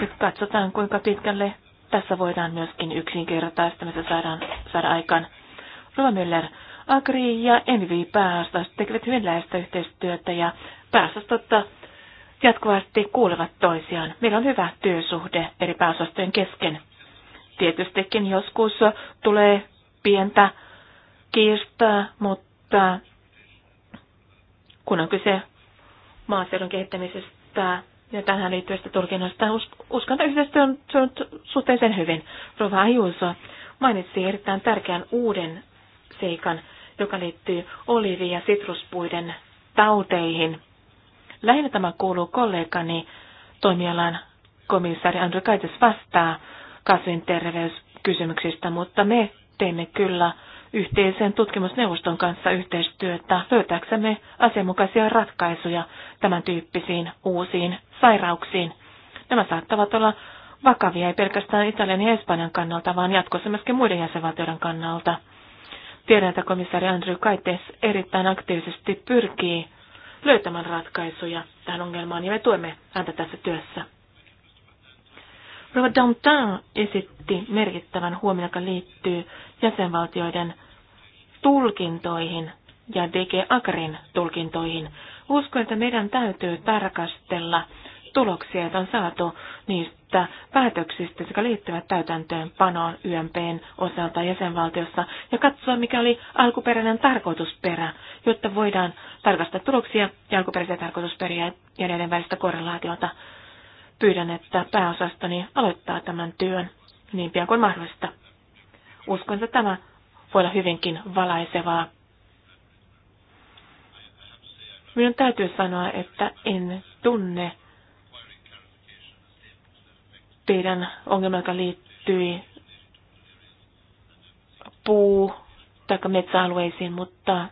Nyt katsotaan, kuinka pitkälle tässä voidaan myöskin yksinkertaistamista saada, saada aikaan. Rova Müller, Agri ja Envi päästöt tekevät hyvin läheistä yhteistyötä ja päästöstotta jatkuvasti kuulevat toisiaan. Meillä on hyvä työsuhde eri pääosastojen kesken. Tietystikin joskus tulee pientä kiistaa, mutta kun on kyse maaseudun kehittämisestä ja tähän liittyvästä tulkinnasta. Uskon, että on sujunut suhteellisen hyvin. Rova Ajuso mainitsi erittäin tärkeän uuden seikan, joka liittyy olivi- ja sitruspuiden tauteihin. Lähinnä tämä kuuluu kollegani toimialan komissaari Andre Kaites vastaa kasvinterveyskysymyksistä, mutta me teemme kyllä yhteisen tutkimusneuvoston kanssa yhteistyötä löytääksemme asianmukaisia ratkaisuja tämän tyyppisiin uusiin sairauksiin. Nämä saattavat olla vakavia ei pelkästään Italian ja Espanjan kannalta, vaan jatkossa myöskin muiden jäsenvaltioiden kannalta. Tiedän, että komissaari Andrew Kaites erittäin aktiivisesti pyrkii löytämään ratkaisuja tähän ongelmaan ja me tuemme häntä tässä työssä. Rova Dantin esitti merkittävän huomion, joka liittyy jäsenvaltioiden tulkintoihin ja DG Agrin tulkintoihin. Uskon, että meidän täytyy tarkastella tuloksia, joita on saatu niistä päätöksistä, jotka liittyvät panoon YMPn osalta jäsenvaltiossa, ja katsoa, mikä oli alkuperäinen tarkoitusperä, jotta voidaan tarkastaa tuloksia ja alkuperäisiä tarkoitusperiä ja näiden välistä korrelaatiota. Pyydän, että pääosastoni aloittaa tämän työn niin pian kuin mahdollista. Uskon, että tämä voi olla hyvinkin valaisevaa. Minun täytyy sanoa, että en tunne teidän ongelma, joka liittyi puu- tai metsäalueisiin, mutta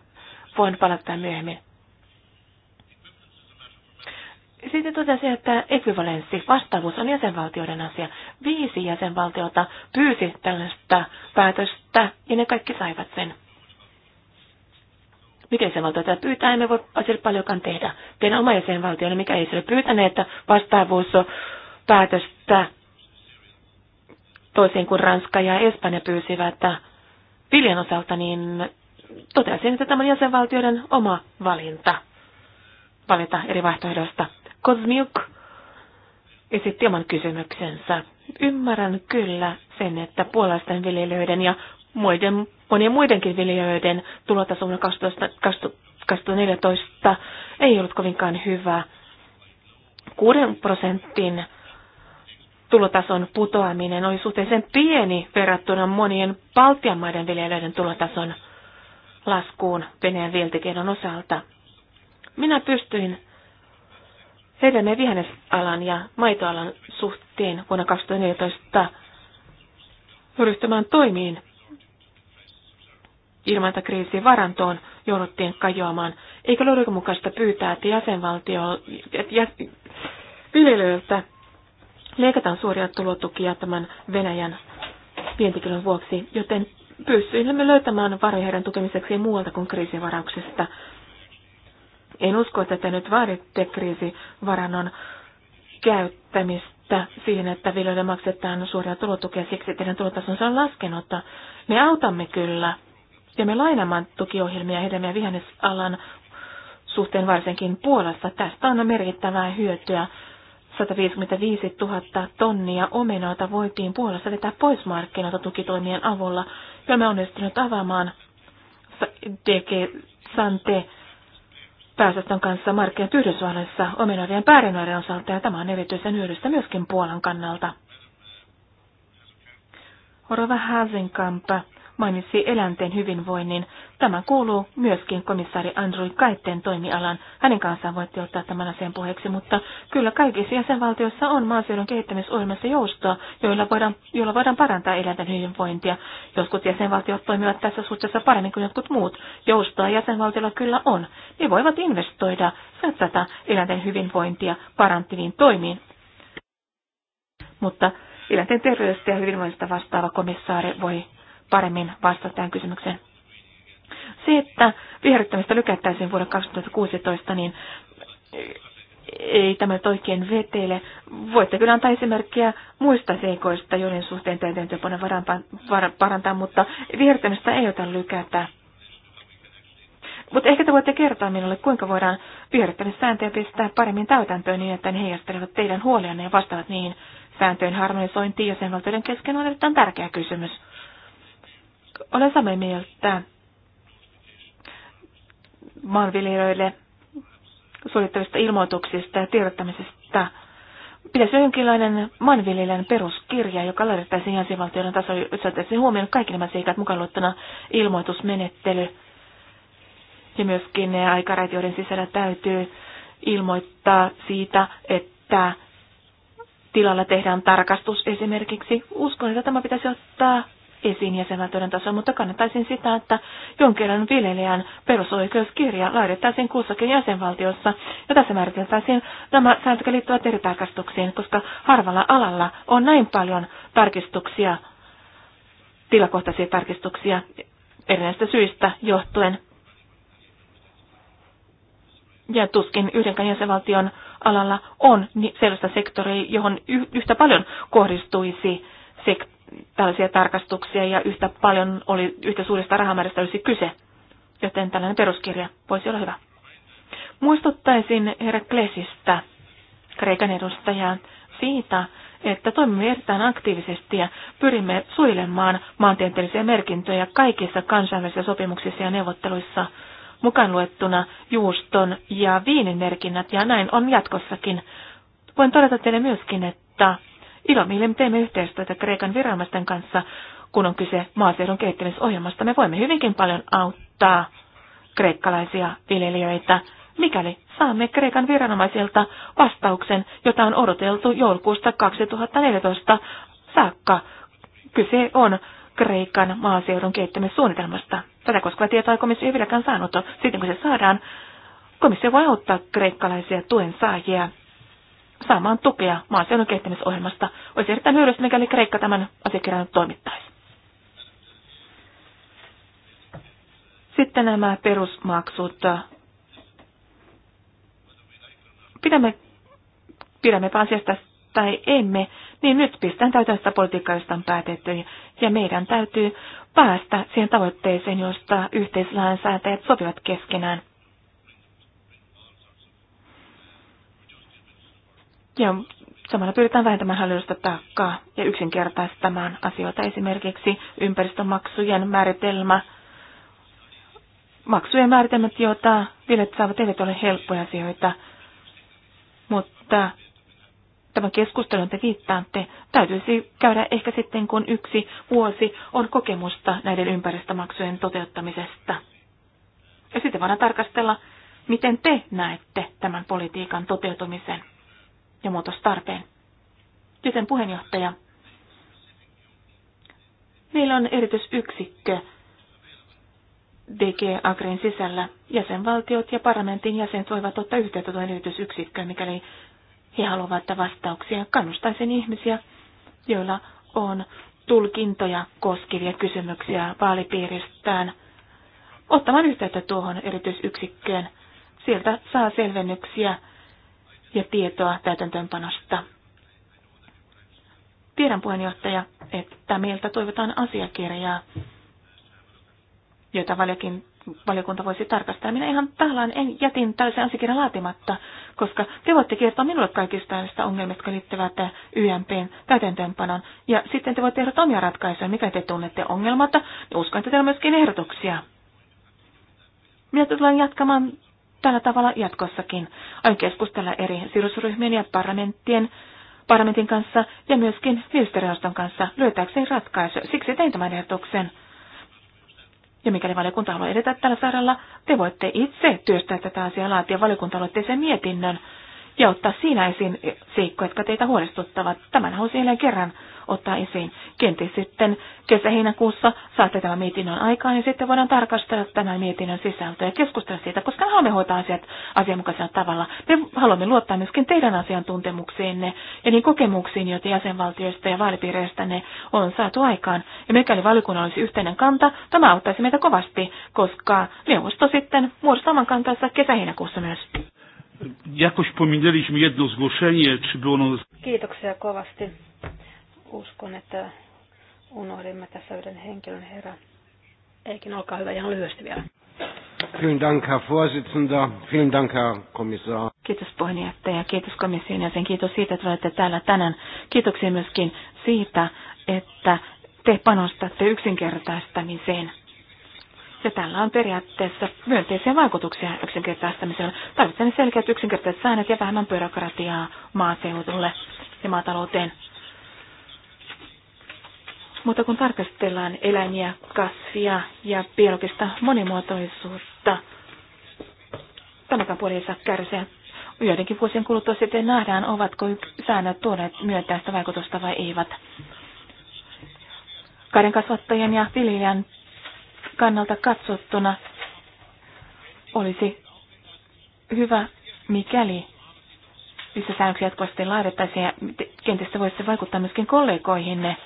voin palata myöhemmin. Sitten totesi, että ekvivalenssi, vastaavuus on jäsenvaltioiden asia. Viisi jäsenvaltiota pyysi tällaista päätöstä ja ne kaikki saivat sen. Mitä jäsenvaltioita pyytää, emme voi asialle paljonkaan tehdä. Teidän oma jäsenvaltionne, mikä ei sille pyytäneet, että vastaavuus on päätöstä toisin kuin Ranska ja Espanja pyysivät viljan osalta, niin totesin, että tämä on jäsenvaltioiden oma valinta valita eri vaihtoehdoista. Kosmiuk esitti oman kysymyksensä. Ymmärrän kyllä sen, että puolalaisten viljelijöiden ja muiden, monien muidenkin viljelijöiden tulotaso vuonna 2014 ei ollut kovinkaan hyvä. 6 prosentin tulotason putoaminen oli suhteellisen pieni verrattuna monien Baltian maiden viljelijöiden tulotason laskuun Venäjän viltikiedon osalta. Minä pystyin hedelmä- ja vihannesalan ja maitoalan suhteen vuonna 2014 ryhtymään toimiin ilmantakriisin varantoon jouduttiin kajoamaan, eikä löydykö mukaista pyytää, että jäsenvaltio, ja viljelijöiltä leikataan suoria tulotukia tämän Venäjän vientikilon vuoksi, joten pystyimme löytämään varoja heidän tukemiseksi muualta kuin kriisivarauksesta. En usko, että te nyt vaaditte kriisivarannon käyttämistä siihen, että viljelijöille maksetaan suoria tulotukia siksi teidän tulotasonsa on laskenut. Me autamme kyllä, ja me lainamme tukiohjelmia heidän ja vihannesalan suhteen varsinkin Puolassa. Tästä on merkittävää hyötyä. 155 000 tonnia omenoita voitiin Puolassa vetää pois markkinoilta tukitoimien avulla, ja me onnistunut avaamaan DG Sante pääosaston kanssa markkinat Yhdysvalloissa ominoiden päärinoiden osalta, ja tämä on erityisen hyödystä myöskin Puolan kannalta. Orova Häsenkamp mainitsi eläinten hyvinvoinnin. Tämä kuuluu myöskin komissaari Andrew Kaitten toimialan. Hänen kanssaan voitte ottaa tämän asian puheeksi, mutta kyllä kaikissa jäsenvaltioissa on maaseudun kehittämisohjelmassa joustoa, joilla voidaan, joilla voidaan parantaa eläinten hyvinvointia. Joskus jäsenvaltiot toimivat tässä suhteessa paremmin kuin jotkut muut. Joustoa jäsenvaltiolla kyllä on. Ne voivat investoida, satsata eläinten hyvinvointia parantiviin toimiin. Mutta eläinten terveydestä ja hyvinvoinnista vastaava komissaari voi paremmin vastata tähän kysymykseen. Se, että viherryttämistä lykättäisiin vuoden 2016, niin ei tämä nyt oikein vetele. Voitte kyllä antaa esimerkkiä muista seikoista, joiden suhteen täytäntöönpano parantaa, mutta viherryttämistä ei ota lykätä. Mutta ehkä te voitte kertoa minulle, kuinka voidaan viherryttämissääntöjä pistää paremmin täytäntöön niin, että ne heijastelevat teidän huolianne ja vastaavat niihin. Sääntöjen harmonisointi jäsenvaltioiden kesken on erittäin tärkeä kysymys. Olen samaa mieltä maanviljelijöille suorittavista ilmoituksista ja tiedottamisesta. Pitäisi jonkinlainen maanviljelijän peruskirja, joka laadittaisiin jäsenvaltioiden tasolla, jossa otettaisiin huomioon kaikki nämä seikat mukaan luettuna ilmoitusmenettely. Ja myöskin ne aikarajat, joiden sisällä täytyy ilmoittaa siitä, että tilalla tehdään tarkastus esimerkiksi. Uskon, että tämä pitäisi ottaa esiin jäsenvaltioiden tasolla, mutta kannattaisin sitä, että jonkinlainen viljelijän perusoikeuskirja laadittaisiin kussakin jäsenvaltiossa, ja tässä määriteltäisiin nämä sääntöjä liittyvät eri tarkastuksiin, koska harvalla alalla on näin paljon tarkistuksia, tilakohtaisia tarkistuksia erinäistä syistä johtuen. Ja tuskin yhdenkään jäsenvaltion alalla on sellaista sektoria, johon yhtä paljon kohdistuisi sektoria tällaisia tarkastuksia ja yhtä paljon oli, yhtä suurista rahamäärästä olisi kyse, joten tällainen peruskirja voisi olla hyvä. Muistuttaisin Heraklesista, Kreikan edustajaa, siitä, että toimimme erittäin aktiivisesti ja pyrimme suojelemaan maantieteellisiä merkintöjä kaikissa kansainvälisissä sopimuksissa ja neuvotteluissa mukaan luettuna juuston ja viinin merkinnät, ja näin on jatkossakin. Voin todeta teille myöskin, että Ilomielin teemme yhteistyötä Kreikan viranomaisten kanssa, kun on kyse maaseudun kehittämisohjelmasta. Me voimme hyvinkin paljon auttaa kreikkalaisia viljelijöitä, mikäli saamme Kreikan viranomaisilta vastauksen, jota on odoteltu joulukuusta 2014 saakka. Kyse on Kreikan maaseudun kehittämissuunnitelmasta. Tätä koskeva tietoa komissio ei vieläkään saanut. Sitten kun se saadaan, komissio voi auttaa kreikkalaisia tuen saajia saamaan tukea maaseudun kehittämisohjelmasta. Olisi erittäin hyödyllistä, mikäli Kreikka tämän asiakirjan toimittaisi. Sitten nämä perusmaksut. Pidämme, pidämme asiasta tai emme, niin nyt pistetään täytäntöön sitä politiikkaa, josta on päätetty, ja meidän täytyy päästä siihen tavoitteeseen, josta yhteislainsäätäjät sopivat keskenään. Ja samalla pyritään vähentämään hallinnollista taakkaa ja yksinkertaistamaan asioita. Esimerkiksi ympäristömaksujen määritelmä, maksujen määritelmät, joita viljelijät saavat, eivät ole helppoja asioita. Mutta tämä keskustelu, jota viittaatte, täytyisi käydä ehkä sitten, kun yksi vuosi on kokemusta näiden ympäristömaksujen toteuttamisesta. Ja sitten voidaan tarkastella, miten te näette tämän politiikan toteutumisen ja muutostarpeen. Joten puheenjohtaja, meillä on erityisyksikkö DG Agrin sisällä. Jäsenvaltiot ja parlamentin jäsenet voivat ottaa yhteyttä tuon erityisyksikköön, mikäli he haluavat vastauksia. Kannustaisin ihmisiä, joilla on tulkintoja koskevia kysymyksiä vaalipiiristään, ottamaan yhteyttä tuohon erityisyksikköön. Sieltä saa selvennyksiä ja tietoa täytäntöönpanosta. Tiedän puheenjohtaja, että meiltä toivotaan asiakirjaa, jota valiokin, valiokunta voisi tarkastaa. Minä ihan tahallaan en jätin täysin asiakirjan laatimatta, koska te voitte kertoa minulle kaikista näistä ongelmista, jotka liittyvät YMPn täytäntöönpanon. Ja sitten te voitte ehdottaa omia ratkaisuja, mikä te tunnette ongelmata. Ja uskon, että teillä on myöskin ehdotuksia. Minä tulen jatkamaan tällä tavalla jatkossakin. Aion keskustella eri sidosryhmien ja parlamenttien parlamentin kanssa ja myöskin ministeriöstön kanssa löytääkseen ratkaisu. Siksi tein tämän ehdotuksen. Ja mikäli valiokunta haluaa edetä tällä saralla, te voitte itse työstää tätä asiaa laatia valiokunta sen mietinnön ja ottaa siinä esiin seikkoja, jotka teitä huolestuttavat. Tämän halusin jälleen kerran ottaa esiin. Kenties sitten kesä-heinäkuussa saatte tämän mietinnön aikaan ja sitten voidaan tarkastella tämän mietinnön sisältöä ja keskustella siitä, koska haluamme hoitaa asiat asianmukaisella tavalla. Me haluamme luottaa myöskin teidän asiantuntemuksiinne ja niin kokemuksiin, joita jäsenvaltioista ja ne on saatu aikaan. Ja mikäli valikunnan olisi yhteinen kanta, tämä auttaisi meitä kovasti, koska neuvosto sitten muodostaa oman kantansa kesä-heinäkuussa myös jakoś pominęliśmy jedno zgłoszenie, czy było ono... Kiitoksia kovasti. Uskon, että unohdimme tässä yhden henkilön herra. Eikin, olkaa hyvä ihan lyhyesti vielä. Vielen Dank, Herr Vorsitzender. Vielen Dank, Herr Kommissar. Kiitos puheenjohtaja, kiitos komission jäsen, kiitos siitä, että olette täällä tänään. Kiitoksia myöskin siitä, että te panostatte yksinkertaistamiseen. Ja tällä on periaatteessa myönteisiä vaikutuksia yksinkertaistamisella. Tarvitsemme selkeät yksinkertaiset säännöt ja vähemmän byrokratiaa maaseudulle ja maatalouteen. Mutta kun tarkastellaan eläimiä, kasvia ja biologista monimuotoisuutta, tämäkään puoli ei saa kärsiä. Joidenkin vuosien kuluttua sitten nähdään, ovatko säännöt tuoneet myötäistä vaikutusta vai eivät. Kaiden kasvattajan ja viljelijän kannalta katsottuna olisi hyvä, mikäli missä säännöksiä jatkuvasti laadettaisiin ja kenties voisi vaikuttaa myöskin kollegoihinne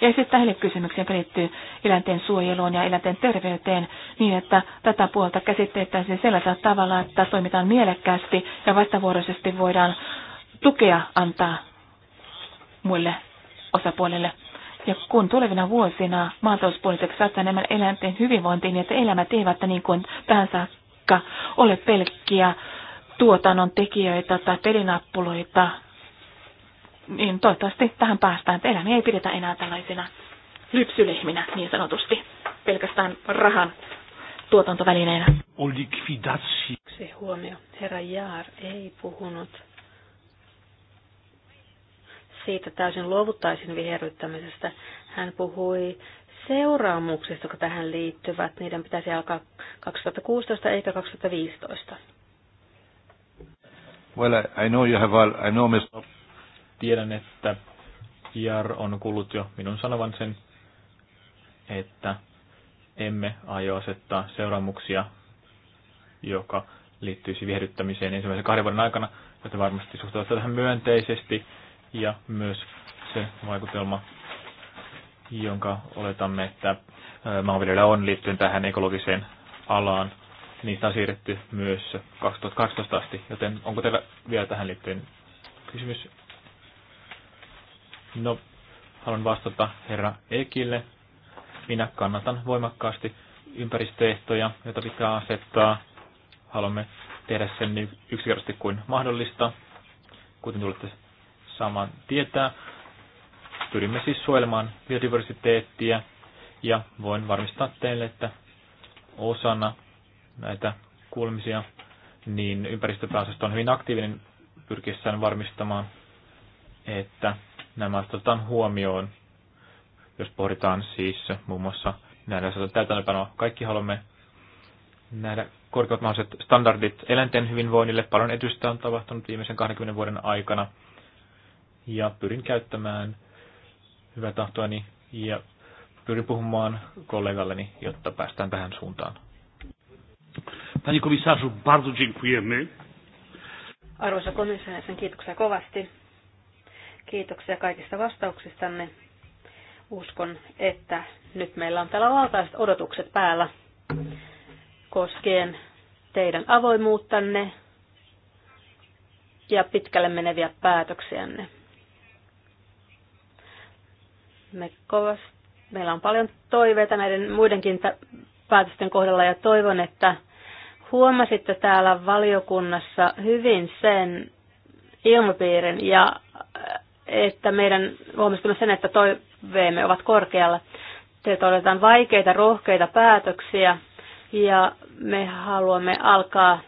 ja esittää heille kysymyksiä, joka liittyy eläinten suojeluun ja eläinten terveyteen niin, että tätä puolta käsitteettäisiin sellaisella tavalla, että toimitaan mielekkäästi ja vastavuoroisesti voidaan tukea antaa muille osapuolille. Ja kun tulevina vuosina maatalouspuoliseksi saattaa nämä eläinten hyvinvointiin, niin että elämät eivät niin kuin tähän saakka ole pelkkiä tuotannon tekijöitä tai pelinappuloita niin toivottavasti tähän päästään, että eläimiä ei pidetä enää tällaisina lypsylehminä niin sanotusti, pelkästään rahan tuotantovälineenä. Se huomio. Herra Jaar ei puhunut siitä täysin luovuttaisin viheryttämisestä. Hän puhui seuraamuksista, jotka tähän liittyvät. Niiden pitäisi alkaa 2016 eikä 2015. Well, I know you have all, I know Mr. Tiedän, että Jar on kuullut jo minun sanovan sen, että emme aio asettaa seuraamuksia, joka liittyisi viehdyttämiseen ensimmäisen kahden vuoden aikana, joten varmasti suhtautuu tähän myönteisesti ja myös se vaikutelma, jonka oletamme, että maanviljelijä on liittyen tähän ekologiseen alaan, niistä on siirretty myös 2012 asti, joten onko teillä vielä tähän liittyen kysymys No, haluan vastata herra Ekille. Minä kannatan voimakkaasti ympäristöehtoja, joita pitää asettaa. Haluamme tehdä sen niin yksinkertaisesti kuin mahdollista, kuten tulette saamaan tietää. Pyrimme siis suojelemaan biodiversiteettiä ja voin varmistaa teille, että osana näitä kuulemisia niin ympäristöpääosasto on hyvin aktiivinen pyrkiessään varmistamaan, että nämä otetaan huomioon, jos pohditaan siis muun muassa näiden asioiden täytäntöpanoa. Kaikki haluamme nähdä korkeat mahdolliset standardit eläinten hyvinvoinnille. Paljon etystä on tapahtunut viimeisen 20 vuoden aikana. Ja pyrin käyttämään hyvää tahtoani ja pyrin puhumaan kollegalleni, jotta päästään tähän suuntaan. Panie komisarzu, bardzo dziękujemy. Arvoisa komissaari, kiitoksia kovasti. Kiitoksia kaikista vastauksistanne. Uskon, että nyt meillä on täällä valtaiset odotukset päällä koskien teidän avoimuuttanne ja pitkälle meneviä päätöksiänne. Me kovasti, meillä on paljon toiveita näiden muidenkin päätösten kohdalla ja toivon, että huomasitte täällä valiokunnassa hyvin sen ilmapiirin ja että meidän huomistamme sen, että toiveemme ovat korkealla. Te todetaan vaikeita, rohkeita päätöksiä ja me haluamme alkaa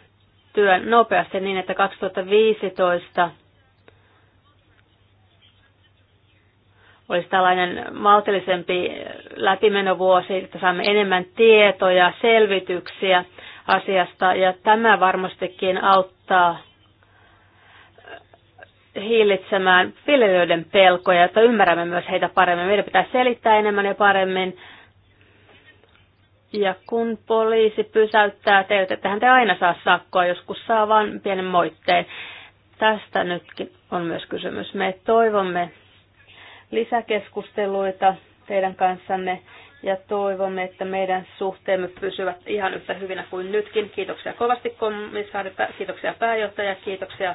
työn nopeasti niin, että 2015 olisi tällainen maltillisempi läpimenovuosi, että saamme enemmän tietoja, selvityksiä asiasta ja tämä varmastikin auttaa hillitsemään viljelijöiden pelkoja, että ymmärrämme myös heitä paremmin. Meidän pitää selittää enemmän ja paremmin. Ja kun poliisi pysäyttää että hän te aina saa sakkoa, joskus saa vain pienen moitteen. Tästä nytkin on myös kysymys. Me toivomme lisäkeskusteluita teidän kanssanne ja toivomme, että meidän suhteemme pysyvät ihan yhtä hyvinä kuin nytkin. Kiitoksia kovasti komissaari, kiitoksia pääjohtaja, kiitoksia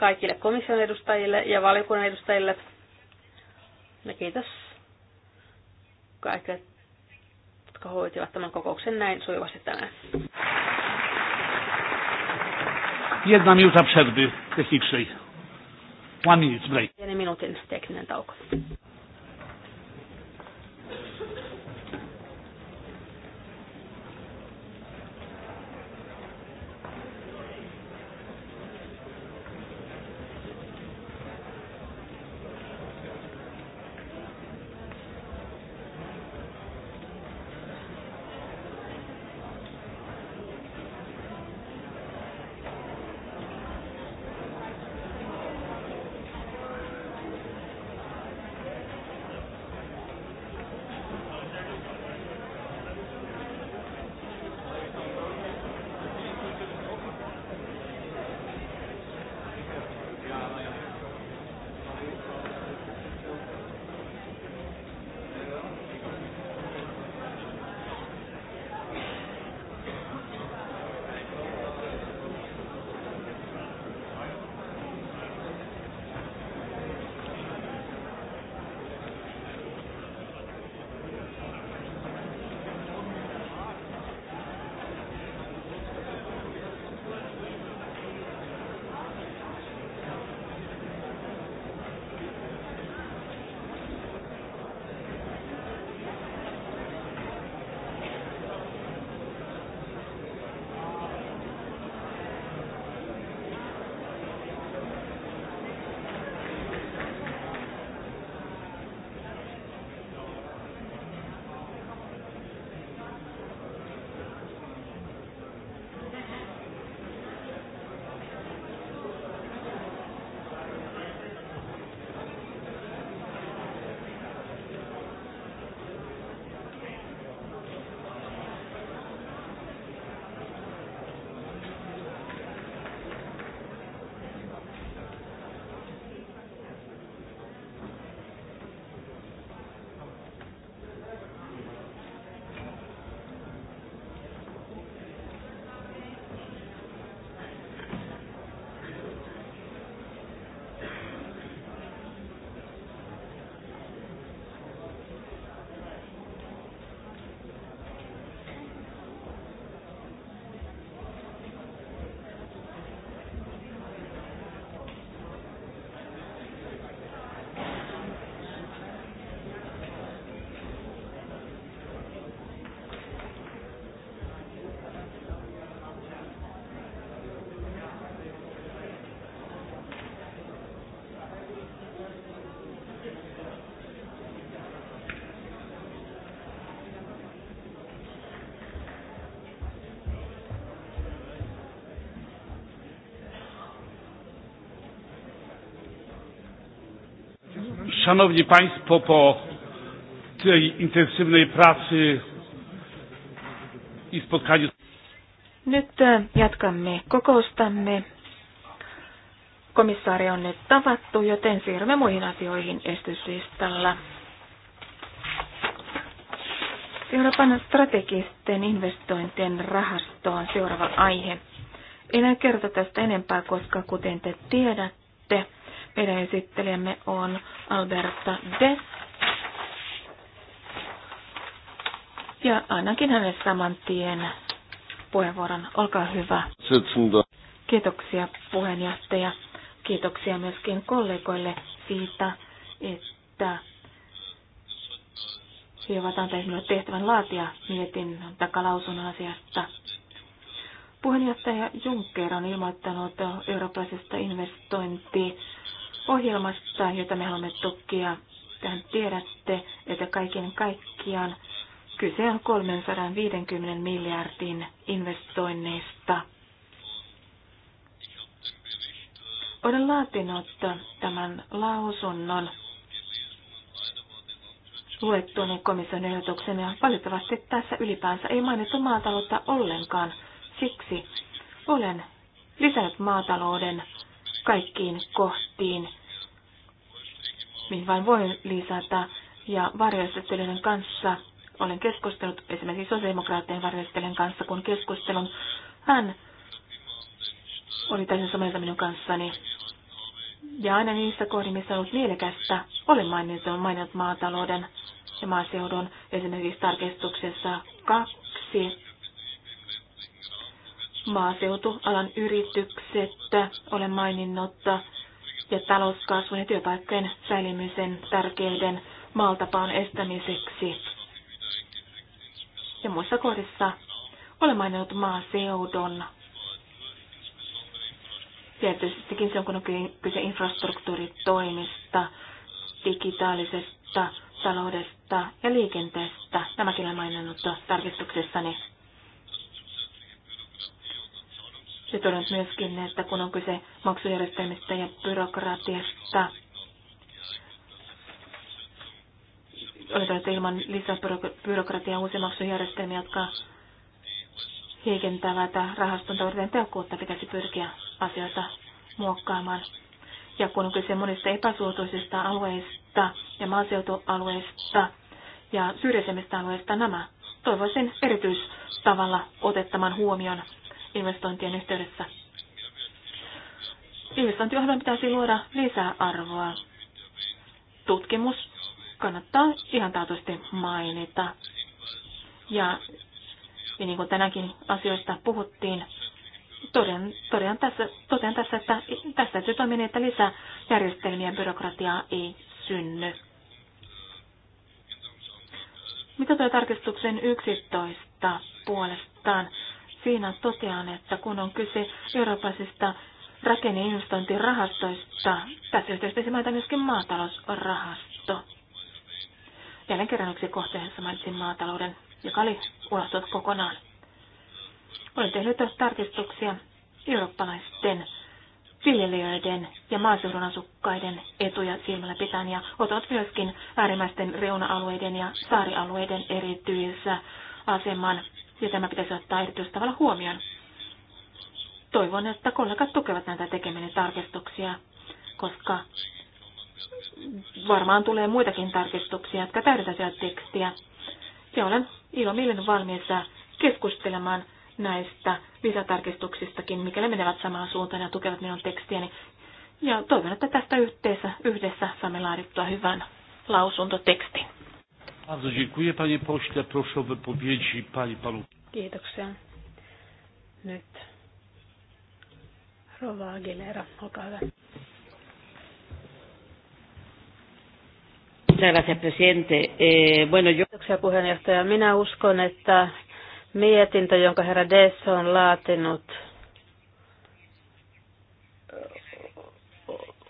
kaikille komission edustajille ja valiokunnan edustajille. Ja kiitos kaikille, jotka hoitivat tämän kokouksen näin sujuvasti tänään. Jedna minuta przerwy technicznej. One minute break. Jeden minuutin tekninen tauko. Szanowni Państwo, po tej intensywnej pracy i spotkaniu. Nyt e, jatkamme kokoustamme. Komissaari on nyt tavattu, joten siirrymme muihin asioihin estyslistalla. Euroopan strategisten investointien rahasto on seuraava aihe. En enää kerta tästä enempää, koska kuten te tiedätte, meidän esittelijämme on Alberta De. Ja ainakin hänelle saman tien puheenvuoron. Olkaa hyvä. Kiitoksia puheenjohtaja. Kiitoksia myöskin kollegoille siitä, että he ovat antaneet minulle tehtävän laatia mietin takalausun asiasta. Puheenjohtaja Juncker on ilmoittanut eurooppalaisesta investointi ohjelmasta, jota me haluamme tukea. Tähän tiedätte, että kaiken kaikkiaan kyse on 350 miljardin investoinneista. Olen laatinut tämän lausunnon luettuun komission ehdotuksen ja valitettavasti tässä ylipäänsä ei mainittu maataloutta ollenkaan. Siksi olen lisännyt maatalouden kaikkiin kohtiin, mihin vain voi lisätä. Ja varjoistettelijoiden kanssa olen keskustellut esimerkiksi sosiaalidemokraattien varjoistettelijan kanssa, kun keskustelun hän oli täysin samalta minun kanssani. Ja aina niissä kohdissa, missä on ollut mielekästä, olen maininnut, maininnut maatalouden ja maaseudun esimerkiksi tarkistuksessa kaksi maaseutualan yritykset olen maininnut ja talouskasvun ja työpaikkojen säilymisen tärkeiden maaltapaan estämiseksi. Ja muissa kohdissa olen maininnut maaseudun. Tietystikin se on, kun on kyse infrastruktuuritoimista, digitaalisesta taloudesta ja liikenteestä. Nämäkin olen maininnut tarkistuksessani. todennut myöskin, että kun on kyse maksujärjestelmistä ja byrokratiasta, oletan, että ilman lisäbyrokratiaa uusia maksujärjestelmiä, jotka heikentävät rahaston talouden tehokkuutta, pitäisi pyrkiä asioita muokkaamaan. Ja kun on kyse monista epäsuotuisista alueista ja maaseutualueista ja syrjäisemmistä alueista, nämä toivoisin erityistavalla otettaman huomioon investointien yhteydessä. Investointiohjelman pitäisi luoda lisää arvoa. Tutkimus kannattaa ihan taatusti mainita. Ja, ja niin kuin tänäänkin asioista puhuttiin, toden, toden tässä, totean tässä, että tässä täytyy toimia niin, että lisää järjestelmiä ja byrokratiaa ei synny. Mitä tulee tarkistuksen 11 puolestaan? Siinä totean, että kun on kyse eurooppalaisista rakenneinvestointirahastoista, tässä yhteydessä mainitaan myöskin maatalousrahasto. Jälleen kerran yksi kohteessa mainitsin maatalouden, joka oli unohtunut kokonaan. Olen tehnyt tarkistuksia eurooppalaisten viljelijöiden ja maaseudun asukkaiden etuja silmällä pitäen ja otot myöskin äärimmäisten reuna-alueiden ja saarialueiden erityisessä aseman ja tämä pitäisi ottaa erityisellä tavalla huomioon. Toivon, että kollegat tukevat näitä tekeminen tarkistuksia, koska varmaan tulee muitakin tarkistuksia, jotka täydentävät tekstiä. Ja olen ilomielin valmiissa keskustelemaan näistä lisätarkistuksistakin, mikäli menevät samaan suuntaan ja tukevat minun tekstiäni. Ja toivon, että tästä yhteensä, yhdessä saamme laadittua hyvän lausuntotekstin. Bardzo dziękuję panie pośle. Proszę o wypowiedzi pani panu. Kiitoksia. Nyt Rova Aguilera, olkaa hyvä. Eh, Kiitoksia puheenjohtaja. Minä uskon, että mietintö, jonka herra Dess on laatinut,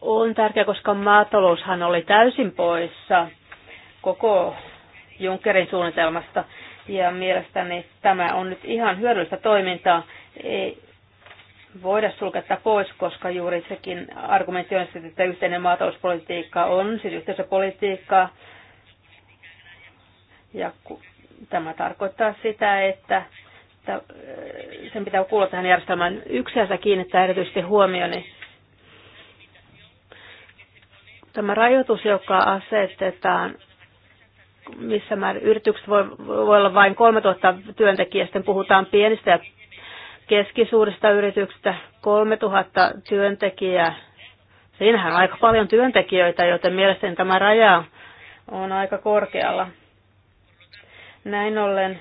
on tärkeä, koska maataloushan oli täysin poissa koko Junckerin suunnitelmasta. Ja mielestäni tämä on nyt ihan hyödyllistä toimintaa. Ei voida sulketta pois, koska juuri sekin argumentti on, että yhteinen maatalouspolitiikka on, siis yhteisöpolitiikkaa. Ja tämä tarkoittaa sitä, että sen pitää kuulla tähän järjestelmään. Yksi asia kiinnittää erityisesti huomioni. Tämä rajoitus, joka asetetaan missä määrin yritykset voi, voi olla vain 3000 työntekijää, sitten puhutaan pienistä ja keskisuurista yrityksistä 3000 työntekijää. Siinähän on aika paljon työntekijöitä, joten mielestäni tämä raja on aika korkealla. Näin ollen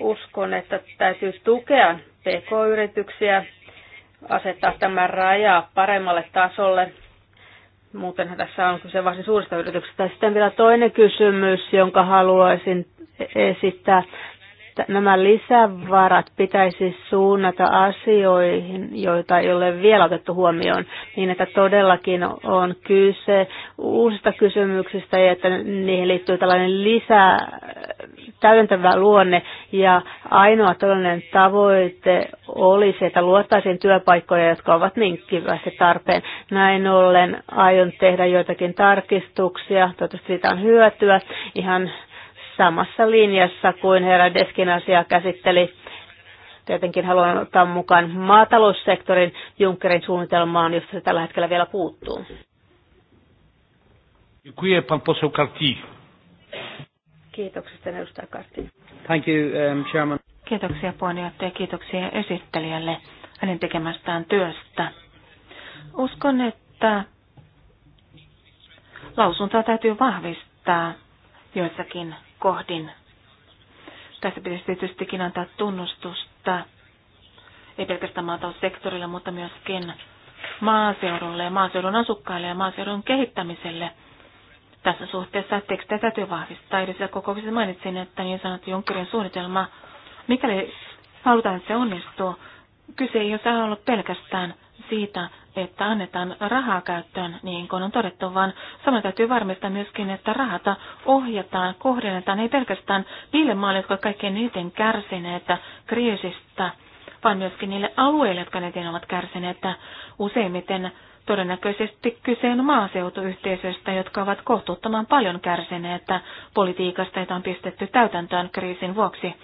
uskon, että täytyy tukea pk-yrityksiä, asettaa tämä raja paremmalle tasolle Muuten tässä on kyse varsin suurista yrityksistä. Sitten vielä toinen kysymys, jonka haluaisin esittää. Nämä lisävarat pitäisi suunnata asioihin, joita ei ole vielä otettu huomioon, niin että todellakin on kyse uusista kysymyksistä ja että niihin liittyy tällainen lisä täydentävä luonne ja ainoa todellinen tavoite oli se, että luottaisiin työpaikkoja, jotka ovat niin tarpeen. Näin ollen aion tehdä joitakin tarkistuksia, toivottavasti siitä on hyötyä ihan samassa linjassa kuin herra Deskin asia käsitteli. Tietenkin haluan ottaa mukaan maataloussektorin Junckerin suunnitelmaan, josta se tällä hetkellä vielä puuttuu. Dziękuję pan Kiitoksia, edustaja Kartin. Thank you, um, Chairman. Kiitoksia puheenjohtaja, kiitoksia esittelijälle hänen tekemästään työstä. Uskon, että lausuntoa täytyy vahvistaa joissakin kohdin. Tässä pitäisi tietystikin antaa tunnustusta, ei pelkästään maataloussektorille, mutta myöskin maaseudulle ja maaseudun asukkaille ja maaseudun kehittämiselle – tässä suhteessa tekstejä täytyy vahvistaa. Edellisellä kokouksessa mainitsin, että niin sanottu Junckerin suunnitelma, mikäli halutaan, että se onnistuu, kyse ei ole ollut pelkästään siitä, että annetaan rahaa käyttöön, niin kuin on todettu, vaan samoin täytyy varmistaa myöskin, että rahata ohjataan, kohdennetaan ei pelkästään niille maille, jotka kaikkein eniten kärsineet kriisistä, vaan myöskin niille alueille, jotka eniten ovat kärsineet. Useimmiten Todennäköisesti kyse on maaseutuyhteisöistä, jotka ovat kohtuuttoman paljon kärsineet politiikasta, jota on pistetty täytäntöön kriisin vuoksi.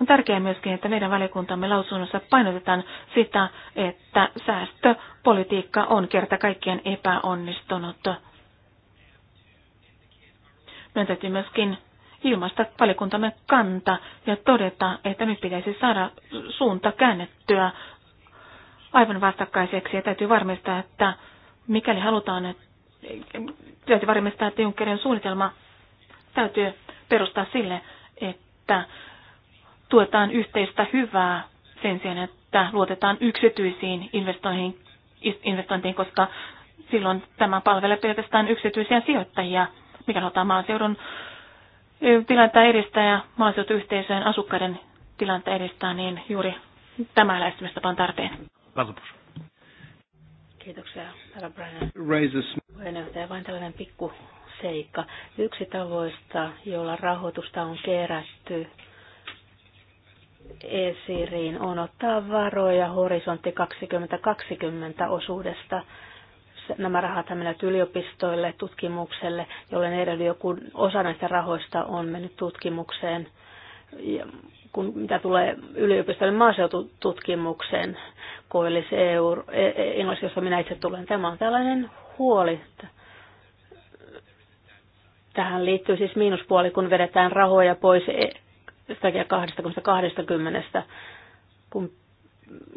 On tärkeää myöskin, että meidän valiokuntamme lausunnossa painotetaan sitä, että säästöpolitiikka on kerta kaikkien epäonnistunut. Meidän täytyy myöskin ilmaista valiokuntamme kanta ja todeta, että nyt pitäisi saada suunta käännettyä aivan vastakkaiseksi ja täytyy varmistaa, että mikäli halutaan, että täytyy varmistaa, että Junckerin suunnitelma täytyy perustaa sille, että tuetaan yhteistä hyvää sen sijaan, että luotetaan yksityisiin investointeihin, investointiin, koska silloin tämä palvelee pelkästään yksityisiä sijoittajia, mikä halutaan maaseudun tilannetta edistää ja maaseutuyhteisöjen asukkaiden tilannetta edistää, niin juuri tämä lähestymistapa on tarpeen. Bardzo Kiitoksia, herra Brian. Raises. Puheenjohtaja, vain tällainen pikku seikka. Yksi tavoista, jolla rahoitusta on kerätty esiriin, on ottaa varoja horisontti 2020 osuudesta nämä rahat menevät yliopistoille, tutkimukselle, jolloin edelleen joku osa näistä rahoista on mennyt tutkimukseen. Ja kun mitä tulee yliopistolle maaseutututkimukseen, koillis EU, e, e, englanniksi, jossa minä itse tulen. Tämä on tällainen huoli. Tähän liittyy siis miinuspuoli, kun vedetään rahoja pois e, takia 20 kun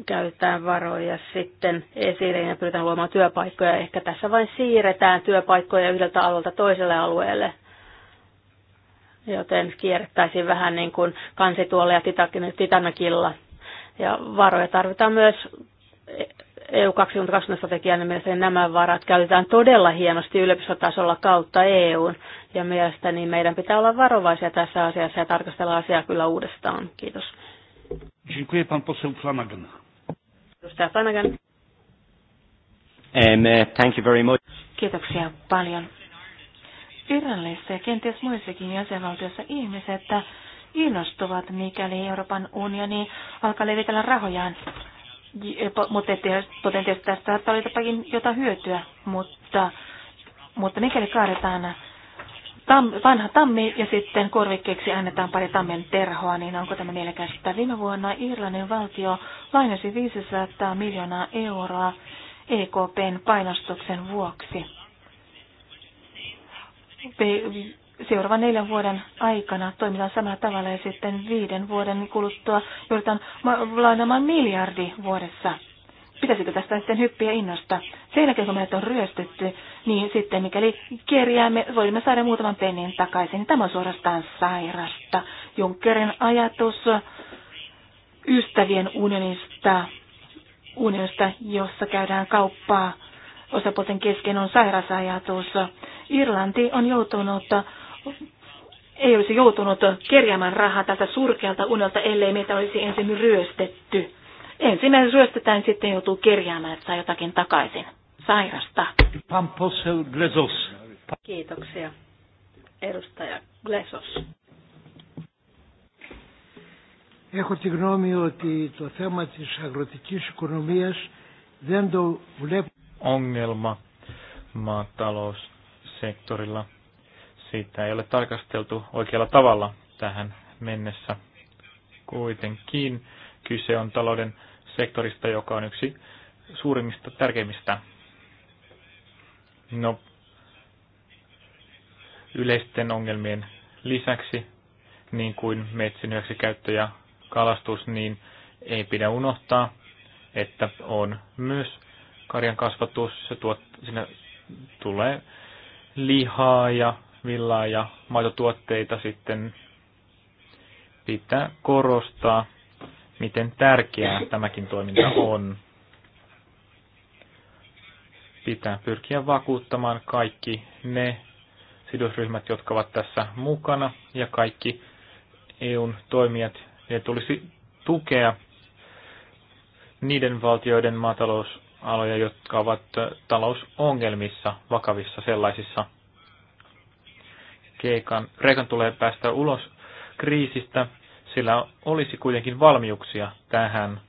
käytetään varoja sitten esiriin ja pyritään luomaan työpaikkoja. Ehkä tässä vain siirretään työpaikkoja yhdeltä alueelta toiselle alueelle – joten kierrettäisiin vähän niin kuin kansituolla ja Titanakilla. Ja varoja tarvitaan myös EU 2020 strategian niin mielestäni nämä varat käytetään todella hienosti yliopistotasolla kautta EUn. Ja mielestäni meidän pitää olla varovaisia tässä asiassa ja tarkastella asiaa kyllä uudestaan. Kiitos. Dziękuję pan poseł Flanagan. Flanagan. Um, uh, thank you very much. Kiitoksia paljon. Irlannissa ja kenties muissakin jäsenvaltioissa ihmiset innostuvat, mikäli Euroopan unioni alkaa levitellä rahojaan. Eh, mutta potentiaalisesti tästä saattaa olla jotakin jotain hyötyä, mutta, mutta mikäli kaadetaan tam, vanha tammi ja sitten korvikkeeksi annetaan pari tammen terhoa, niin onko tämä mielekästä? Viime vuonna Irlannin valtio lainasi 500 miljoonaa euroa EKPn painostuksen vuoksi seuraavan neljän vuoden aikana toimitaan samalla tavalla ja sitten viiden vuoden kuluttua joudutaan lainamaan miljardi vuodessa. Pitäisikö tästä sitten hyppiä innosta? Sen jälkeen, kun meidät on ryöstetty, niin sitten mikäli kerjäämme, voimme saada muutaman pennin takaisin. Tämä on suorastaan sairasta. Junckerin ajatus ystävien unionista, unionista, jossa käydään kauppaa osapuolten kesken on sairasajatus. Irlanti on joutunut, ei olisi joutunut kerjäämään rahaa tältä surkealta unelta, ellei meitä olisi ensin ryöstetty. Ensimmäinen ryöstetään, sitten joutuu kerjäämään, että saa jotakin takaisin. Sairasta. Kiitoksia. Edustaja Glesos. Έχω τη γνώμη ότι το θέμα της αγροτικής οικονομίας δεν το βλέπω ongelma maataloussektorilla. Siitä ei ole tarkasteltu oikealla tavalla tähän mennessä. Kuitenkin kyse on talouden sektorista, joka on yksi suurimmista, tärkeimmistä. No, yleisten ongelmien lisäksi, niin kuin metsin hyväksikäyttö ja kalastus, niin ei pidä unohtaa, että on myös karjan kasvatus, se tuot, sinne tulee lihaa ja villaa ja maitotuotteita sitten pitää korostaa, miten tärkeää tämäkin toiminta on. Pitää pyrkiä vakuuttamaan kaikki ne sidosryhmät, jotka ovat tässä mukana ja kaikki EUn toimijat, ne tulisi tukea niiden valtioiden maatalous aloja, jotka ovat talousongelmissa, vakavissa sellaisissa. Kreikan, Kreikan tulee päästä ulos kriisistä, sillä olisi kuitenkin valmiuksia tähän.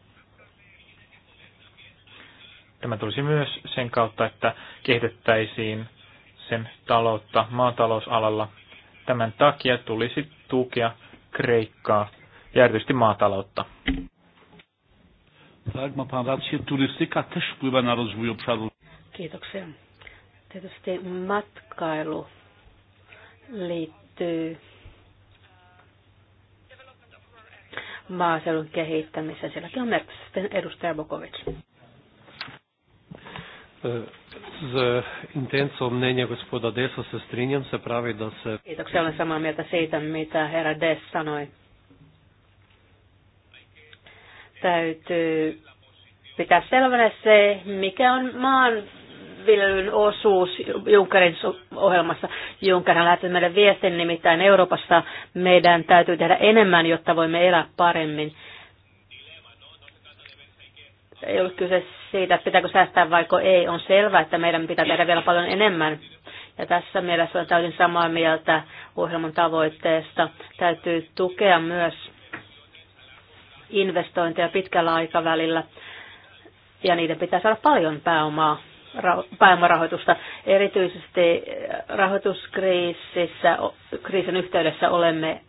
Tämä tulisi myös sen kautta, että kehitettäisiin sen taloutta maatalousalalla. Tämän takia tulisi tukea Kreikkaa ja erityisesti maataloutta. Tak, ma pan rację, turystyka też wpływa na rozwój obszaru. Kiitoksia. Tietysti matkailu liittyy maaseudun kehittämiseen. Sielläkin on merkitys sitten edustaja Bokovic. E, z intenso mnenja gospoda Dessa se strinjam, se pravi, da se... Kiitoksia, olen samaa mieltä siitä, mitä herra Dess sanoi täytyy pitää selvänä se, mikä on maanviljelyn osuus Junckerin ohjelmassa. Juncker on lähtenyt meille viestin, nimittäin Euroopassa meidän täytyy tehdä enemmän, jotta voimme elää paremmin. Ei ole kyse siitä, että pitääkö säästää vaiko ei. On selvää, että meidän pitää tehdä vielä paljon enemmän. Ja tässä mielessä olen täysin samaa mieltä ohjelman tavoitteesta. Täytyy tukea myös investointeja pitkällä aikavälillä ja niiden pitää saada paljon pääomaa pääomarahoitusta. Erityisesti eh, rahoituskriisissä, kriisin yhteydessä olemme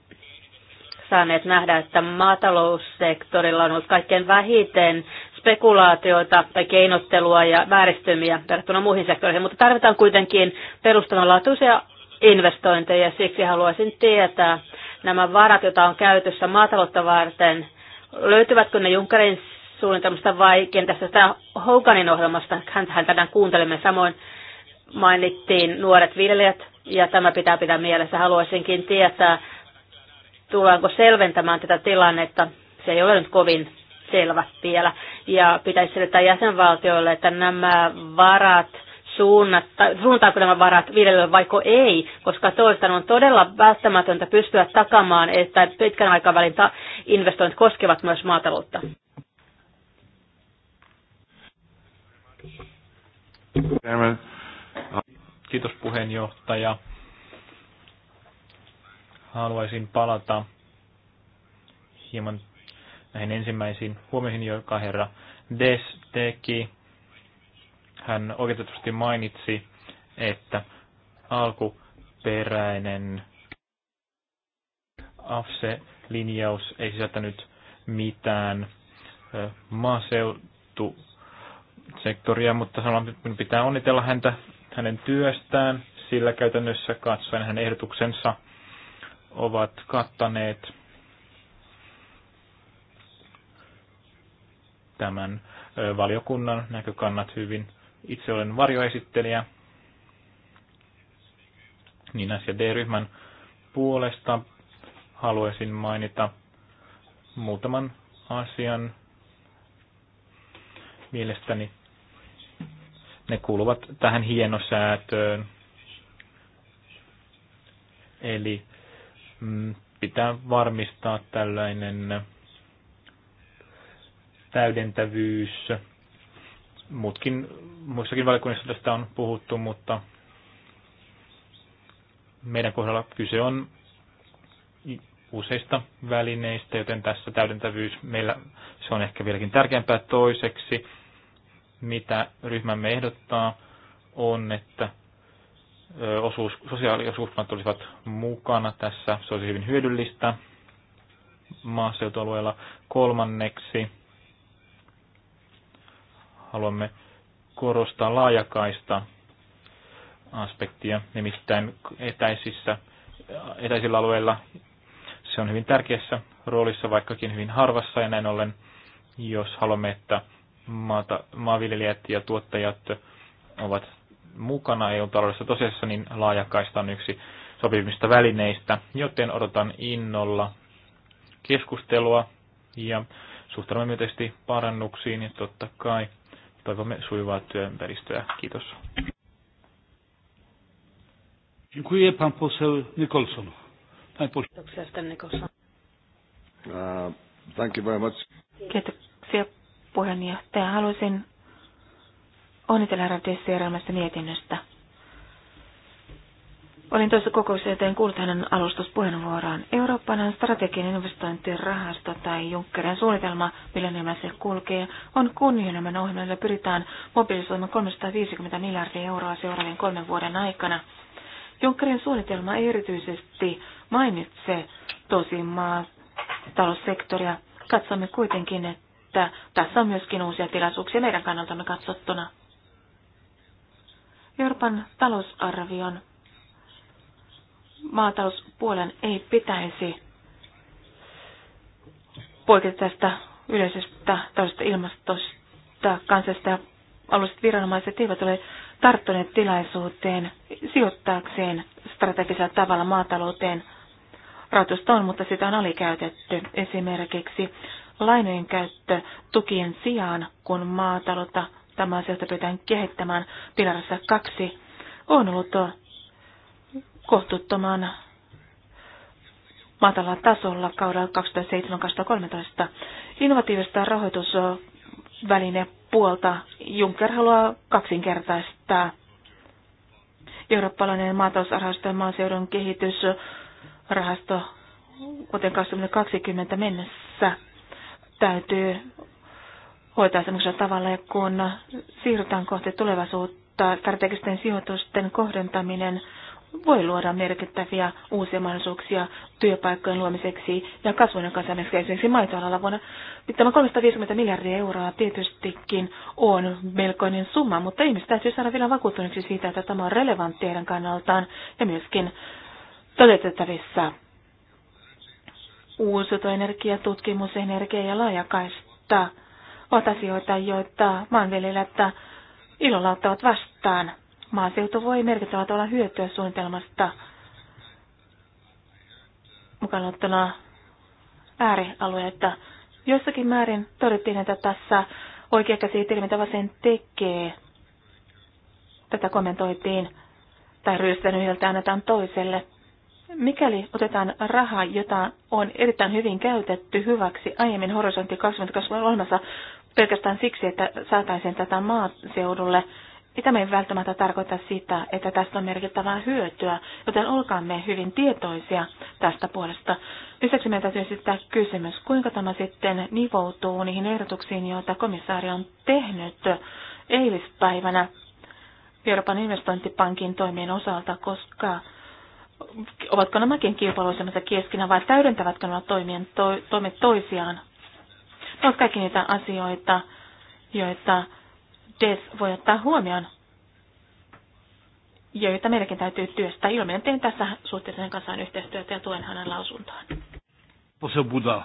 saaneet nähdä, että maataloussektorilla on ollut kaikkein vähiten spekulaatioita tai keinottelua ja vääristymiä verrattuna muihin sektoreihin, mutta tarvitaan kuitenkin perustavanlaatuisia investointeja. Siksi haluaisin tietää nämä varat, joita on käytössä maataloutta varten – Löytyvätkö ne Junckerin suunnitelmasta vai kentästä tästä Hoganin ohjelmasta? Häntähän tänään kuuntelemme samoin mainittiin nuoret viljelijät ja tämä pitää pitää mielessä. Haluaisinkin tietää, tullaanko selventämään tätä tilannetta. Se ei ole nyt kovin selvä vielä. Ja pitäisi selittää jäsenvaltioille, että nämä varat – suunnatta, suuntaako nämä varat viljelijöille vaiko ei, koska toista on todella välttämätöntä pystyä takamaan, että pitkän aikavälin investoinnit koskevat myös maataloutta. Kiitos puheenjohtaja. Haluaisin palata hieman näihin ensimmäisiin huomioihin, joka herra Des teki hän oikeutetusti mainitsi, että alkuperäinen AFSE-linjaus ei sisältänyt mitään maaseutusektoria, mutta samalla pitää onnitella häntä hänen työstään, sillä käytännössä katsoen hänen ehdotuksensa ovat kattaneet tämän valiokunnan näkökannat hyvin itse olen varjoesittelijä niin S- ja D-ryhmän puolesta. Haluaisin mainita muutaman asian. Mielestäni ne kuuluvat tähän hienosäätöön. Eli mm, pitää varmistaa tällainen täydentävyys muutkin, muissakin valiokunnissa tästä on puhuttu, mutta meidän kohdalla kyse on useista välineistä, joten tässä täydentävyys meillä se on ehkä vieläkin tärkeämpää toiseksi. Mitä ryhmämme ehdottaa on, että osuus, sosiaaliosuuskunnat olisivat mukana tässä. Se olisi hyvin hyödyllistä maaseutualueella. Kolmanneksi haluamme korostaa laajakaista aspektia, nimittäin etäisissä, etäisillä alueilla se on hyvin tärkeässä roolissa, vaikkakin hyvin harvassa, ja näin ollen, jos haluamme, että maata, maanviljelijät ja tuottajat ovat mukana EU-taloudessa tosiasiassa, niin laajakaista on yksi sopivimmista välineistä, joten odotan innolla keskustelua ja suhtaudumme myöskin parannuksiin ja totta kai toivomme sujuvaa työympäristöä. Kiitos. Dziękuję pan poseł Nicholson. Pan poseł. Nicholson. Uh, thank you very much. Kiitoksia puheenjohtaja. Haluaisin onnitella herra mietinnöstä. Olin tuossa kokouksessa, joten kuulin hänen alustuspuheenvuoroon. Eurooppalainen strateginen investointirahasto tai Junckerin suunnitelma, millä nimellä se kulkee, on kunnianhimoinen ohjelma, jolla pyritään mobilisoimaan 350 miljardia euroa seuraavien kolmen vuoden aikana. Junckerin suunnitelma ei erityisesti mainitse tosin maataloussektoria. Katsomme kuitenkin, että tässä on myöskin uusia tilaisuuksia meidän kannaltamme katsottuna. Euroopan talousarvion maatalouspuolen ei pitäisi poiketa tästä yleisestä taloudellisesta ilmastosta kansasta ja alueelliset viranomaiset eivät ole tarttuneet tilaisuuteen sijoittaakseen strategisella tavalla maatalouteen. Rahoitusta on, mutta sitä on alikäytetty. Esimerkiksi lainojen käyttö tukien sijaan, kun maataloutta tämä asioita pyritään kehittämään pilarassa kaksi, on ollut kohtuuttoman matalalla tasolla kaudella 2007-2013. Innovatiivista rahoitusväline puolta Juncker haluaa kaksinkertaistaa. Eurooppalainen maatalousrahasto ja maaseudun kehitysrahasto vuoteen 2020 mennessä täytyy hoitaa sellaisella tavalla, ja kun siirrytään kohti tulevaisuutta, strategisten sijoitusten kohdentaminen voi luoda merkittäviä uusia mahdollisuuksia työpaikkojen luomiseksi ja kasvun ja kansainväliseksi esimerkiksi maitoalalla vuonna. Nyt Tämä 350 miljardia euroa tietystikin on melkoinen summa, mutta ihmiset täytyy saada vielä vakuuttuneeksi siitä, että tämä on relevantti heidän kannaltaan ja myöskin toteutettavissa. Uusiutuenergia, tutkimus, energia ja laajakaista ovat asioita, joita maanviljelijät ilolla ottavat vastaan Maaseutu voi merkittävällä tavalla hyötyä suunnitelmasta mukaan ottana äärialueita. Jossakin määrin todettiin, että tässä oikea käsi mitä sen tekee. Tätä kommentoitiin tai ryöstän yhdeltä annetaan toiselle. Mikäli otetaan raha, jota on erittäin hyvin käytetty hyväksi aiemmin horisontti 2020 ohjelmassa pelkästään siksi, että saataisiin tätä maaseudulle, Tämä ei välttämättä tarkoita sitä, että tästä on merkittävää hyötyä, joten olkaamme hyvin tietoisia tästä puolesta. Lisäksi meidän täytyy esittää kysymys, kuinka tämä sitten nivoutuu niihin ehdotuksiin, joita komissaari on tehnyt eilispäivänä Euroopan investointipankin toimien osalta, koska ovatko nämäkin kilpailuisemmassa keskenään vai täydentävätkö nämä toimien to, toimet toisiaan? Ne ovat kaikki niitä asioita, joita DES voi ottaa huomioon, joita meidänkin täytyy työstää. Ilmeen teen tässä suhteellisen kanssaan yhteistyötä ja tuen hänen lausuntoaan. Posso Buda.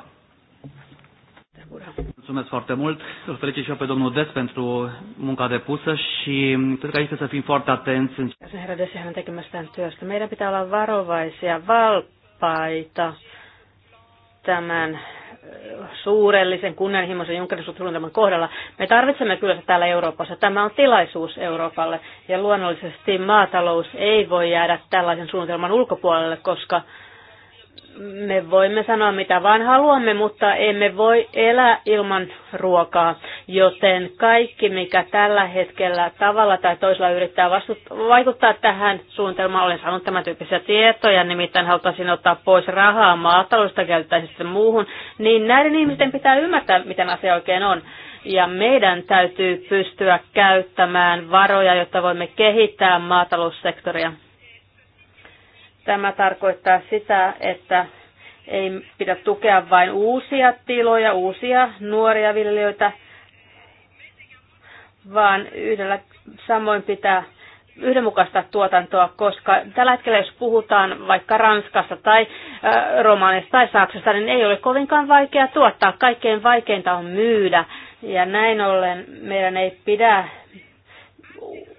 Mulțumesc foarte mult. Îl felicit și eu pe domnul Des pentru munca depusă și cred că aici să fim foarte atenți. În... Herra Des, hän tekemästään työstä. Meidän pitää olla varovaisia, valppaita tämän suurellisen kunnianhimoisen Junckerin suunnitelman kohdalla. Me tarvitsemme kyllä sitä täällä Euroopassa. Tämä on tilaisuus Euroopalle ja luonnollisesti maatalous ei voi jäädä tällaisen suunnitelman ulkopuolelle, koska me voimme sanoa mitä vaan haluamme, mutta emme voi elää ilman ruokaa, joten kaikki, mikä tällä hetkellä tavalla tai toisella yrittää vaikuttaa tähän suunnitelmaan, olen saanut tämän tyyppisiä tietoja, nimittäin haluaisin ottaa pois rahaa maataloudesta käyttäisi sitten muuhun, niin näiden ihmisten pitää ymmärtää, miten asia oikein on. Ja meidän täytyy pystyä käyttämään varoja, jotta voimme kehittää maataloussektoria. Tämä tarkoittaa sitä, että ei pidä tukea vain uusia tiloja, uusia nuoria viljelijöitä, vaan yhdellä samoin pitää yhdenmukaista tuotantoa, koska tällä hetkellä jos puhutaan vaikka Ranskasta tai Romanista tai Saksasta, niin ei ole kovinkaan vaikea tuottaa. Kaikkein vaikeinta on myydä. Ja näin ollen meidän ei pidä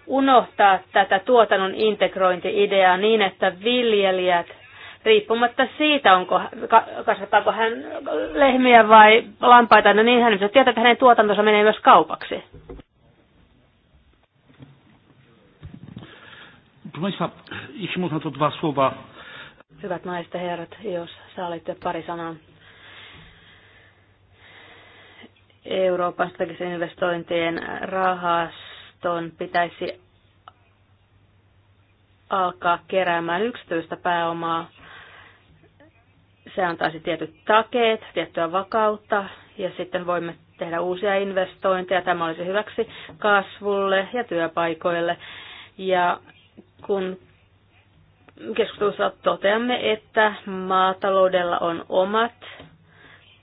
unohtaa tätä tuotannon integrointi-ideaa niin, että viljelijät riippumatta siitä, onko, kasvattaako hän lehmiä vai lampaita, no niin hän tietää, että hänen tuotantonsa menee myös kaupaksi. Hyvät naiset ja herrat, jos saalitte pari sanaa. Euroopan strategisen investointien rahas rahaston pitäisi alkaa keräämään yksityistä pääomaa. Se antaisi tietyt takeet, tiettyä vakautta ja sitten voimme tehdä uusia investointeja. Tämä olisi hyväksi kasvulle ja työpaikoille. Ja kun keskustelussa toteamme, että maataloudella on omat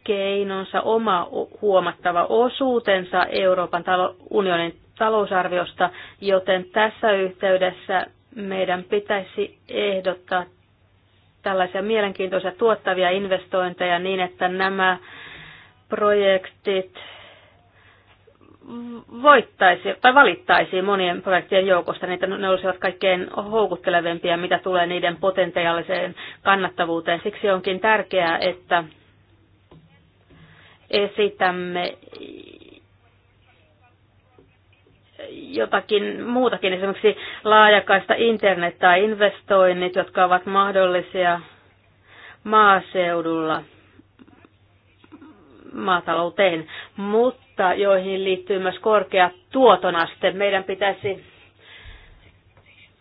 keinonsa, oma huomattava osuutensa Euroopan unionin talousarviosta, joten tässä yhteydessä meidän pitäisi ehdottaa tällaisia mielenkiintoisia tuottavia investointeja niin, että nämä projektit voittaisi tai valittaisi monien projektien joukosta, niin ne olisivat kaikkein houkuttelevimpia, mitä tulee niiden potentiaaliseen kannattavuuteen. Siksi onkin tärkeää, että esitämme jotakin muutakin, esimerkiksi laajakaista internet tai investoinnit, jotka ovat mahdollisia maaseudulla maatalouteen, mutta joihin liittyy myös korkea tuotonaste. Meidän pitäisi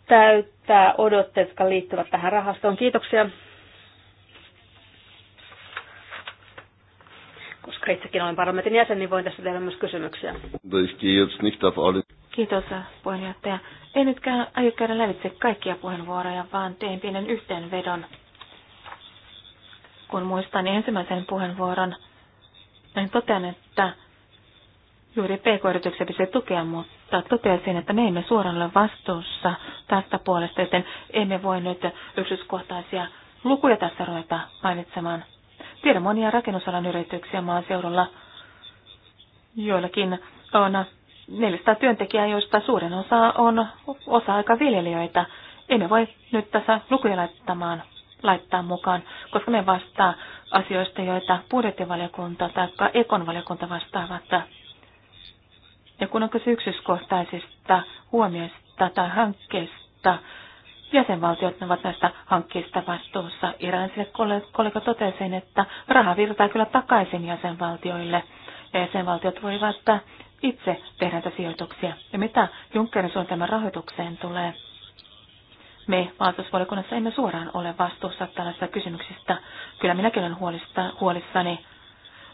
täyttää odotteet, jotka liittyvät tähän rahastoon. Kiitoksia. Koska itsekin olen parlamentin jäsen, niin voin tässä tehdä myös kysymyksiä. Kiitos puheenjohtaja. En nyt aio käydä lävitse kaikkia puheenvuoroja, vaan teen pienen yhteenvedon. Kun muistan ensimmäisen puheenvuoron, niin totean, että juuri pk-yrityksiä pitäisi tukea, mutta totesin, että me emme suoraan ole vastuussa tästä puolesta, joten emme voi nyt yksityiskohtaisia lukuja tässä ruveta mainitsemaan. Tiedän monia rakennusalan yrityksiä maaseudulla. Joillakin on 400 työntekijää, joista suurin osa on osa-aikaviljelijöitä. Emme voi nyt tässä lukuja laittamaan, laittaa mukaan, koska me vastaa asioista, joita budjettivaliokunta tai ekonvaliokunta vastaavat. Ja kun on kyse yksityiskohtaisista huomioista tai hankkeista, jäsenvaltiot ovat näistä hankkeista vastuussa. Iranisille kollega totesi, että raha virtaa kyllä takaisin jäsenvaltioille ja jäsenvaltiot voivat itse tehdä näitä sijoituksia. Ja mitä Junckerin suunnitelman rahoitukseen tulee? Me valtuusvalikunnassa emme suoraan ole vastuussa tällaisista kysymyksistä. Kyllä minäkin olen huolista, huolissani.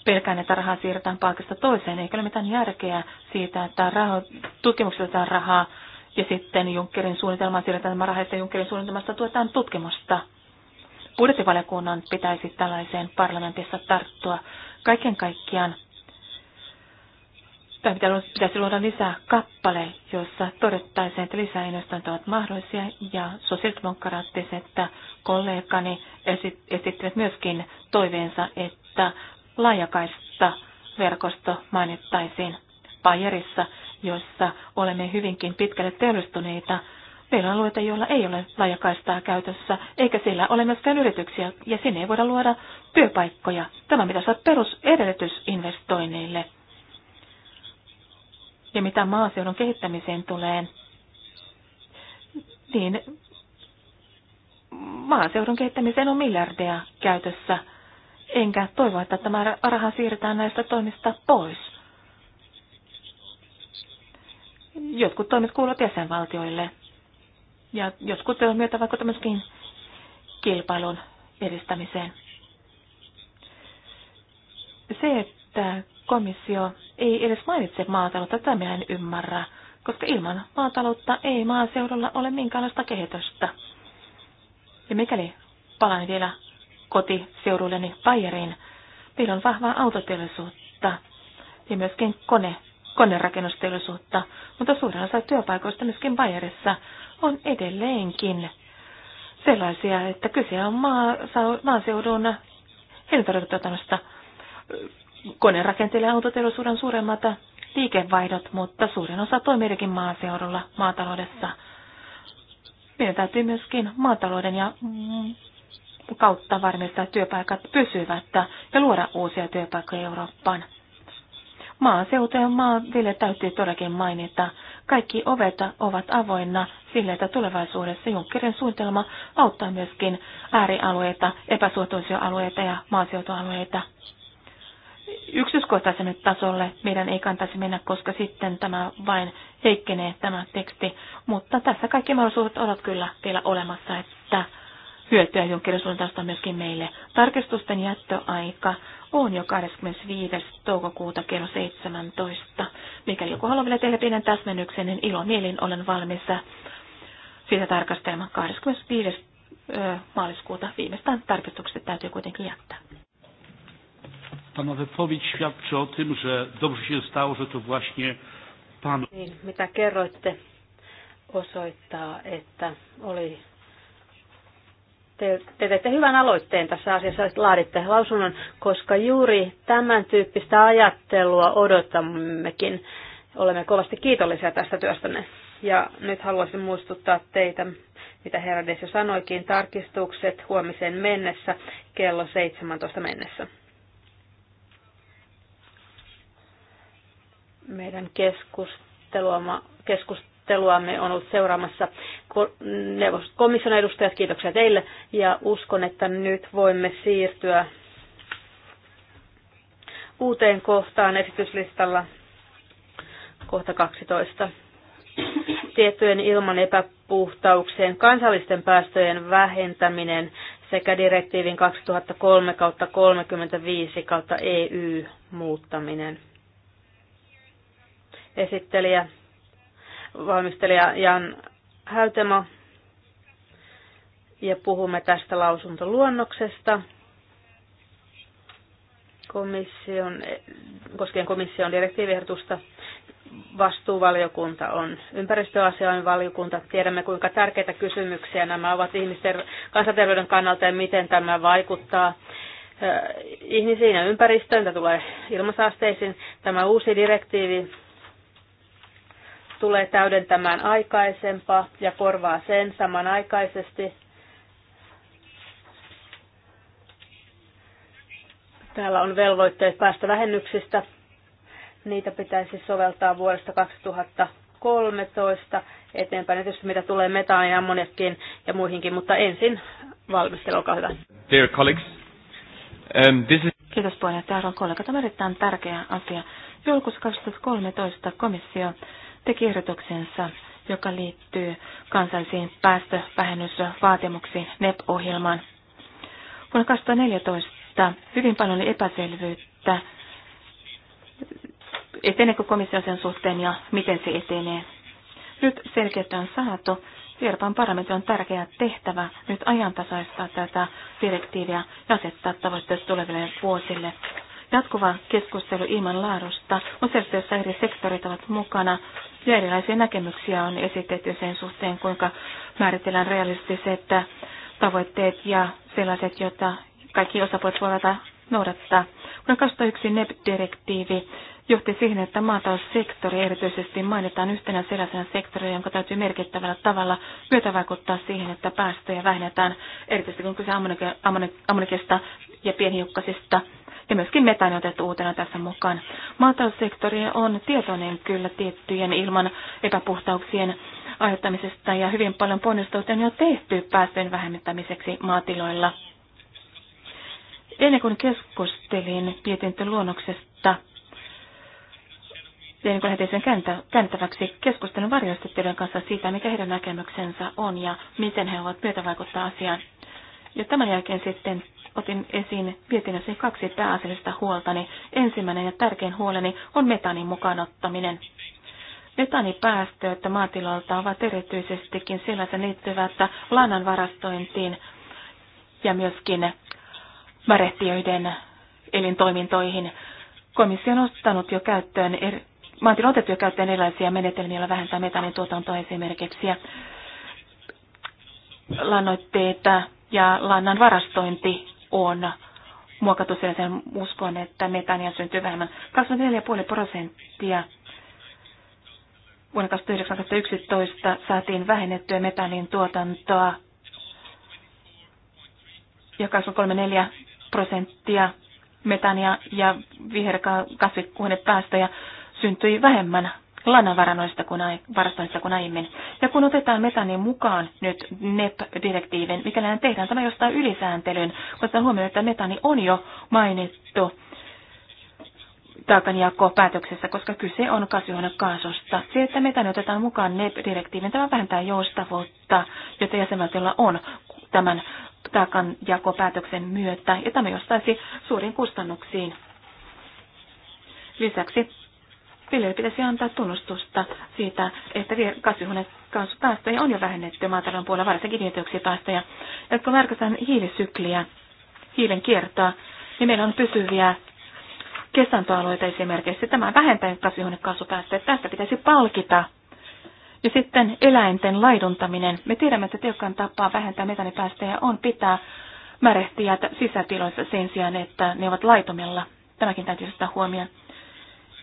Pelkään, että rahaa siirretään paikasta toiseen. Eikä ole mitään järkeä siitä, että raho, tutkimuksilta rahaa ja sitten Junckerin suunnitelmaan siirretään tämä raha, ja Junckerin suunnitelmasta tuetaan tutkimusta. Budjettivaliokunnan pitäisi tällaiseen parlamentissa tarttua. Kaiken kaikkiaan tai pitäisi luoda lisää kappale, jossa todettaisiin, että lisäinnostajat ovat mahdollisia ja sosiaalidemokraattiset kollegani esittivät myöskin toiveensa, että laajakaista verkosto mainittaisiin Pajerissa, jossa olemme hyvinkin pitkälle teollistuneita. Meillä on alueita, joilla ei ole laajakaistaa käytössä, eikä siellä ole myöskään yrityksiä, ja sinne ei voida luoda työpaikkoja. Tämä pitäisi olla perusedellytys investoinneille – ja mitä maaseudun kehittämiseen tulee, niin maaseudun kehittämiseen on miljardeja käytössä, enkä toivo, että tämä raha siirretään näistä toimista pois. Jotkut toimet kuuluvat jäsenvaltioille ja jotkut toimijat vaikka myöskin kilpailun edistämiseen. Se, että komissio ei edes mainitse maataloutta, tätä minä en ymmärrä, koska ilman maataloutta ei maaseudulla ole minkäänlaista kehitystä. Ja mikäli palaan vielä kotiseudulleni Bayeriin, meillä on vahvaa autoteollisuutta ja myöskin kone, konerakennusteollisuutta, mutta suurin osa työpaikoista myöskin Bayerissa on edelleenkin sellaisia, että kyse on maaseudun elintarvituotannosta konerakenteilla ja autoteollisuuden suuremmat liikevaihdot, mutta suurin osa toimiikin maaseudulla, maataloudessa. Meidän täytyy myöskin maatalouden ja mm, kautta varmistaa, että työpaikat pysyvät ja luoda uusia työpaikkoja Eurooppaan. Maaseutu ja maanville täytyy todellakin mainita. Kaikki ovet ovat avoinna sille, että tulevaisuudessa Junckerin suunnitelma auttaa myöskin äärialueita, epäsuotuisia alueita ja maaseutualueita yksityiskohtaiselle tasolle meidän ei kantaisi mennä, koska sitten tämä vain heikkenee tämä teksti. Mutta tässä kaikki mahdollisuudet ovat kyllä vielä olemassa, että hyötyä jonkinlaisuudesta myöskin meille. Tarkistusten jättöaika on jo 25. toukokuuta kello 17. Mikäli joku haluaa vielä tehdä pienen täsmennyksen, niin ilo mielin olen valmis sitä tarkastelemaan 25. maaliskuuta. Viimeistään tarkistukset täytyy kuitenkin jättää. Pana wypowiedź świadczy o tym, że dobrze się stało, że to właśnie Pan... Niin, mitä kerroitte osoittaa, että oli te, te teette hyvän aloitteen tässä asiassa, että laaditte lausunnon, koska juuri tämän tyyppistä ajattelua odotammekin. Olemme kovasti kiitollisia tästä työstänne. Ja nyt haluaisin muistuttaa teitä, mitä herra Desio sanoikin, tarkistukset huomiseen mennessä kello 17 mennessä. Meidän keskusteluamme, keskusteluamme on ollut seuraamassa komission edustajat. Kiitoksia teille ja uskon, että nyt voimme siirtyä uuteen kohtaan esityslistalla kohta 12. Tiettyjen ilman epäpuhtauksien kansallisten päästöjen vähentäminen sekä direktiivin 2003-35-EY e muuttaminen esittelijä, valmistelija Jan Häytemo. Ja puhumme tästä lausuntoluonnoksesta komission, koskien komission direktiiviehdotusta. Vastuuvaliokunta on ympäristöasioiden valiokunta. Tiedämme, kuinka tärkeitä kysymyksiä nämä ovat ihmisten kansanterveyden kannalta ja miten tämä vaikuttaa eh, ihmisiin ja ympäristöön, tämä tulee ilmasaasteisiin. Tämä uusi direktiivi tulee täydentämään aikaisempaa ja korvaa sen samanaikaisesti. Täällä on velvoitteet päästövähennyksistä. Niitä pitäisi soveltaa vuodesta 2013 eteenpäin, tietysti mitä tulee metaan ja ammoniakkiin ja muihinkin, mutta ensin valmistelu, olkaa hyvä. Dear colleagues, um, this is... Kiitos puheenjohtaja, arvon kollega. Tämä on erittäin tärkeä asia. Julkus 2013 komissio teki ehdotuksensa, joka liittyy kansallisiin päästövähennysvaatimuksiin NEP-ohjelmaan. Vuonna 2014 hyvin paljon oli epäselvyyttä, eteneekö komissio sen suhteen ja miten se etenee. Nyt selkeyttä on saatu. Euroopan parlamentti on tärkeä tehtävä nyt ajantasaistaa tätä direktiiviä ja asettaa tavoitteet tuleville vuosille. Jatkuva keskustelu ilman laadusta on sellaista, jossa eri sektorit ovat mukana ja erilaisia näkemyksiä on esitetty sen suhteen, kuinka määritellään realistiset tavoitteet ja sellaiset, joita kaikki osapuolet voivat noudattaa. Vuonna 2001 NEP-direktiivi johti siihen, että maataloussektori erityisesti mainitaan yhtenä sellaisena sektorina, jonka täytyy merkittävällä tavalla myötävaikuttaa siihen, että päästöjä vähennetään, erityisesti kun kyse ammonikesta ja pienhiukkasista. Ja myöskin metani otettu uutena tässä mukaan. Maataloussektori on tietoinen kyllä tiettyjen ilman epäpuhtauksien aiheuttamisesta ja hyvin paljon ponnisteluita on jo tehty päästöjen vähentämiseksi maatiloilla. Ennen kuin keskustelin mietintöluonnoksesta, ja niin lähetin sen käännettäväksi keskustelun varjoistettujen kanssa siitä, mikä heidän näkemyksensä on ja miten he ovat myötä vaikuttaa asiaan. Ja tämän jälkeen sitten otin esiin mietinnäsi kaksi pääasiallista huoltani. Ensimmäinen ja tärkein huoleni on metanin mukaanottaminen. Metanipäästöt maatilolta ovat erityisestikin sellaisia liittyvät lanan varastointiin ja myöskin märehtiöiden elintoimintoihin. Komissio on ottanut jo käyttöön, er, on otettu jo käyttöön erilaisia menetelmiä, joilla vähentää metanin tuotantoa esimerkiksi ja lannoitteita ja lannan varastointi on muokattu sen uskon, että metania syntyy vähemmän. 24,5 prosenttia vuonna 2011 saatiin vähennettyä metanin tuotantoa ja 34 prosenttia metania ja viherkasvikuinnepäästöjä syntyi vähemmän lannanvarannoista kuin, varastoista kuin aiemmin. Ja kun otetaan metani mukaan nyt NEP-direktiivin, mikä tehdään tämä jostain ylisääntelyn, koska huomioon, että metani on jo mainittu päätöksessä, koska kyse on kasvihuonekaasusta. Se, että metani otetaan mukaan NEP-direktiivin, tämä vähentää joustavuutta, jota jäsenvaltiolla on tämän taakanjakopäätöksen myötä, ja tämä johtaisi suuriin kustannuksiin. Lisäksi Viljelijöille pitäisi antaa tunnustusta siitä, että kasvihuonekaasupäästöjä on jo vähennetty maatalouden puolella, varsinkin hiilidioksidipäästöjä. Ja kun märkätään hiilisykliä, hiilen kiertoa, niin meillä on pysyviä kesäntoalueita esimerkiksi. Tämä vähentää kasvihuonekaasupäästöjä. Tästä pitäisi palkita. Ja sitten eläinten laiduntaminen. Me tiedämme, että tehokkain tapa vähentää metanipäästöjä on pitää märehtiä sisätiloissa sen sijaan, että ne ovat laitomilla. Tämäkin täytyy ottaa huomioon.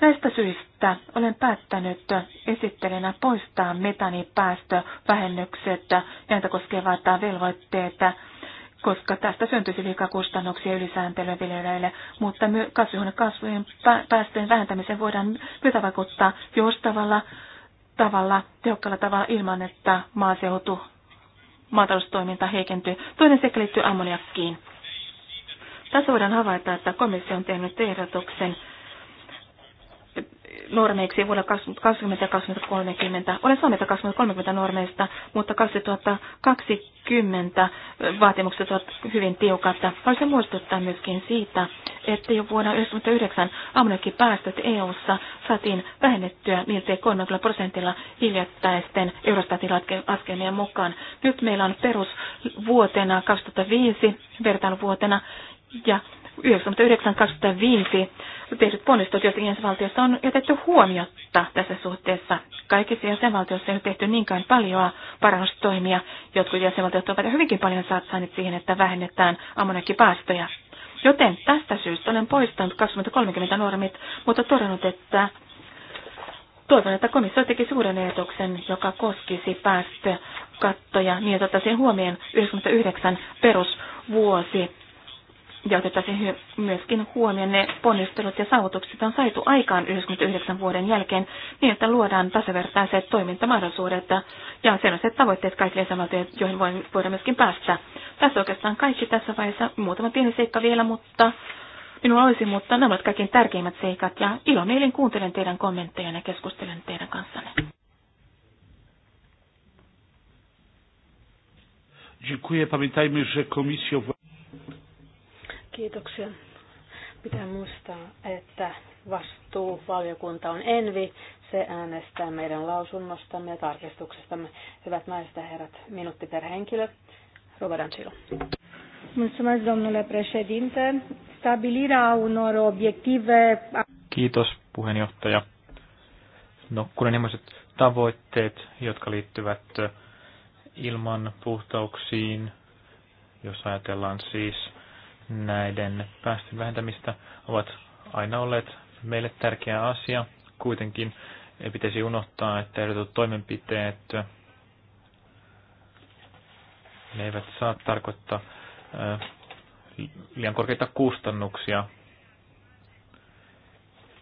Näistä syistä olen päättänyt esittelenä poistaa metanipäästövähennykset ja häntä koskevat velvoitteet, koska tästä syntyisi liikaa kustannuksia ylisääntelyä viljelijöille, mutta kasvihuonekasvujen päästöjen vähentämiseen voidaan myötävaikuttaa joustavalla tavalla, tehokkaalla tavalla ilman, että maaseutu maataloustoiminta heikentyy. Toinen sekä liittyy ammoniakkiin. Tässä voidaan havaita, että komissio on tehnyt ehdotuksen normeiksi vuodelle 2020 ja 2030. Olen saanut 2030 normeista, mutta 2020 vaatimukset ovat hyvin tiukat. Haluaisin muistuttaa myöskin siitä, että jo vuonna 1999 päästöt EU-ssa saatiin vähennettyä miltei 30 prosentilla hiljattaisten Eurostatin laskelmien mukaan. Nyt meillä on perusvuotena 2005 vertailuvuotena ja 1999-2005 tehdyt ponnistot joistakin jäsenvaltiossa on jätetty huomiota tässä suhteessa. Kaikissa jäsenvaltioissa ei ole tehty niinkään paljon parannustoimia. Jotkut jäsenvaltiot ovat hyvinkin paljon satsaneet siihen, että vähennetään ammoniakkipäästöjä. Joten tästä syystä olen poistanut 2030 normit, mutta todennut, että toivon, että komissio teki suuren ehdotuksen, joka koskisi päästökattoja niin, että ottaisiin huomioon 99 perusvuosi ja otettaisiin myöskin huomioon ne ponnistelut ja saavutukset on saatu aikaan 99 vuoden jälkeen niin, että luodaan tasavertaiset toimintamahdollisuudet ja sellaiset tavoitteet kaikille samalta, joihin voidaan myöskin päästä. Tässä oikeastaan kaikki tässä vaiheessa. Muutama pieni seikka vielä, mutta minulla olisi, mutta nämä ovat kaikkein tärkeimmät seikat ja ilomielin kuuntelen teidän kommentteja ja keskustelen teidän kanssanne. Dziękuję. Pamiętajmy, że komisja... Kiitoksia. Pitää muistaa, että vastuuvaliokunta on Envi. Se äänestää meidän lausunnostamme ja tarkistuksestamme. Hyvät naiset ja herrat, minuutti per henkilö. Robert Ancilo. Mulțumesc, domnule președinte. Stabilirea unor obiective... Kiitos, puheenjohtaja. No, ne tavoitteet, jotka liittyvät ilman puhtauksiin, jos ajatellaan siis näiden päästöjen vähentämistä ovat aina olleet meille tärkeä asia. Kuitenkin ei pitäisi unohtaa, että ehdotetut toimenpiteet ne eivät saa tarkoittaa äh, liian korkeita kustannuksia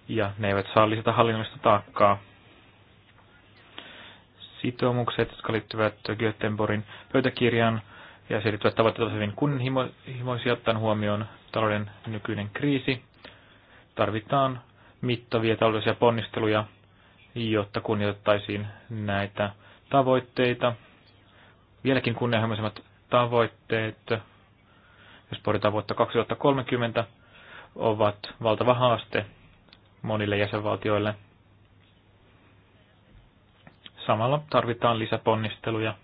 ja ne eivät saa lisätä hallinnollista taakkaa. Sitoumukset, jotka liittyvät Göteborgin pöytäkirjan ja siirtyvät tavoitteet ovat hyvin kunnianhimoisia ottaen huomioon talouden nykyinen kriisi. Tarvitaan mittavia taloudellisia ponnisteluja, jotta kunnioitettaisiin näitä tavoitteita. Vieläkin kunnianhimoisemmat tavoitteet, jos pohditaan vuotta 2030, ovat valtava haaste monille jäsenvaltioille. Samalla tarvitaan lisäponnisteluja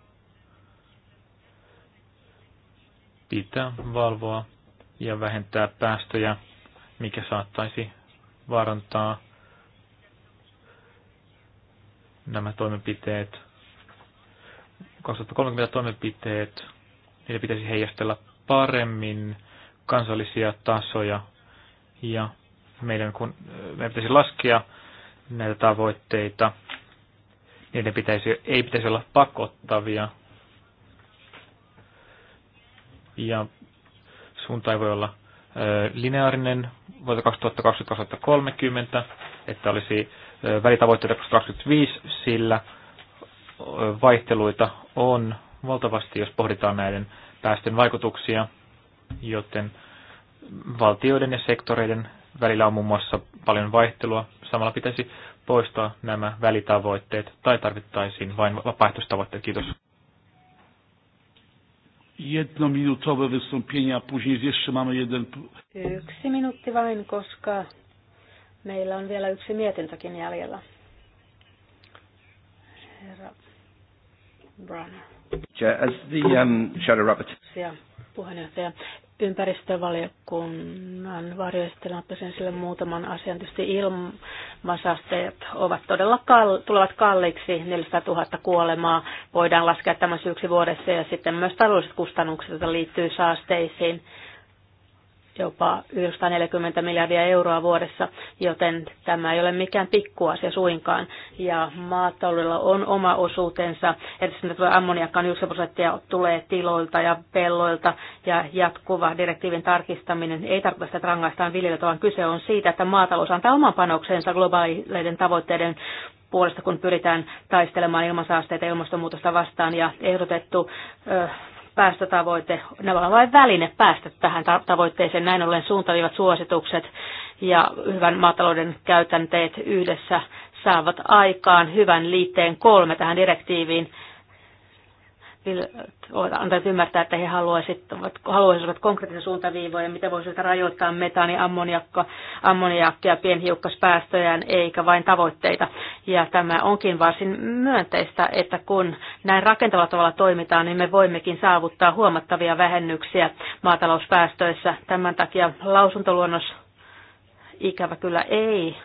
pitää valvoa ja vähentää päästöjä, mikä saattaisi vaarantaa nämä toimenpiteet. 2030 toimenpiteet, niitä pitäisi heijastella paremmin kansallisia tasoja ja meidän, kun, meidän pitäisi laskea näitä tavoitteita. Niiden pitäisi, ei pitäisi olla pakottavia, ja suunta ei voi olla lineaarinen vuotta 2020-2030, että olisi välitavoitteita 2025, sillä vaihteluita on valtavasti, jos pohditaan näiden päästön vaikutuksia, joten valtioiden ja sektoreiden välillä on muun muassa paljon vaihtelua. Samalla pitäisi poistaa nämä välitavoitteet tai tarvittaisiin vain vapaaehtoistavoitteet. Kiitos jednominutowe wystąpienia, a później jeszcze mamy jeden... Yksi minuutti vain, koska meillä on vielä yksi mietintäkin jäljellä. Herra Brunner. As the um, shadow rapporteur. Puheenjohtaja ympäristövaliokunnan varjoesittelijänä ottaisin sille muutaman asian. Tietysti ilmasasteet ovat todella kal- tulevat kalliiksi, 400 000 kuolemaa voidaan laskea tämän syyksi vuodessa ja sitten myös taloudelliset kustannukset, jotka liittyy saasteisiin jopa 140 miljardia euroa vuodessa, joten tämä ei ole mikään pikkuasia suinkaan. Ja maataloudella on oma osuutensa, että sinne tulee ammoniakkaan 1 prosenttia tulee tiloilta ja pelloilta, ja jatkuva direktiivin tarkistaminen ei tarkoita sitä, että rangaistaan viljelijöitä, vaan kyse on siitä, että maatalous antaa oman panoksensa globaaleiden tavoitteiden puolesta, kun pyritään taistelemaan ilmansaasteita ja ilmastonmuutosta vastaan. Ja ehdotettu päästötavoite, ne ovat vain väline päästä tähän tavoitteeseen. Näin ollen suuntaviivat suositukset ja hyvän maatalouden käytänteet yhdessä saavat aikaan hyvän liitteen kolme tähän direktiiviin, antavat ymmärtää, että he haluaisivat, haluaisivat konkreettisia suuntaviivoja, mitä voisivat rajoittaa metaani, ammoniakka, ja pienhiukkaspäästöjään, eikä vain tavoitteita. Ja tämä onkin varsin myönteistä, että kun näin rakentavalla tavalla toimitaan, niin me voimmekin saavuttaa huomattavia vähennyksiä maatalouspäästöissä. Tämän takia lausuntoluonnos ikävä kyllä ei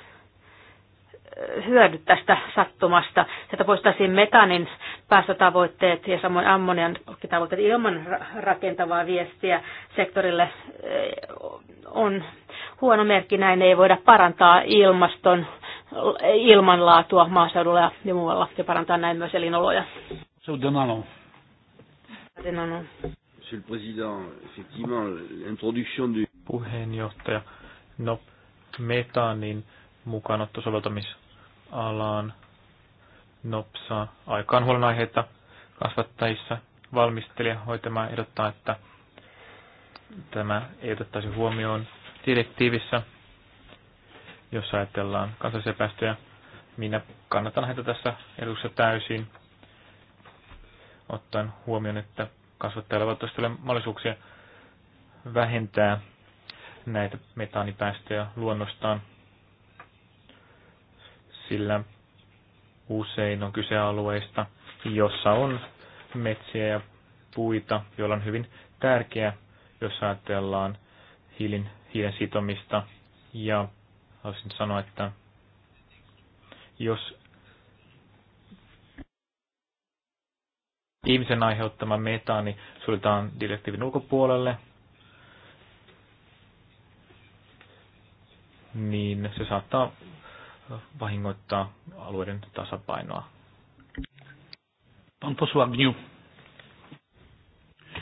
hyödy tästä sattumasta, että poistaisiin metanin päästötavoitteet ja samoin ammonian tavoitteet ilman rakentavaa viestiä sektorille eh, on huono merkki, näin ei voida parantaa ilmaston ilmanlaatua maaseudulla ja muualla ja parantaa näin myös elinoloja. Puheenjohtaja, no metanin mukaanotto soveltamis alaan, nopsa aikaan huolenaiheita kasvattajissa. Valmistelija hoitama ehdottaa, että tämä ei otettaisi huomioon direktiivissä, jos ajatellaan kansallisia päästöjä. Minä kannatan heitä tässä edussa täysin, ottaen huomioon, että kasvattajilla valitettavasti ole mahdollisuuksia vähentää näitä metaanipäästöjä luonnostaan sillä usein on kyse alueista, jossa on metsiä ja puita, joilla on hyvin tärkeä, jos ajatellaan hiilin, hiilen sitomista. Ja haluaisin sanoa, että jos ihmisen aiheuttama metaani suljetaan direktiivin ulkopuolelle, niin se saattaa vahingoittaa alueiden tasapainoa. Pan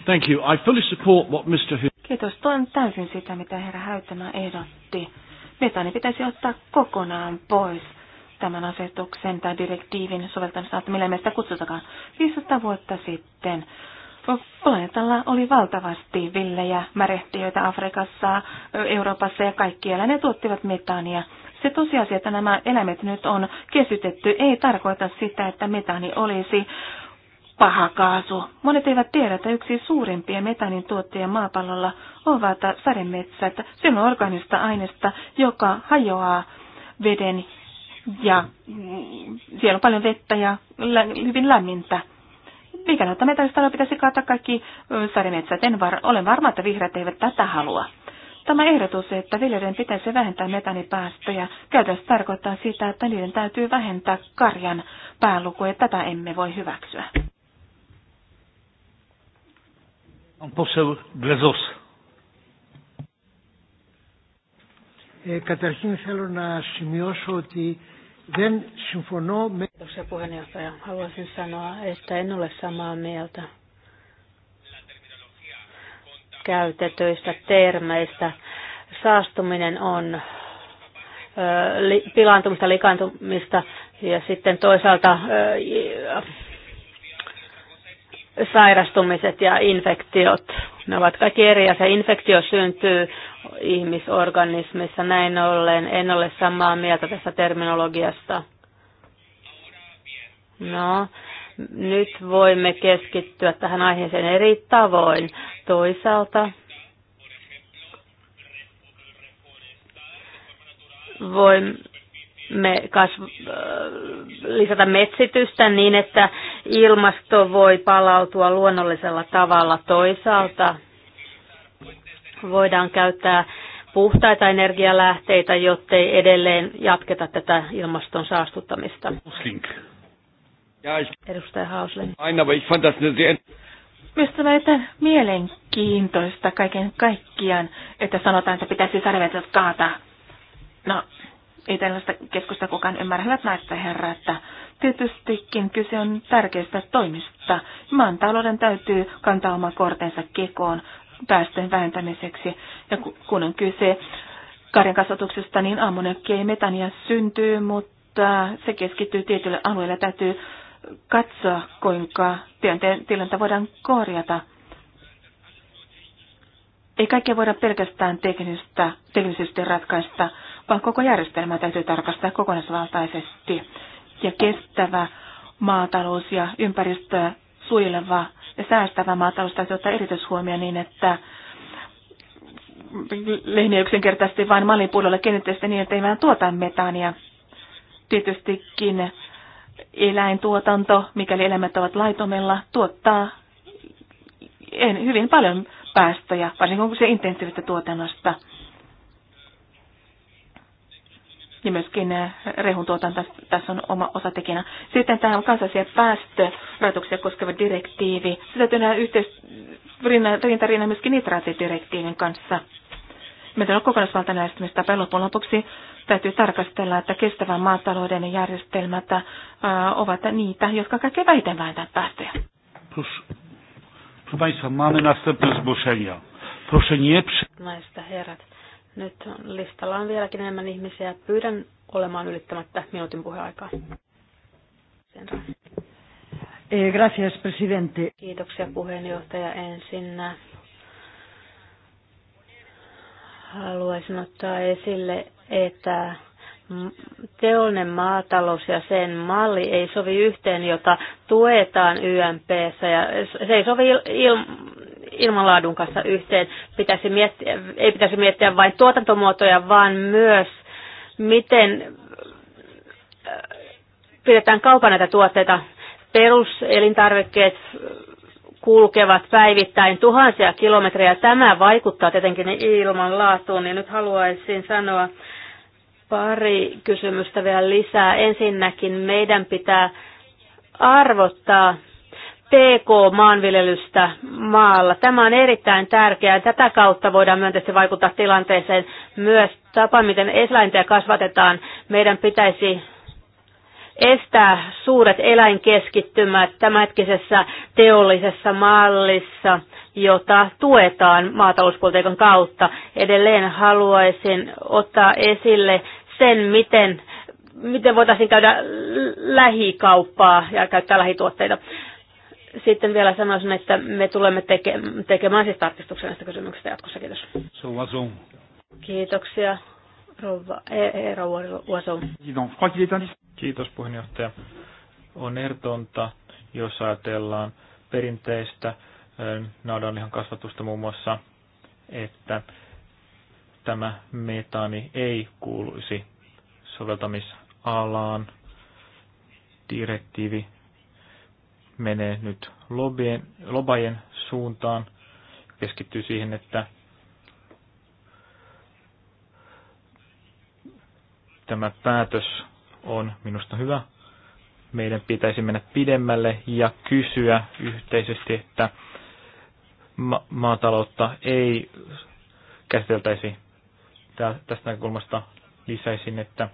Thank you. I fully support what Mr. Kiitos. Toin täysin sitä, mitä herra Häytämä ehdotti. Metani pitäisi ottaa kokonaan pois tämän asetuksen tai direktiivin soveltamista, että millä meistä kutsutakaan. 500 vuotta sitten planeetalla oli valtavasti villejä, märehtiöitä Afrikassa, Euroopassa ja kaikkialla. Ne tuottivat metaania se tosiasia, että nämä eläimet nyt on kesytetty, ei tarkoita sitä, että metani olisi paha kaasu. Monet eivät tiedä, että yksi suurimpia metanin tuottajia maapallolla ovat sademetsät. Se on organista aineesta, joka hajoaa veden ja mm, siellä on paljon vettä ja hyvin lämmintä. Mikä näyttää metallista pitäisi kaataa kaikki sademetsät? En var- olen varma, että vihreät eivät tätä halua. Tämä ehdotus, että viljelijöiden pitäisi vähentää metanipäästöjä, käytännössä tarkoittaa sitä, että niiden täytyy vähentää karjan päälukuja. Tätä emme voi hyväksyä. On poseł Glezos. Ε, καταρχήν θέλω να σημειώσω ότι δεν συμφωνώ με... Puheenjohtaja, haluaisin sanoa, että en ole samaa mieltä käytetyistä termeistä. Saastuminen on li, pilaantumista, likaantumista ja sitten toisaalta sairastumiset ja infektiot. Ne ovat kaikki eri asia. Infektio syntyy ihmisorganismissa. Näin ollen en ole samaa mieltä tästä terminologiasta. No, nyt voimme keskittyä tähän aiheeseen eri tavoin. Toisaalta voimme kasv- äh, lisätä metsitystä niin, että ilmasto voi palautua luonnollisella tavalla. Toisaalta voidaan käyttää puhtaita energialähteitä, jottei edelleen jatketa tätä ilmaston saastuttamista. Ja, ich, Edustaja Hauslen. Aina, ich fand das sehr... Minusta näytän mielenkiintoista kaiken kaikkiaan, että sanotaan, että pitäisi sarvetet kaataa. No, ei tällaista keskusta kukaan ymmärrä, hyvät naiset ja että tietystikin kyse on tärkeistä toimista. Maan talouden täytyy kantaa oma kortensa kekoon päästöjen vähentämiseksi. Ja kun on kyse karjan kasvatuksesta, niin ammonekkia ja metania syntyy, mutta se keskittyy tietylle alueelle. Täytyy katsoa, kuinka tilanteen tilanta voidaan korjata. Ei kaikkea voida pelkästään teknistä, teknisesti ratkaista, vaan koko järjestelmä täytyy tarkastaa kokonaisvaltaisesti. Ja kestävä maatalous ja ympäristöä suojeleva ja säästävä maatalous täytyy ottaa erityishuomioon niin, että lehmiä yksinkertaisesti vain mallin puolella niin, että ei enää tuota metaania. Tietystikin eläintuotanto, mikäli eläimet ovat laitomella, tuottaa hyvin paljon päästöjä, varsinkin kun se intensiivistä tuotannosta. Ja myöskin eh, rehun tuotanto tässä on oma osatekijänä. Sitten tämä kansallisia päästörajoituksia koskeva direktiivi. Sitä tehdään yhteis- rintarinnan myöskin nitraatidirektiivin kanssa. Meidän on kokonaisvaltainen lähestymistapa. Loppujen lopuksi täytyy tarkastella, että kestävän maatalouden järjestelmät äh, ovat niitä, jotka kaikkein vähiten vähentävät päästöjä. Proszę Państwa, mamy Proszę nie... herrat, nyt listalla on vieläkin enemmän ihmisiä. Pyydän olemaan ylittämättä minuutin puheaikaa. Eh, gracias, presidente. Kiitoksia puheenjohtaja ensin. Haluaisin ottaa esille, että teollinen maatalous ja sen malli ei sovi yhteen, jota tuetaan YMPssä ja se ei sovi il- ilmanlaadun kanssa yhteen. Pitäisi miettiä, ei pitäisi miettiä vain tuotantomuotoja, vaan myös miten äh, pidetään kaupan näitä tuotteita. Peruselintarvikkeet, kulkevat päivittäin tuhansia kilometrejä. Tämä vaikuttaa tietenkin ilman laatuun, niin nyt haluaisin sanoa pari kysymystä vielä lisää. Ensinnäkin meidän pitää arvottaa PK-maanviljelystä maalla. Tämä on erittäin tärkeää. Tätä kautta voidaan myönteisesti vaikuttaa tilanteeseen. Myös tapa, miten eläintiä kasvatetaan, meidän pitäisi estää suuret eläinkeskittymät tämänhetkisessä teollisessa mallissa, jota tuetaan maatalouspolitiikan kautta. Edelleen haluaisin ottaa esille sen, miten, miten voitaisiin käydä lähikauppaa ja käyttää lähituotteita. Sitten vielä sanoisin, että me tulemme teke- tekemään siis tarkistuksen näistä kysymyksistä jatkossa. Kiitos. Kiitoksia rouva Eero Uoso. Kiitos puheenjohtaja. On ertonta, jos ajatellaan perinteistä eh, naudanlihan kasvatusta muun muassa, että tämä metaani ei kuuluisi soveltamisalaan. Direktiivi menee nyt lobien, lobajen suuntaan, keskittyy siihen, että Tämä päätös on minusta hyvä. Meidän pitäisi mennä pidemmälle ja kysyä yhteisesti, että ma- maataloutta ei käsiteltäisi tästä näkökulmasta. Lisäisin, että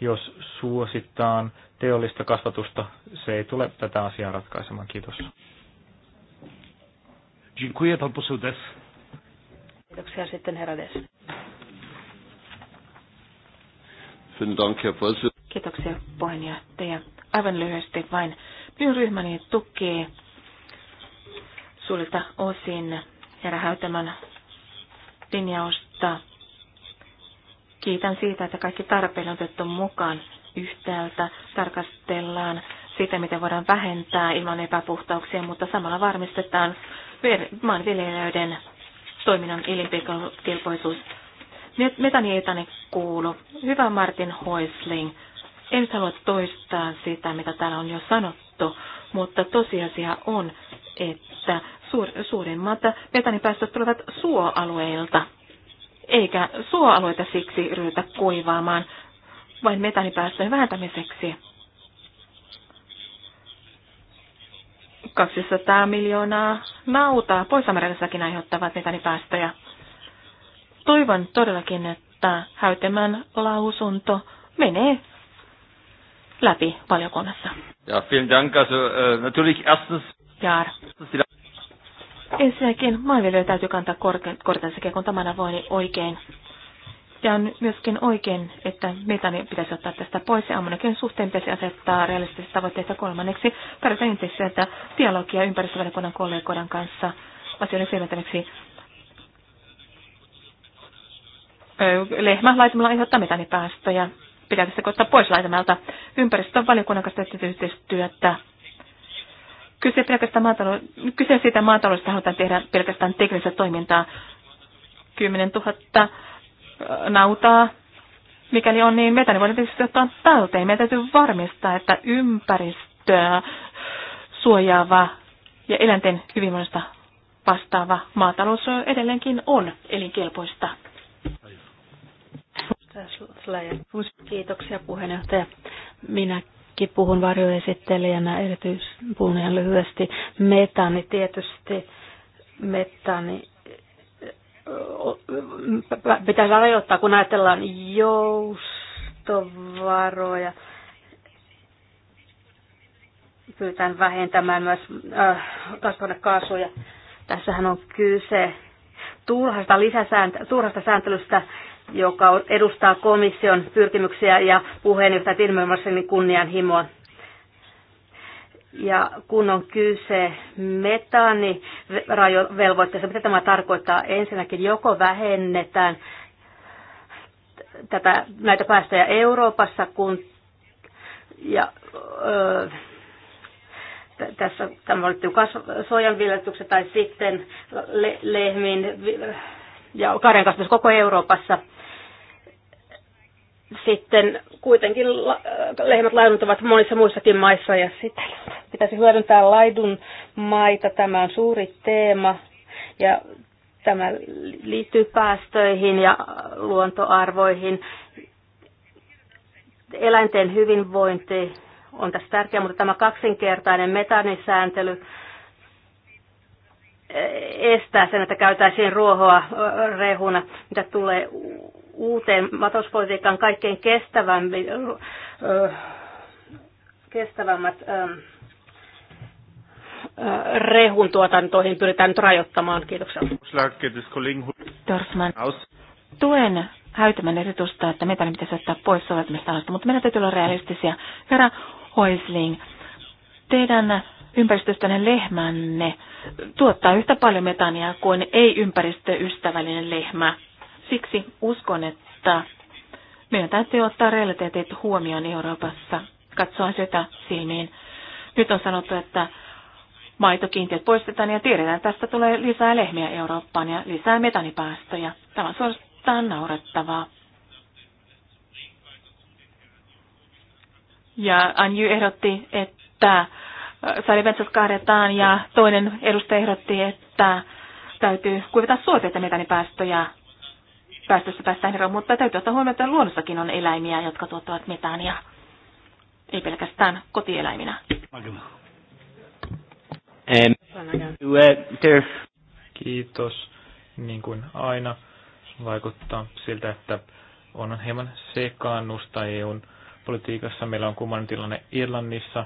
jos suositaan teollista kasvatusta, se ei tule tätä asiaa ratkaisemaan. Kiitos. Dziękuję, pan poseł Des. Kiitoksia sitten herra Des. Kiitoksia puheenjohtaja. Aivan lyhyesti vain. Minun ryhmäni tukee sulta osin herra Häytämän linjausta. Kiitän siitä, että kaikki tarpeet on otettu mukaan yhtäältä. Tarkastellaan sitä, miten voidaan vähentää ilman epäpuhtauksia, mutta samalla varmistetaan maanviljelijöiden toiminnan elinkelpoisuus Metani ei tänne kuulu. Hyvä Martin Hoisling. En halua toistaa sitä, mitä täällä on jo sanottu, mutta tosiasia on, että suur, suurimmat metanipäästöt tulevat suoalueilta. Eikä suoalueita siksi ryhdytä kuivaamaan, vain metanipäästöjen vähentämiseksi. 200 miljoonaa nautaa Pohjois-Amerikassakin aiheuttavat metanipäästöjä. Toivon todellakin, että Häytemän lausunto menee läpi valiokunnassa. Ja, vielen dank. Also, äh, natürlich erstens... Jaar. Ensinnäkin maanviljelijöiden täytyy kantaa kortensa kekon tämän avoin oikein. Ja on myöskin oikein, että metani pitäisi ottaa tästä pois ja ammoniakin suhteen pitäisi asettaa realistisista tavoitteita kolmanneksi. Tarvitaan intensiivistä dialogia ympäristövaliokunnan kollegoiden kanssa asioiden selventämiseksi. lehmä laitamalla aiheuttaa metanipäästöjä. Pitää tästä koittaa pois laitamalta ympäristön valiokunnan kanssa tehty yhteistyötä. Kyse, pelkästään maatalou- kyse siitä maataloudesta halutaan tehdä pelkästään teknistä toimintaa. 10 000 nautaa, mikäli on niin metani voidaan tietysti ottaa talteen. Meidän täytyy varmistaa, että ympäristöä suojaava ja eläinten hyvinvoinnista vastaava maatalous edelleenkin on elinkelpoista. Kiitoksia puheenjohtaja. Minäkin puhun varjoesittelijänä erityispuhun lyhyesti. Metani tietysti, metani pitäisi rajoittaa, kun ajatellaan joustovaroja. Pyytään vähentämään myös kasvonekaasuja. Tässähän on kyse turhasta lisäsäänt, turhasta sääntelystä joka edustaa komission pyrkimyksiä ja puheenjohtaja Tilmermansenin kunnianhimoa. Ja kun on kyse metaanivelvoitteesta, mitä tämä tarkoittaa? Ensinnäkin joko vähennetään tätä, näitä päästöjä Euroopassa, kun ja, ö, tässä tämä oli sojanviljelykseen tai sitten le- lehmin ja karjan kasvatus koko Euroopassa sitten kuitenkin äh, lehmät laiduntavat monissa muissakin maissa ja sitten pitäisi hyödyntää laidun maita. Tämä on suuri teema ja tämä liittyy päästöihin ja luontoarvoihin. Eläinten hyvinvointi on tässä tärkeää, mutta tämä kaksinkertainen metanisääntely e, estää sen, että käytäisiin ruohoa rehuna, mitä tulee uuteen maatalouspolitiikkaan kaikkein kestävämpi, kestävämmät rehun tuotantoihin pyritään nyt rajoittamaan. Kiitoksia. Dorsman. Tuen häytämän ehdotusta, että meitä pitäisi ottaa pois soveltamisalasta, mutta meidän täytyy olla realistisia. Herra Hoisling, teidän ympäristöystävänne lehmänne tuottaa yhtä paljon metania kuin ei-ympäristöystävällinen lehmä. Siksi uskon, että meidän täytyy ottaa realiteetit huomioon Euroopassa, katsoa sitä silmiin. Nyt on sanottu, että maitokiintiöt poistetaan ja tiedetään, että tästä tulee lisää lehmiä Eurooppaan ja lisää metanipäästöjä. Tämä on suorastaan naurettavaa. Ja Anju ehdotti, että äh, salivetsät kaadetaan ja toinen edustaja ehdotti, että täytyy kuivata suoteita metanipäästöjä päästössä päästään eroon, mutta täytyy ottaa huomioon, että luonnossakin on eläimiä, jotka tuottavat metaania, ei pelkästään kotieläiminä. Kiitos. Niin kuin aina vaikuttaa siltä, että on hieman sekaannusta EUn politiikassa. Meillä on kummallinen tilanne Irlannissa,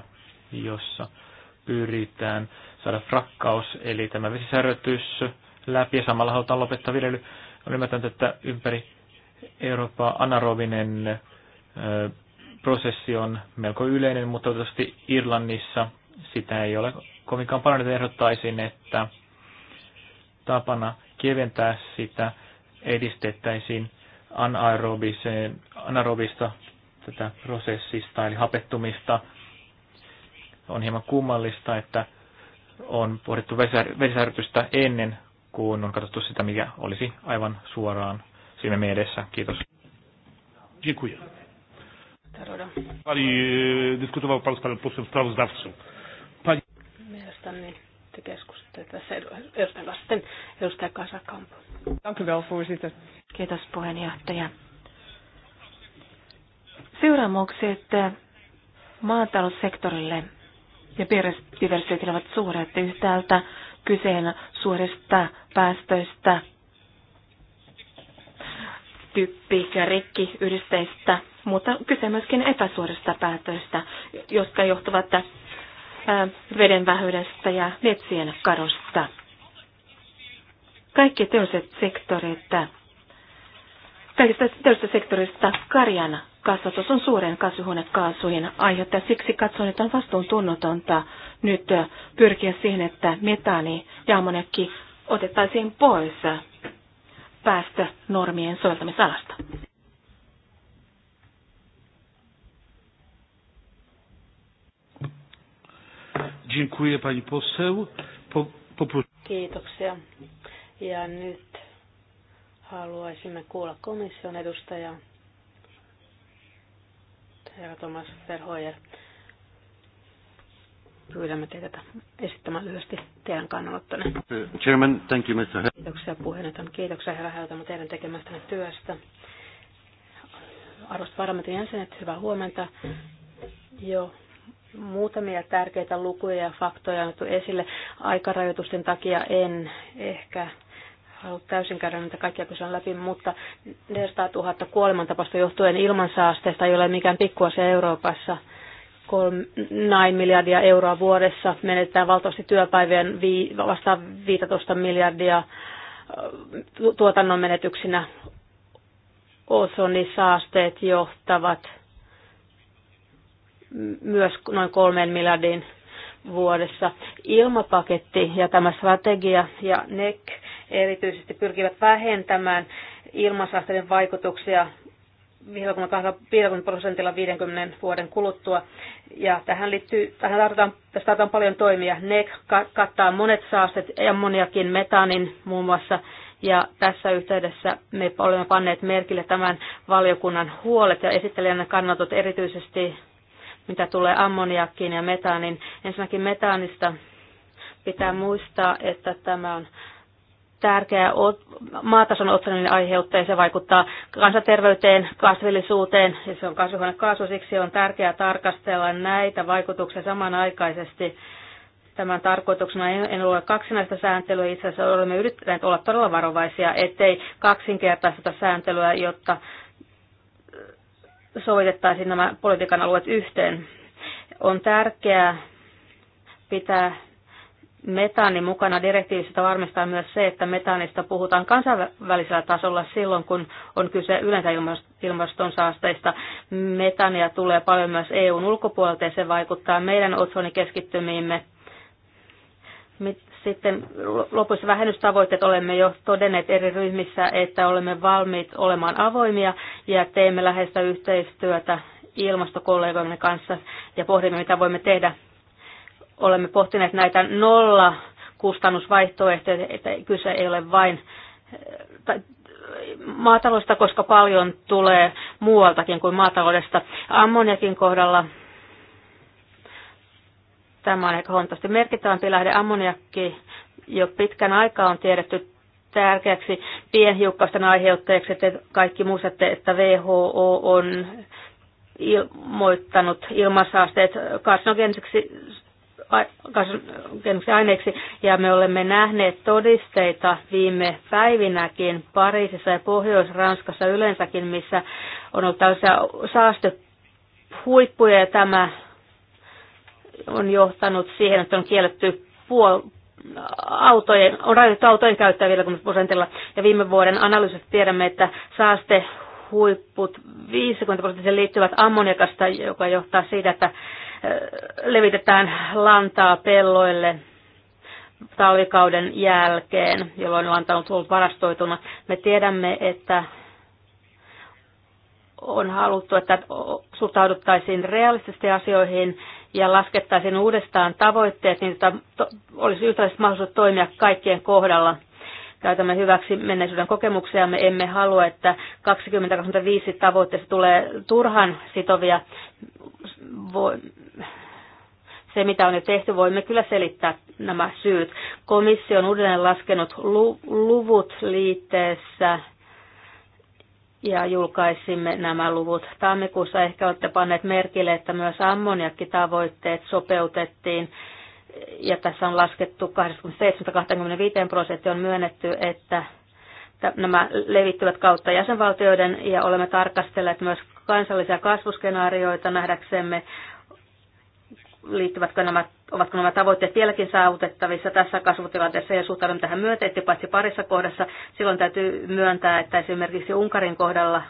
jossa pyritään saada frakkaus, eli tämä vesisärötys läpi ja samalla halutaan lopettaa viljely on ymmärtänyt, että ympäri Eurooppaa anaerobinen prosessi on melko yleinen, mutta toivottavasti Irlannissa sitä ei ole kovinkaan paljon, että ehdottaisin, että tapana keventää sitä edistettäisiin anaerobista tätä prosessista, eli hapettumista. On hieman kummallista, että on pohdittu vesärrytystä ennen kun on katsottu sitä, mikä olisi aivan suoraan siinä edessä. Kiitos. Dziękuję. Pani e, dyskutował pan z panem posłem sprawozdawcą. Pani... Mielestäni te keskustelette tässä edustajan kanssa. Sitten edustaja Kasakampo. Kiitos puheenjohtaja. että eh, maataloussektorille ja biodiversiteetillä ovat suuret yhtäältä kyseen suorista päästöistä, typpi- ja rekkiyhdisteistä, mutta kyse myöskin epäsuorista päätöistä, jotka johtuvat äh, veden vähyydestä ja metsien kadosta. Kaikki teolliset sektorit, äh, kaikista teollisista sektorista karjan kasvatus on suuren kasvihuonekaasujen aiheuttaja. Siksi katson, että on vastuuntunnotonta nyt pyrkiä siihen, että metaani ja ammoniakki otettaisiin pois päästönormien soveltamisalasta. Dziękuję pani poseł. Po, po... Kiitoksia. Ja nyt haluaisimme kuulla komission edustajaa herra Thomas Verhoyer. Pyydämme teitä esittämään lyhyesti teidän kannanottonne. Chairman, thank you, Mr. Kiitoksia puheenjohtaja. Kiitoksia herra Häytämä teidän tekemästänne työstä. Arvoisat parlamentin jäsenet, hyvää huomenta. jo muutamia tärkeitä lukuja ja faktoja on esille. Aikarajoitusten takia en ehkä halua täysin käydä näitä kaikkia kysyä läpi, mutta 400 000 kuolemantapausta johtuen ilmansaasteesta ei ole mikään pikkuasia Euroopassa. 9 miljardia euroa vuodessa menetetään valtavasti työpäivien vasta 15 miljardia tuotannon menetyksinä. Osonisaasteet johtavat myös noin kolmeen miljardiin vuodessa. Ilmapaketti ja tämä strategia ja NEC erityisesti pyrkivät vähentämään ilmansaasteiden vaikutuksia 50 prosentilla 50 vuoden kuluttua. Ja tähän liittyy, tähän tarvitaan, tässä tarvitaan paljon toimia. Ne kattaa monet saastet, moniakin metaanin muun muassa. Ja tässä yhteydessä me olemme panneet merkille tämän valiokunnan huolet ja esittelijän kannatut erityisesti, mitä tulee ammoniakkiin ja metaanin. Ensinnäkin metaanista pitää muistaa, että tämä on tärkeä maatason otsonin aiheuttaja. se vaikuttaa kansanterveyteen, kasvillisuuteen ja se on kasvihuonekaasu. Siksi on tärkeää tarkastella näitä vaikutuksia samanaikaisesti. Tämän tarkoituksena en ole kaksinaista sääntelyä. Itse asiassa olemme yrittäneet olla todella varovaisia, ettei kaksinkertaista sääntelyä, jotta sovitettaisiin nämä politiikan alueet yhteen. On tärkeää pitää metaani mukana direktiivissä varmistaa myös se, että metaanista puhutaan kansainvälisellä tasolla silloin, kun on kyse yleensä ilmaston saasteista. Metania tulee paljon myös EUn ulkopuolelta ja se vaikuttaa meidän otsonikeskittymiimme. Sitten lopussa vähennystavoitteet olemme jo todenneet eri ryhmissä, että olemme valmiit olemaan avoimia ja teemme läheistä yhteistyötä ilmastokollegoiden kanssa ja pohdimme, mitä voimme tehdä olemme pohtineet näitä nolla kustannusvaihtoehtoja, että kyse ei ole vain maataloudesta, koska paljon tulee muualtakin kuin maataloudesta. Ammoniakin kohdalla tämä on ehkä huomattavasti merkittävämpi lähde. Ammoniakki jo pitkän aikaa on tiedetty tärkeäksi pienhiukkasten aiheuttajaksi, että kaikki muistatte, että WHO on ilmoittanut ilmansaasteet karsinogeniseksi aineeksi. Ja me olemme nähneet todisteita viime päivinäkin Pariisissa ja Pohjois-Ranskassa yleensäkin, missä on ollut tällaisia saastehuippuja ja tämä on johtanut siihen, että on kielletty puol- autojen, on rajoitettu autojen käyttöä vielä prosentilla. Ja viime vuoden analyysit tiedämme, että saastehuipput 50 prosenttia liittyvät ammoniakasta, joka johtaa siitä, että levitetään lantaa pelloille talvikauden jälkeen, jolloin lanta on tullut varastoituna. Me tiedämme, että on haluttu, että suhtauduttaisiin realistisesti asioihin ja laskettaisiin uudestaan tavoitteet, niin että olisi yhtäläiset mahdollisuudet toimia kaikkien kohdalla. Käytämme hyväksi menneisyyden kokemuksia. Me emme halua, että 2025 tavoitteessa tulee turhan sitovia se, mitä on jo tehty, voimme kyllä selittää nämä syyt. Komissio on uudelleen laskenut luvut liitteessä ja julkaisimme nämä luvut. Tammikuussa ehkä olette panneet merkille, että myös ammoniakkitavoitteet sopeutettiin ja tässä on laskettu 27-25 prosenttia on myönnetty, että nämä levittyvät kautta jäsenvaltioiden ja olemme tarkastelleet myös kansallisia kasvuskenaarioita nähdäksemme, liittyvätkö nämä, ovatko nämä tavoitteet vieläkin saavutettavissa tässä kasvutilanteessa ja suhtaudun tähän myönteisesti paitsi parissa kohdassa. Silloin täytyy myöntää, että esimerkiksi Unkarin kohdalla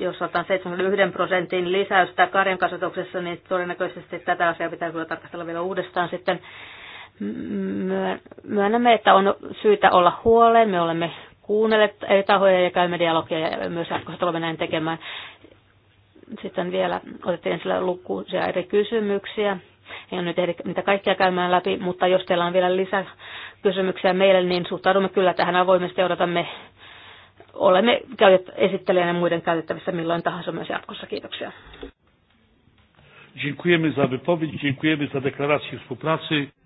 jos otan 71 prosentin lisäystä karjan kasvatuksessa, niin todennäköisesti tätä asiaa pitää kyllä tarkastella vielä uudestaan sitten. Myönnämme, että on syytä olla huoleen. Me olemme kuunnelleet eri tahoja ja käymme dialogia ja myös jatkossa tulemme näin tekemään. Sitten vielä otettiin sillä lukuisia eri kysymyksiä. En nyt ehdi niitä kaikkia käymään läpi, mutta jos teillä on vielä lisää kysymyksiä meille, niin suhtaudumme kyllä tähän avoimesti ja odotamme. Olemme esittelijänä muiden käytettävissä milloin tahansa myös jatkossa. Kiitoksia.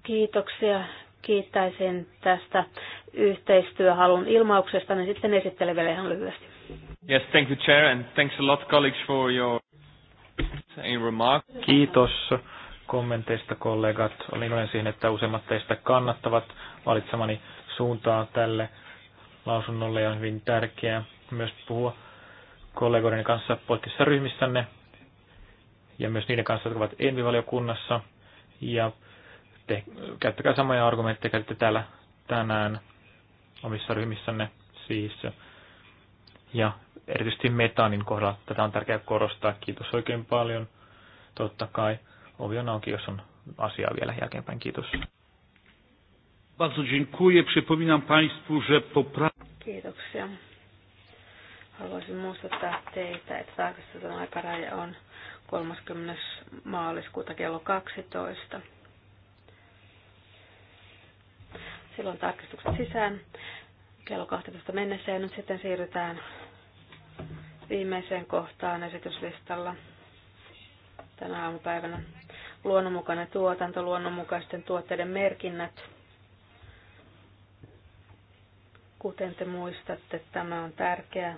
Kiitoksia. Kiittäisin tästä yhteistyöhalun ilmauksesta, niin sitten esittelen vielä ihan lyhyesti. Yes, thank you, Chair, and thanks a lot, colleagues, for your remarks. Kiitos kommenteista, kollegat. Olin iloinen siihen, että useimmat teistä kannattavat valitsemani suuntaa tälle lausunnolle ja on hyvin tärkeää myös puhua kollegoiden kanssa poikissa ryhmissänne ja myös niiden kanssa, jotka ovat envivaliokunnassa. Ja te, käyttäkää samoja argumentteja, käytte täällä tänään omissa ryhmissänne siis. Ja erityisesti metaanin kohdalla tätä on tärkeää korostaa. Kiitos oikein paljon. Totta kai ovi on auki, jos on asiaa vielä jälkeenpäin. Kiitos. Bardzo dziękuję. Przypominam Państwu, że poprawka... Kiitoksia. Haluaisin muistuttaa teitä, että tarkastetun aikaraja on 30. maaliskuuta kello 12. Silloin tarkistukset sisään kello 12 mennessä ja nyt sitten siirrytään viimeiseen kohtaan esityslistalla tänä aamupäivänä. Luonnonmukainen tuotanto, luonnonmukaisten tuotteiden merkinnät. Kuten te muistatte, tämä on tärkeä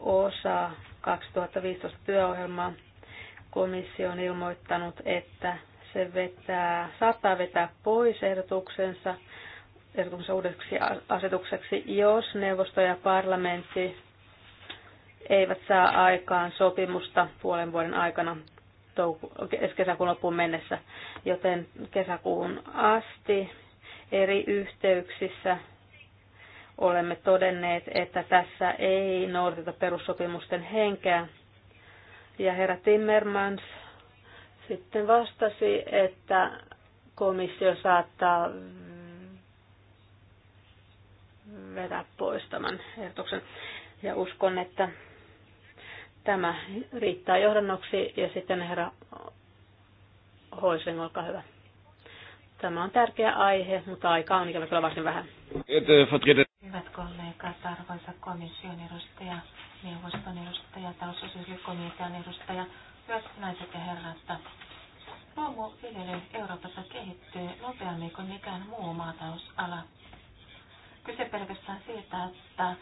osa 2015 työohjelmaa. Komissio on ilmoittanut, että se vetää, saattaa vetää pois ehdotuksensa ehdotuksensa uudeksi asetukseksi, jos neuvosto ja parlamentti eivät saa aikaan sopimusta puolen vuoden aikana kesäkuun loppuun mennessä, joten kesäkuun asti eri yhteyksissä olemme todenneet, että tässä ei noudateta perussopimusten henkeä. Ja herra Timmermans sitten vastasi, että komissio saattaa vetää pois tämän ehdotuksen. Ja uskon, että Tämä riittää johdannoksi ja sitten herra Hoisling, olkaa hyvä. Tämä on tärkeä aihe, mutta aika on ikävä kyllä varsin vähän. Eh, hyvät kollegat, arvoisa komission edustaja, neuvoston edustaja, talousosuuskomitean edustaja, hyvät naiset ja herrat. Luomuviljely Euroopassa kehittyy nopeammin kuin mikään muu maatausala. Kyse pelkästään siitä, että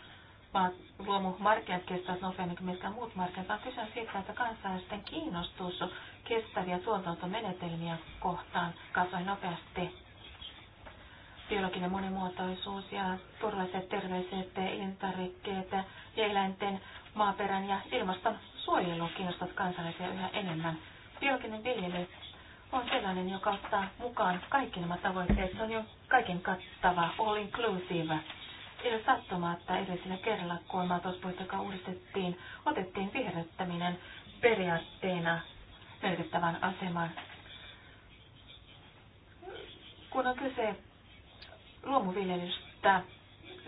vaan luomumarkkinat kestävät nopeammin kuin mitkä muut markkinat, vaan kyse on siitä, että kansalaisten kiinnostus kestäviä tuotantomenetelmiä kohtaan kasvoi nopeasti. Biologinen monimuotoisuus ja turvalliset terveiset elintarvikkeet ja eläinten maaperän ja ilmaston suojelu kiinnostavat kansalaisia yhä enemmän. Biologinen viljely on sellainen, joka ottaa mukaan kaikki nämä tavoitteet. Se on jo kaiken kattava, all inclusive sattumaa, että edellisellä kerralla, kun maatalouspolitiikka uudistettiin, otettiin vihreyttäminen periaatteena merkittävän aseman. Kun on kyse luomuviljelystä,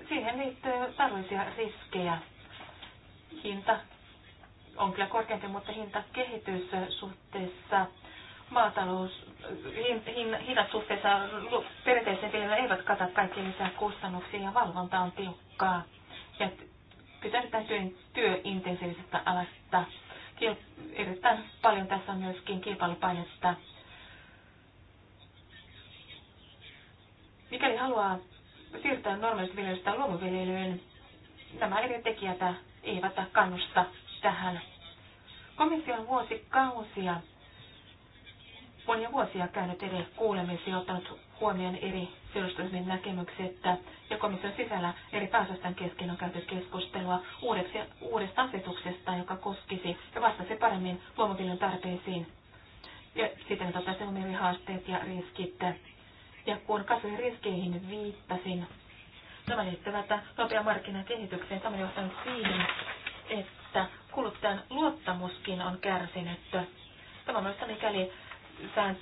siihen liittyy taloudellisia riskejä. Hinta on kyllä korkeampi, mutta hinta kehitys suhteessa maatalous hinnat suhteessa perinteisen viljelyyn eivät kata kaikkia lisää kustannuksia ja valvonta on tiukkaa. Ja pitää työintensiivisestä alasta. erittäin paljon tässä on myöskin kilpailupainetta. Mikäli haluaa siirtää normaalista viljelystä luomuviljelyyn, nämä eri tekijät eivät kannusta tähän. Komission vuosikausia monia vuosia käynyt eri kuulemisia ja ottanut huomioon eri sidosryhmien näkemykset ja komission sisällä eri pääosaston kesken on käyty keskustelua uudeksi, uudesta asetuksesta, joka koskisi ja vastasi paremmin luomuviljan tarpeisiin. Ja sitten ottaisi huomioon haasteet ja riskit. Ja kun kasvien riskeihin viittasin, nämä liittyvät nopean markkinakehitykseen. Tämä johtanut siihen, että kuluttajan luottamuskin on kärsinyt. Tämä on myös mikäli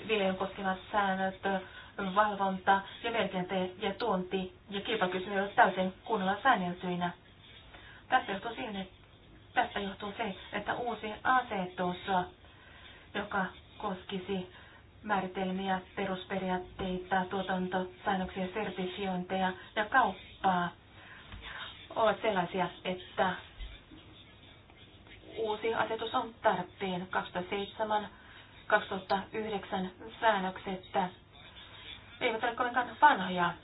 viljan koskevat säännöt, valvonta ja merkintä ja tuonti ja kilpailukyky ovat täysin kunnolla säänneltyinä. Tästä johtuu, siihen, tästä johtuu se, että uusi asetus, joka koskisi määritelmiä, perusperiaatteita, tuotantosäännöksiä, sertifiointeja ja kauppaa, ovat sellaisia, että uusi asetus on tarpeen 27 2009 säännöksestä. eivät ole kovinkaan vanhoja.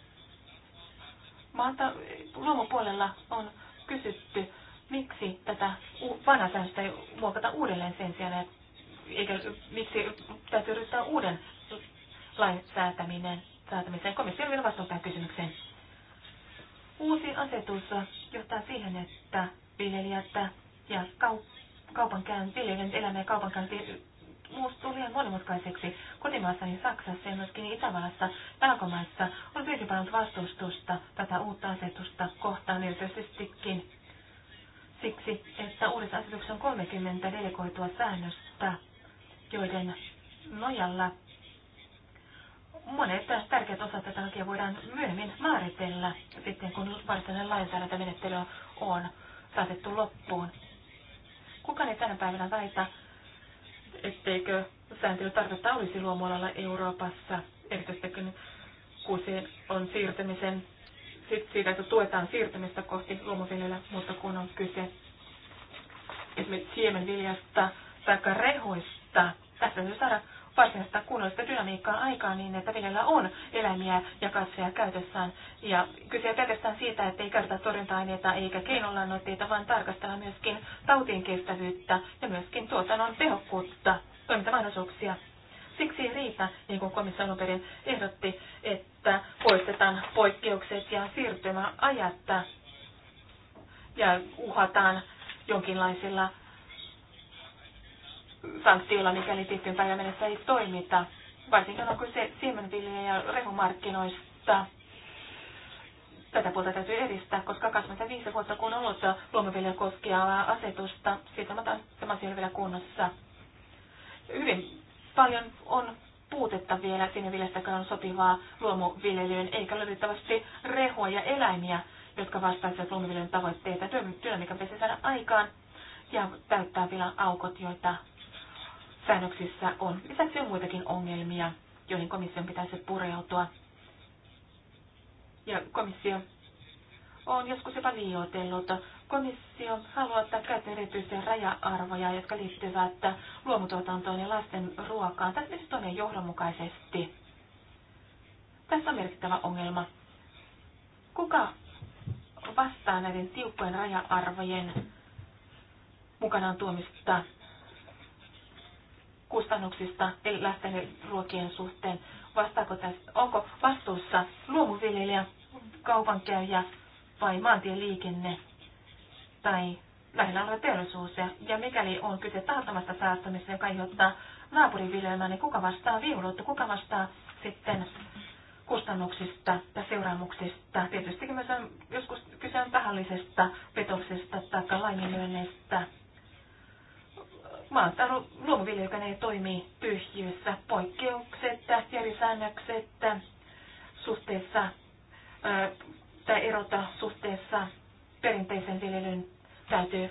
Maata, luomupuolella on kysytty, miksi tätä vanhaa säännöstä ei muokata uudelleen sen sijaan, eikä miksi täytyy yrittää uuden lain säätäminen, säätämiseen. Komissio on vielä vastannut tähän kysymykseen. Uusi asetus johtaa siihen, että viljelijät ja kaup- kaupankäynti, viljelijän elämä ja kaupankäynti muusta tuli liian monimutkaiseksi. Kotimaassani Saksassa ja myöskin Itävallassa, Pelkomaissa on hyvin paljon vastustusta tätä uutta asetusta kohtaan erityisestikin. Siksi, että uudessa asetuksessa on 30 delegoitua säännöstä, joiden nojalla monet tärkeät osat tätä lakia voidaan myöhemmin määritellä, sitten kun varsinainen lainsäädäntömenettely on saatettu loppuun. Kukaan ei tänä päivänä väitä, etteikö sääntelytarvetta olisi luomualalla Euroopassa, erityisesti kun kuusien on siirtymisen, siitä, että tuetaan siirtymistä kohti luomuviljelyä, mutta kun on kyse esimerkiksi siemenviljasta tai rehoista, tässä täytyy saada varsinaista kunnollista dynamiikkaa aikaan niin, että viljellä on eläimiä ja kasveja käytössään. Ja kyse ei pelkästään siitä, että ei käytetä torjunta-aineita eikä keinolannoitteita, vaan tarkastella myöskin tautien kestävyyttä ja myöskin tuotannon tehokkuutta, toimintamahdollisuuksia. Siksi ei riitä, niin kuin komissio alun perin ehdotti, että poistetaan poikkeukset ja siirtymäajat ja uhataan jonkinlaisilla sanktioilla, mikäli tiettyyn päivän mennessä ei toimita. Varsinkin on kyse siemenvilja- ja rehumarkkinoista. Tätä puolta täytyy edistää, koska 25 vuotta kun on ollut luomuviljaa koskevaa asetusta, siitä tämä asia vielä kunnossa. Hyvin paljon on puutetta vielä siniviljastäkään on sopivaa luomuviljelyyn, eikä löydettävästi rehua ja eläimiä, jotka vastaisivat luomuviljelyn tavoitteita. Työ, mikä pitäisi saada aikaan ja täyttää vielä aukot, joita säännöksissä on. Lisäksi on muitakin ongelmia, joihin komission pitäisi pureutua. Ja komissio on joskus jopa liioitellut. Komissio haluaa ottaa käyttöön erityisiä raja-arvoja, jotka liittyvät luomutuotantoon ja lasten ruokaan. Tässä siis toimii johdonmukaisesti. Tässä on merkittävä ongelma. Kuka vastaa näiden tiukkojen raja-arvojen mukanaan tuomista kustannuksista lasten ruokien suhteen? Vastaako tässä, onko vastuussa luomuviljelijä, kaupankäyjä vai maantieliikenne tai lähellä oleva teollisuus? Ja mikäli on kyse tahattomasta saastumista, joka aiheuttaa naapuriviljelmää, niin kuka vastaa viulutta, kuka vastaa sitten kustannuksista ja seuraamuksista. Tietysti myös on joskus kyse on tahallisesta petoksesta tai laiminlyönneistä maata, luomuviljely, joka ne toimii tyhjiössä, poikkeuksetta, eri säännöksettä, suhteessa ö, tai erota suhteessa perinteisen viljelyn täytyy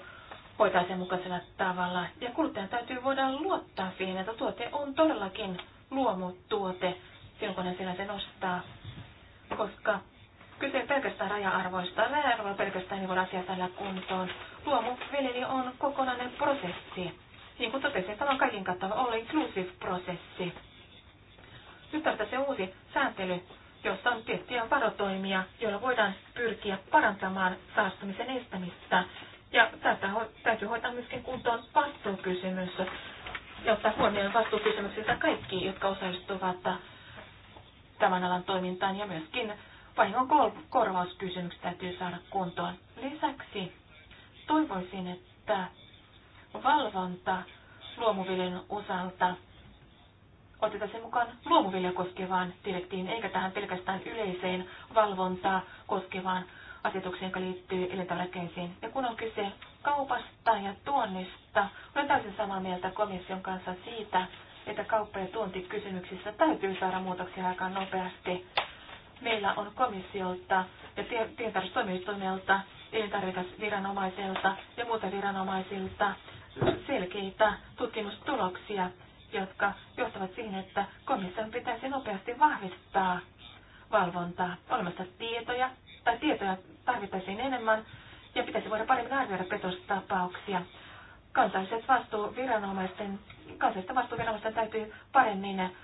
hoitaa sen mukaisella tavalla. Ja kuluttajan täytyy voida luottaa siihen, että tuote on todellakin luomutuote silloin, kun ne sillä se nostaa. Koska kyse ei pelkästään raja-arvoista. Raja-arvoa pelkästään niin voi asia tällä kuntoon. Luomuviljely on kokonainen prosessi niin kuin totesin, tämä on kaiken kattava all inclusive prosessi. Nyt on se uusi sääntely, jossa on tiettyjä varotoimia, joilla voidaan pyrkiä parantamaan saastumisen estämistä. Ja tätä ho- täytyy hoitaa myöskin kuntoon vastuukysymys jotta huomioon vastuukysymyksiltä kaikki, jotka osallistuvat tämän alan toimintaan ja myöskin vahingon korvauskysymykset täytyy saada kuntoon. Lisäksi toivoisin, että valvonta luomuviljan osalta otetaan se mukaan luomuvilja koskevaan direktiin, eikä tähän pelkästään yleiseen valvontaa koskevaan asetukseen, joka liittyy elintarvikkeisiin. Ja kun on kyse kaupasta ja tuonnista, olen täysin samaa mieltä komission kanssa siitä, että kauppa- ja tuontikysymyksissä täytyy saada muutoksia aika nopeasti. Meillä on komissiolta ja tilintarkastustoimistoimilta, elintarvikasviranomaiselta ja muuta viranomaisilta selkeitä tutkimustuloksia, jotka johtavat siihen, että komission pitäisi nopeasti vahvistaa valvontaa. Olemassa tietoja, tai tietoja tarvittaisiin enemmän, ja pitäisi voida paremmin arvioida petostapauksia. Kansalliset vastuuviranomaisten, kansallisten vastuuviranomaisten täytyy paremmin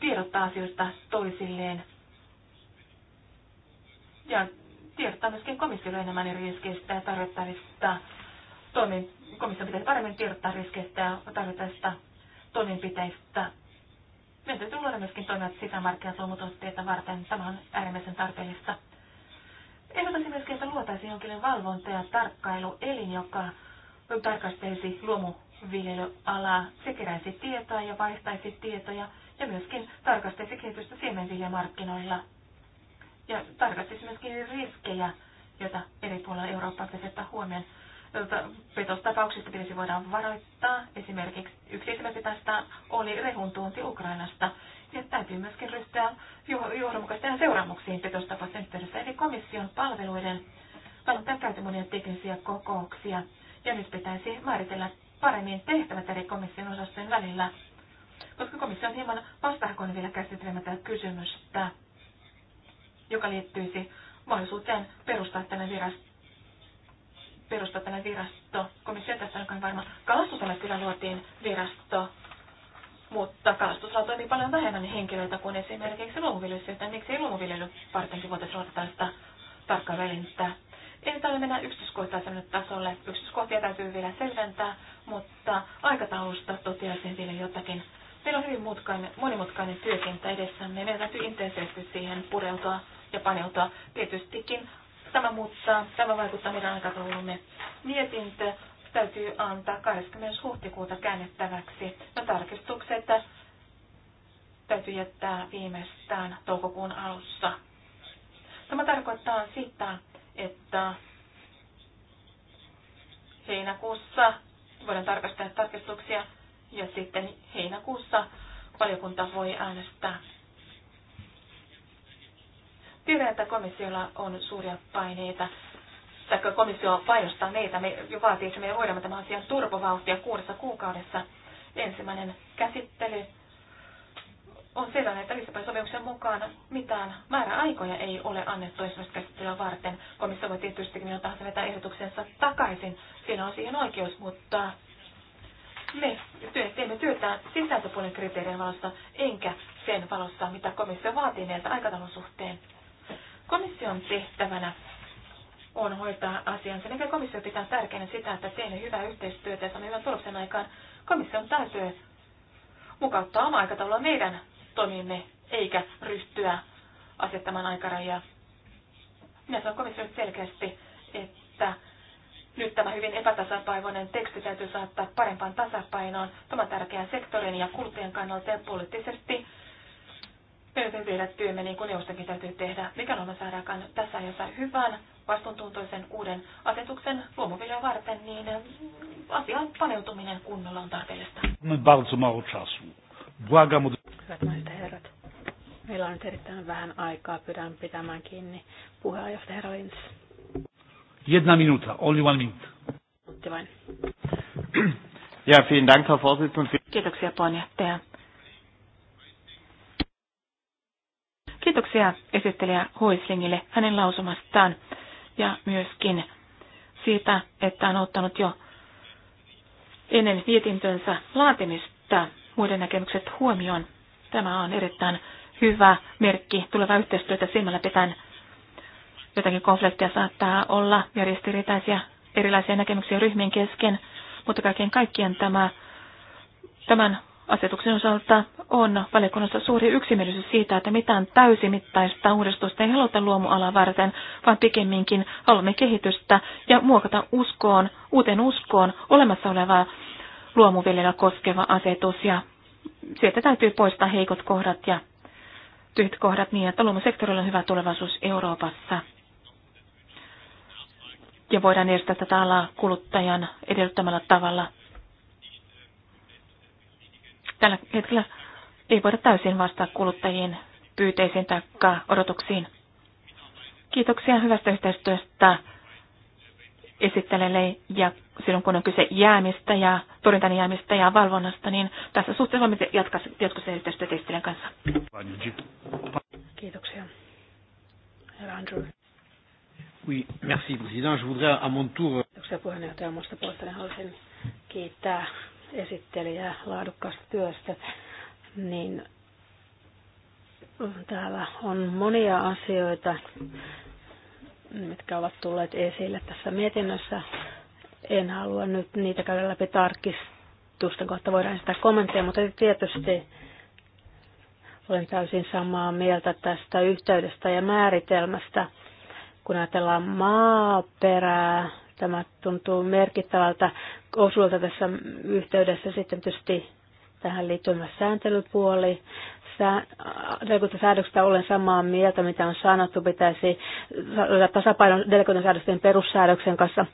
tiedottaa asioista toisilleen. Ja tiedottaa myöskin komissiolle enemmän eri riskeistä ja tarvittavista toimin, komissio pitäisi paremmin tiedottaa riskeistä ja tarvittaista toimenpiteistä. Meidän täytyy luoda myöskin toimivat sisämarkkinat luomutuotteita varten. Tämä on äärimmäisen tarpeellista. Ehdotaisin myöskin, että luotaisiin jonkinlainen valvonta- ja tarkkailuelin, joka tarkastelisi luomuviljelyalaa. Se keräisi tietoa ja vaihtaisi tietoja ja myöskin tarkastaisi kehitystä siemenviljamarkkinoilla. Ja tarkastaisi myöskin riskejä, joita eri puolilla Eurooppaa pitäisi ottaa huomioon. Tuota, petostapauksista pitäisi voidaan varoittaa. Esimerkiksi yksi esimerkki tästä oli rehuntuonti Ukrainasta. Ja täytyy myöskin ryhtyä johdonmukaisten seuraamuksiin petostapausten yhteydessä. Eli komission palveluiden kannattaa käyty monia teknisiä kokouksia. Ja nyt pitäisi määritellä paremmin tehtävät eri komission osastojen välillä. Koska komissio on hieman vastahakoinen vielä käsittelemättä kysymystä, joka liittyisi mahdollisuuteen perustaa tämä virasto perustaa tällainen virasto. Komissio tässä on varma. Kalastusalalle kyllä luotiin virasto, mutta kalastusala toimii paljon vähemmän henkilöitä kuin esimerkiksi luomuviljelyssä, joten miksei luomuviljely vartenkin voitaisiin luoda tällaista tarkkavälintä. Ei tarvitse mennä yksityiskohtaiselle tasolle. Yksityiskohtia täytyy vielä selventää, mutta aikataulusta toteaisin vielä jotakin. Meillä on hyvin mutkainen, monimutkainen työkenttä edessämme. Meidän täytyy intensiivisesti siihen pureutua ja paneutua. Tietystikin Tämä muuttaa, tämä vaikuttaa meidän aikataulumme. Mietintö täytyy antaa 20. huhtikuuta käännettäväksi. No tarkistukset täytyy jättää viimeistään toukokuun alussa. Tämä tarkoittaa sitä, että heinäkuussa voidaan tarkastaa tarkistuksia ja sitten heinäkuussa valiokunta voi äänestää Tiedän, että komissiolla on suuria paineita, tai komissio painostaa meitä, me jo vaatii, että me hoidamme tämän asian turvavauhtia kuudessa kuukaudessa. Ensimmäinen käsittely on sellainen, että Lissabonin sopimuksen mukaan mitään määräaikoja ei ole annettu ensimmäistä käsittelyä varten. Komissio voi tietysti milloin tahansa vetää ehdotuksensa takaisin. Siinä on siihen oikeus, mutta me teemme työtä sisältöpuolen kriteerien valossa, enkä sen valossa, mitä komissio vaatii meiltä aikataulun suhteen. Komission tehtävänä on hoitaa asiansa. Mikä komissio pitää tärkeänä sitä, että teemme hyvää yhteistyötä ja saamme hyvän tuloksen aikaan. Komission täytyy mukauttaa oma aikataulua meidän toimimme, eikä ryhtyä asettamaan aikarajaa. Minä sanon komissiolle selkeästi, että nyt tämä hyvin epätasapainoinen teksti täytyy saattaa parempaan tasapainoon. Tämä on tärkeää sektorin ja kuluttajan kannalta ja poliittisesti täytyy tehdä työmme, niin kuin jostakin täytyy tehdä, mikä me saadaan tässä ajassa hyvän, vastuuntuntoisen uuden asetuksen luomuviljoja varten, niin mm, asian paneutuminen kunnolla on tarpeellista. Bardzo Hyvät naiset ja herrat, meillä on nyt erittäin vähän aikaa, pyydän pitämään kiinni puheenjohtaja herra Lins. Jedna minuta, only one minute. Minuutti vain. Ja, vielen Dank, Herr Vorsitzender. Kiitoksia puheenjohtaja. Kiitoksia esittelijä Huislingille hänen lausumastaan ja myöskin siitä, että on ottanut jo ennen mietintönsä laatimista muiden näkemykset huomioon. Tämä on erittäin hyvä merkki tulevaa yhteistyötä silmällä pitäen. Jotakin konflikteja saattaa olla ja ristiriitaisia erilaisia näkemyksiä ryhmien kesken, mutta kaiken kaikkiaan tämä, tämän asetuksen osalta on valiokunnassa suuri yksimielisyys siitä, että mitään täysimittaista uudistusta ei haluta luomualaa varten, vaan pikemminkin haluamme kehitystä ja muokata uskoon, uuteen uskoon olemassa olevaa luomuviljelyä koskeva asetus ja sieltä täytyy poistaa heikot kohdat ja tyhjät kohdat niin, että luomusektorilla on hyvä tulevaisuus Euroopassa. Ja voidaan estää tätä alaa kuluttajan edellyttämällä tavalla – Tällä hetkellä ei voida täysin vastata kuluttajien pyyteisiin tai odotuksiin. Kiitoksia hyvästä yhteistyöstä esittelelle ja silloin kun on kyse jäämistä ja torjuntan jäämistä ja valvonnasta, niin tässä suhteessa voimme jatkaa jatkossa yhteistyötä esittelen kanssa. Kiitoksia. Herra Andrew. Oui, merci, président. Je voudrais à mon tour... Kiitoksia puheenjohtaja Minusta puolestani. Haluaisin kiittää esittelijää laadukkaasta työstä, niin täällä on monia asioita, mitkä ovat tulleet esille tässä mietinnössä. En halua nyt niitä käydä läpi tarkistusten kohta, voidaan sitä kommentteja, mutta tietysti olen täysin samaa mieltä tästä yhteydestä ja määritelmästä. Kun ajatellaan maaperää, Tämä tuntuu merkittävältä osuolta tässä yhteydessä sitten tietysti tähän liittyen myös sääntelypuoli. Sää, säädöksistä olen samaa mieltä, mitä on sanottu, pitäisi saada tasapainon delegointisäädösten perussäädöksen kanssa,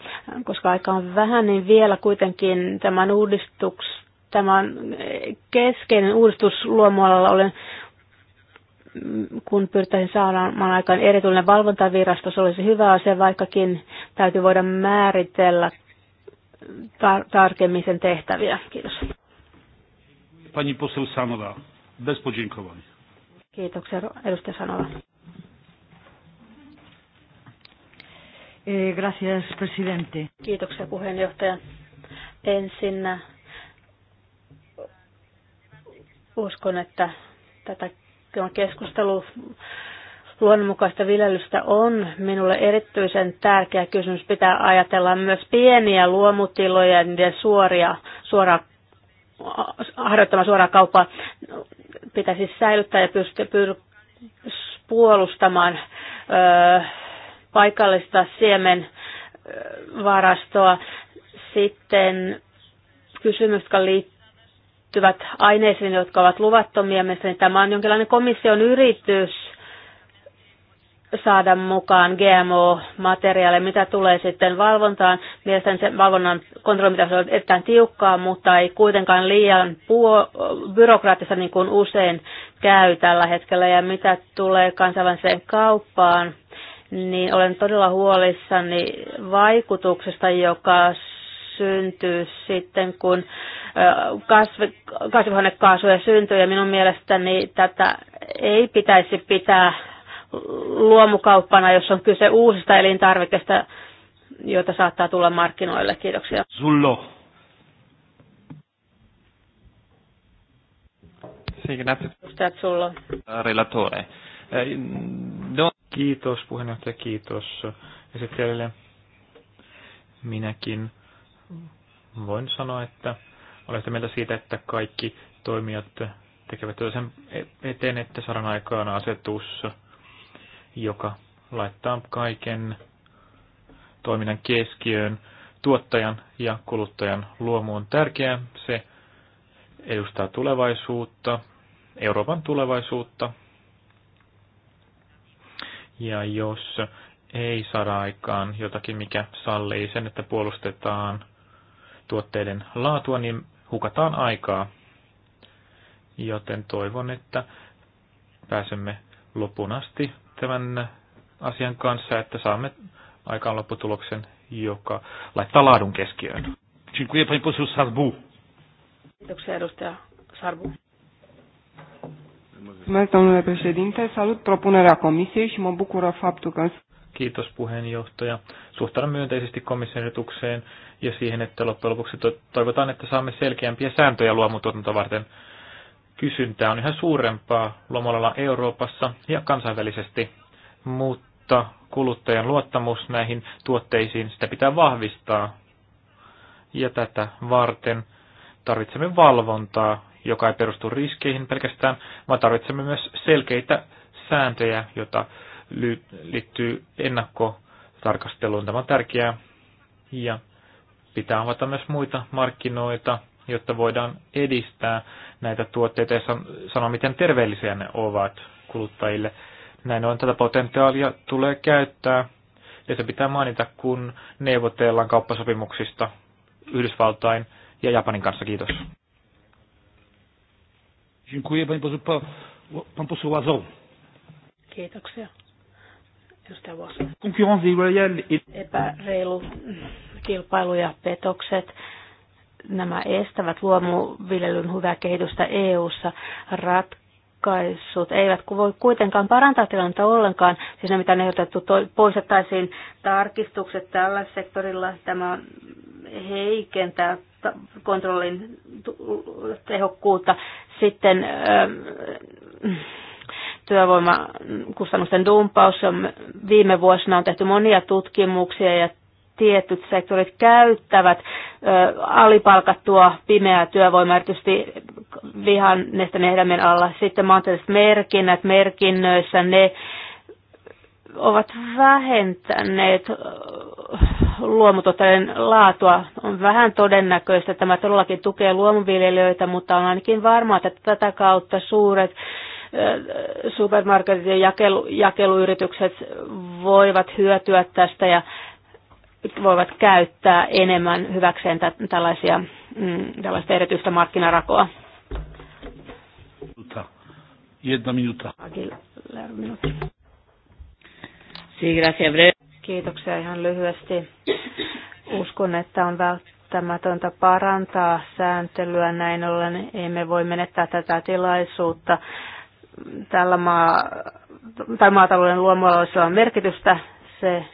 koska aika on vähän, niin vielä kuitenkin tämän Tämä tämän keskeinen uudistus luomualalla olen kun pyrittäisiin saamaan aikaan erityinen valvontavirasto, se olisi hyvä asia, vaikkakin täytyy voida määritellä tar- tarkemmin sen tehtäviä. Kiitos. Pani posel Sanova, bez podziękowań. Kiitoksia, edustaja Sanova. Eh, gracias, presidente. Kiitoksia puheenjohtaja. Ensin uskon, että tätä Tämä keskustelu luonnonmukaista viljelystä on minulle erityisen tärkeä kysymys. Pitää ajatella myös pieniä luomutiloja ja suoria, suoraa harjoittama suoraa kauppaa pitäisi säilyttää ja pystyä puolustamaan ö, paikallista siemenvarastoa. Sitten kysymys, joka liittyy liittyvät aineisiin, jotka ovat luvattomia. Mielestäni tämä on jonkinlainen komission yritys saada mukaan GMO-materiaaleja, mitä tulee sitten valvontaan. Mielestäni se valvonnan kontrolli pitäisi olla erittäin tiukkaa, mutta ei kuitenkaan liian puo- byrokraattista niin kuin usein käy tällä hetkellä. Ja mitä tulee kansainväliseen kauppaan, niin olen todella huolissani vaikutuksesta, joka syntyy sitten, kun kasvi, kasvihuonekaasuja syntyy ja minun mielestäni tätä ei pitäisi pitää luomukauppana, jos on kyse uusista elintarvikkeista, joita saattaa tulla markkinoille. Kiitoksia. Zullo. Zullo. Relatore. No. Kiitos puheenjohtaja, kiitos esittelijälle. Minäkin voin sanoa, että olen sitä mieltä siitä, että kaikki toimijat tekevät työtä sen eteen, että saadaan aikaan asetus, joka laittaa kaiken toiminnan keskiöön tuottajan ja kuluttajan luomu on tärkeää. Se edustaa tulevaisuutta, Euroopan tulevaisuutta. Ja jos ei saada aikaan jotakin, mikä sallii sen, että puolustetaan tuotteiden laatua, niin hukataan aikaa. Joten toivon, että pääsemme lopun asti tämän asian kanssa, että saamme aikaan lopputuloksen, joka laittaa laadun keskiöön. Kiitoksia edustaja Sarbu. Kiitos puheenjohtaja. Suhtaudun myönteisesti komission ja siihen, että loppujen lopuksi toivotaan, että saamme selkeämpiä sääntöjä luomutuotanto varten. Kysyntää on yhä suurempaa luomualalla Euroopassa ja kansainvälisesti, mutta kuluttajan luottamus näihin tuotteisiin, sitä pitää vahvistaa. Ja tätä varten tarvitsemme valvontaa, joka ei perustu riskeihin pelkästään, vaan tarvitsemme myös selkeitä sääntöjä, joita liittyy ennakkotarkasteluun. Tämä on tärkeää. Ja pitää avata myös muita markkinoita, jotta voidaan edistää näitä tuotteita ja sanoa, miten terveellisiä ne ovat kuluttajille. Näin on tätä potentiaalia tulee käyttää ja se pitää mainita, kun neuvotellaan kauppasopimuksista Yhdysvaltain ja Japanin kanssa. Kiitos. Kiitoksia déloyale et Epäreilu kilpailu ja petokset nämä estävät luomuviljelyn hyvää kehitystä EU-ssa. Ratkaisut eivät voi kuitenkaan parantaa tilannetta ollenkaan. Siis ne, mitä on ehdotettu, poistettaisiin tarkistukset tällä sektorilla. Tämä heikentää kontrollin tehokkuutta. Sitten työvoimakustannusten dumpaus. Viime vuosina on tehty monia tutkimuksia ja tietyt sektorit käyttävät alipalkattua pimeää työvoimaa, erityisesti vihannesten ehdämien alla. Sitten maantieteelliset merkinnät merkinnöissä, ne ovat vähentäneet luomutuotteiden laatua. On vähän todennäköistä, että tämä todellakin tukee luomuviljelijöitä, mutta on ainakin varmaa, että tätä kautta suuret supermarketit ja jakelu, jakeluyritykset voivat hyötyä tästä ja voivat käyttää enemmän hyväkseen tällaisia, mm, tällaista erityistä markkinarakoa. Kiitoksia ihan lyhyesti. Uskon, että on välttämätöntä parantaa sääntelyä näin ollen. Emme voi menettää tätä tilaisuutta tällä maa, tai maatalouden luomollisella on merkitystä. Se,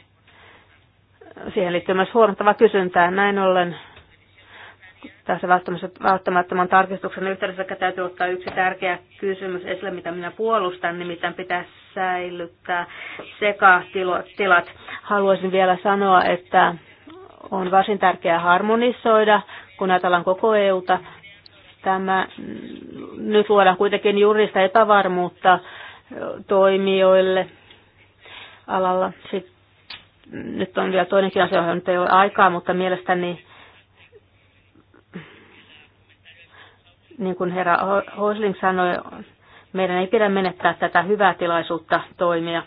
siihen liittyy myös huomattava kysyntää. Näin ollen tässä välttämättömän tarkistuksen yhteydessä täytyy ottaa yksi tärkeä kysymys esille, mitä minä puolustan, nimittäin pitää säilyttää sekatilat. Haluaisin vielä sanoa, että on varsin tärkeää harmonisoida, kun ajatellaan koko EUta, Tämä nyt luodaan kuitenkin juurista epävarmuutta toimijoille alalla. Sitten, nyt on vielä toinenkin asia, johon ei ole aikaa, mutta mielestäni niin kuin herra Hosling sanoi, meidän ei pidä menettää tätä hyvää tilaisuutta toimia.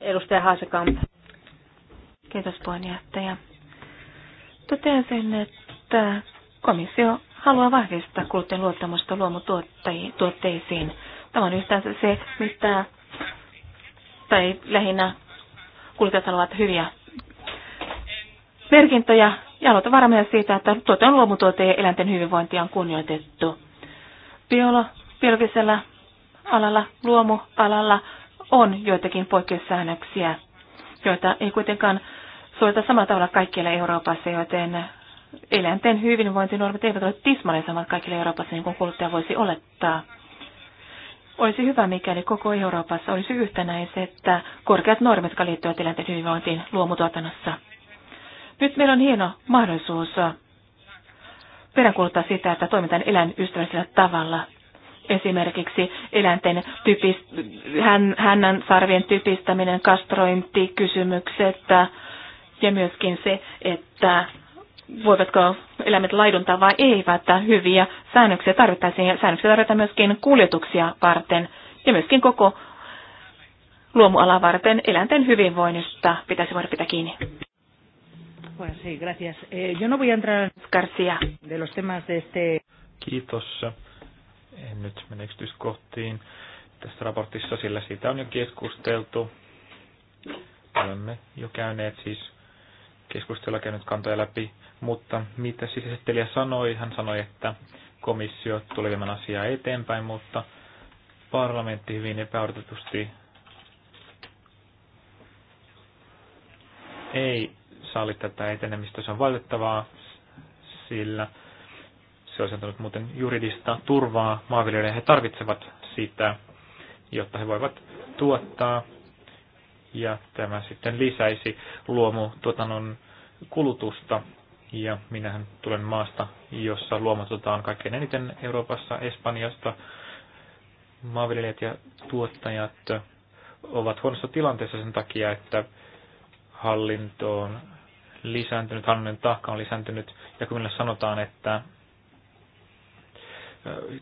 Edustaja Haasekamp. Kiitos puheenjohtaja. Totean sen, että Komissio haluaa vahvistaa kuluttajien luottamusta luomutuotteisiin. Tämä on yhtään se, mistä tai lähinnä kuluttajat haluavat hyviä merkintöjä ja aloita varmaan siitä, että tuote on luomutuote ja eläinten hyvinvointia on kunnioitettu. Biolo, biologisella alalla, luomualalla on joitakin poikkeussäännöksiä, joita ei kuitenkaan suojata samalla tavalla kaikkialla Euroopassa, joten eläinten hyvinvointinormit eivät ole tismalleen samat kaikille Euroopassa, niin kuin kuluttaja voisi olettaa. Olisi hyvä, mikäli koko Euroopassa olisi yhtenäiset korkeat normit, jotka liittyvät eläinten hyvinvointiin luomutuotannossa. Nyt meillä on hieno mahdollisuus peräänkuuluttaa sitä, että toimitaan eläinystävällisellä tavalla. Esimerkiksi eläinten typist, hän, hännän sarvien typistäminen, kastrointi, ja myöskin se, että voivatko eläimet laiduntaa vai että hyviä säännöksiä tarvittaisiin. ja Säännöksiä tarvitaan myöskin kuljetuksia varten ja myöskin koko luomualaa varten eläinten hyvinvoinnista pitäisi voida pitää kiinni. Eh, no Kiitos. En nyt mene yksityiskohtiin tässä raportissa, sillä siitä on jo keskusteltu. Olemme jo käyneet siis keskustella käynyt kantoja läpi mutta mitä sisäsettelijä sanoi, hän sanoi, että komissio tulee viemään asiaa eteenpäin, mutta parlamentti hyvin epäodotetusti ei salli tätä etenemistä. Se on valitettavaa, sillä se olisi antanut muuten juridista turvaa maanviljelijöille. He tarvitsevat sitä, jotta he voivat tuottaa. Ja tämä sitten lisäisi luomutuotannon kulutusta ja minähän tulen maasta, jossa luomasotaan kaikkein eniten Euroopassa, Espanjasta. Maanviljelijät ja tuottajat ovat huonossa tilanteessa sen takia, että hallinto on lisääntynyt, hallinnon taakka on lisääntynyt. Ja kun meille sanotaan, että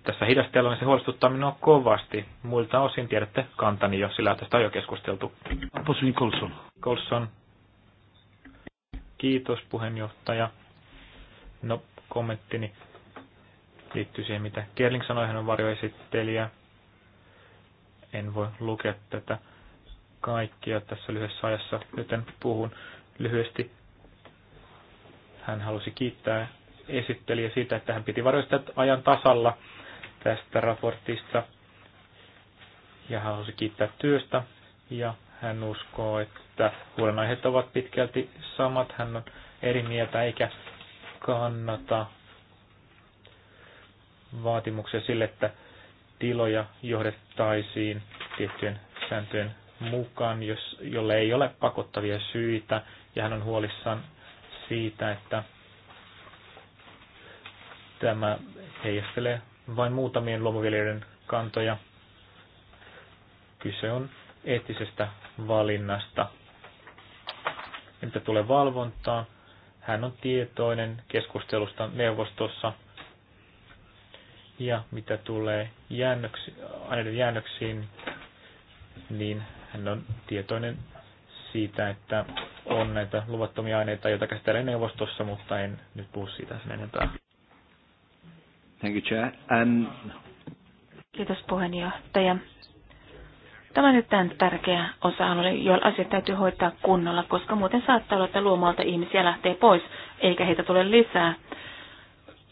tässä niin se huolestuttaa minua kovasti. Muilta osin tiedätte kantani jo, sillä tästä on jo keskusteltu. Apos Nicholson. Nicholson. Kiitos puheenjohtaja. No, kommenttini liittyy siihen, mitä Kerling sanoi, hän on varjoesittelijä. En voi lukea tätä kaikkia tässä lyhyessä ajassa, joten puhun lyhyesti. Hän halusi kiittää esittelijä siitä, että hän piti varjoista ajan tasalla tästä raportista ja hän halusi kiittää työstä ja hän uskoo, että huolenaiheet ovat pitkälti samat. Hän on eri mieltä eikä kannata vaatimuksia sille, että tiloja johdettaisiin tiettyjen sääntöjen mukaan, jos, jolle ei ole pakottavia syitä, ja hän on huolissaan siitä, että tämä heijastelee vain muutamien luomuviljelijöiden kantoja. Kyse on eettisestä valinnasta. Mitä tulee valvontaan, hän on tietoinen keskustelusta neuvostossa. Ja mitä tulee jäännöksi, aineiden jäännöksiin, niin hän on tietoinen siitä, että on näitä luvattomia aineita, joita käsitellään neuvostossa, mutta en nyt puhu siitä sen enempää. Thank you, Chair. Um... Kiitos puheenjohtaja. Tämä on erittäin tärkeä osa-alue, jolla asiat täytyy hoitaa kunnolla, koska muuten saattaa olla, että luomalta ihmisiä lähtee pois, eikä heitä tule lisää.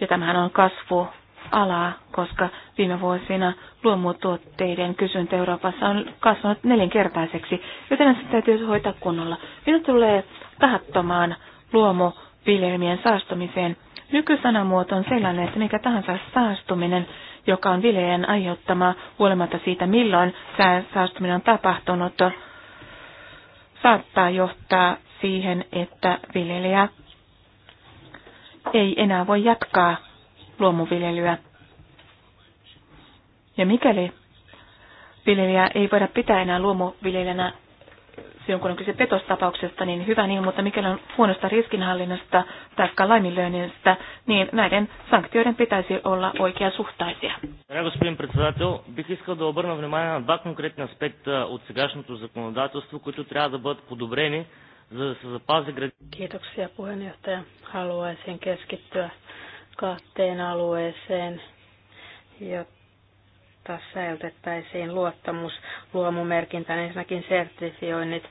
Ja tämähän on kasvu alaa, koska viime vuosina luomutuotteiden kysyntä Euroopassa on kasvanut nelinkertaiseksi, joten se täytyy hoitaa kunnolla. Minut tulee tahattomaan luomuviljelmien saastumiseen. Nykysanamuoto on sellainen, että mikä tahansa saastuminen, joka on vileen aiheuttama huolimatta siitä, milloin saastuminen on tapahtunut, saattaa johtaa siihen, että viljelijä ei enää voi jatkaa luomuviljelyä. Ja mikäli viljelijä ei voida pitää enää luomuviljelijänä jonkun on kyse petostapauksesta, niin hyvä niin, mutta mikäli on huonosta riskinhallinnasta tai laiminlyönnistä, niin näiden sanktioiden pitäisi olla oikeasuhtaisia. Благодаря, господин председател. Бих искал да обърна внимание на два конкретни аспекта от сегашното законодателство, които трябва да бъдат подобрени, за да се запази Kiitoksia puheenjohtaja. Haluaisin keskittyä kahteen alueeseen, jotta jotta säilytettäisiin luottamus niin Ensinnäkin sertifioinnit.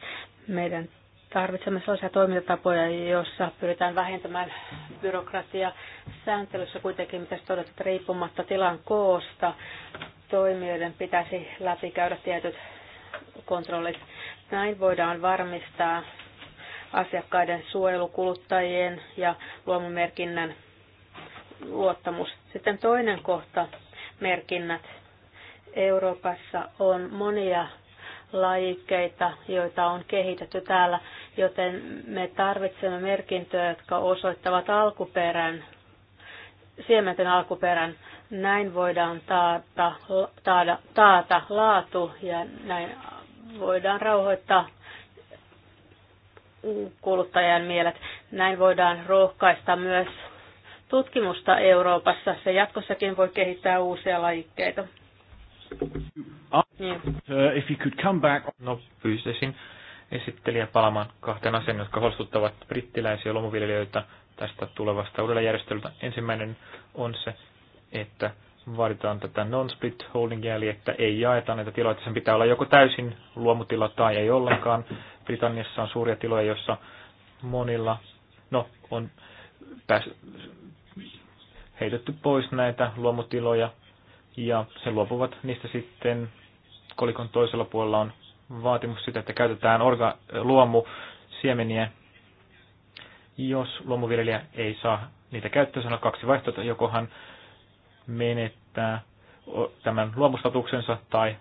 Meidän tarvitsemme sellaisia toimintatapoja, joissa pyritään vähentämään byrokratiaa. Sääntelyssä kuitenkin pitäisi todeta, että riippumatta tilan koosta toimijoiden pitäisi läpikäydä tietyt kontrollit. Näin voidaan varmistaa asiakkaiden suojelu, kuluttajien ja luomumerkinnän luottamus. Sitten toinen kohta, merkinnät. Euroopassa on monia lajikkeita, joita on kehitetty täällä, joten me tarvitsemme merkintöjä, jotka osoittavat alkuperän, siementen alkuperän. Näin voidaan taata, taada, taata laatu ja näin voidaan rauhoittaa kuluttajan mielet. Näin voidaan rohkaista myös tutkimusta Euroopassa. Se jatkossakin voi kehittää uusia lajikkeita. Niin. Uh, if you could come back. No, pyysäisin esittelijä palaamaan kahteen asiaan, jotka huolestuttavat brittiläisiä lomuviljelijöitä tästä tulevasta uudelleenjärjestelystä. Ensimmäinen on se, että vaaditaan tätä non-split holdingia, eli että ei jaeta näitä tiloja, että sen pitää olla joko täysin luomutila tai ei ollenkaan. Britanniassa on suuria tiloja, joissa monilla no, on pääs, heitetty pois näitä luomutiloja ja se luopuvat niistä sitten. Kolikon toisella puolella on vaatimus sitä, että käytetään orga, luomu siemeniä. Jos luomuviljelijä ei saa niitä käyttöön, on kaksi vaihtoehtoa, joko hän menettää tämän luomustatuksensa tai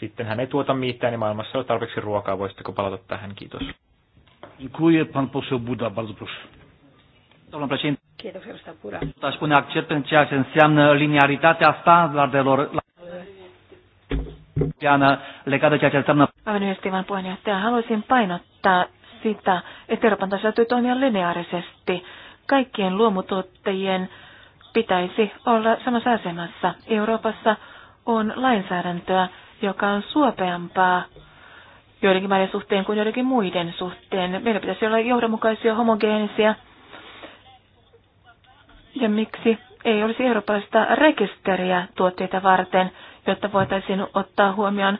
sitten hän ei tuota mitään niin maailmassa on tarpeeksi ruokaa. Voisitteko palata tähän? Kiitos. Dziękuję. Pan poseł Buda, bardzo proszę. Aș pune accent în ceea ce înseamnă linearitatea standardelor la legată ceea ce înseamnă... Aivan yhdistelmän puheenjohtaja, haluaisin painottaa sitä, että Euroopan tasolla täytyy toimia lineaarisesti. Kaikkien luomutuottajien pitäisi olla samassa asemassa. Euroopassa on lainsäädäntöä, joka on suopeampaa joidenkin maiden suhteen kuin joidenkin muiden suhteen. Meillä pitäisi olla johdonmukaisia, homogeenisia ja miksi ei olisi eurooppalaista rekisteriä tuotteita varten, jotta voitaisiin ottaa huomioon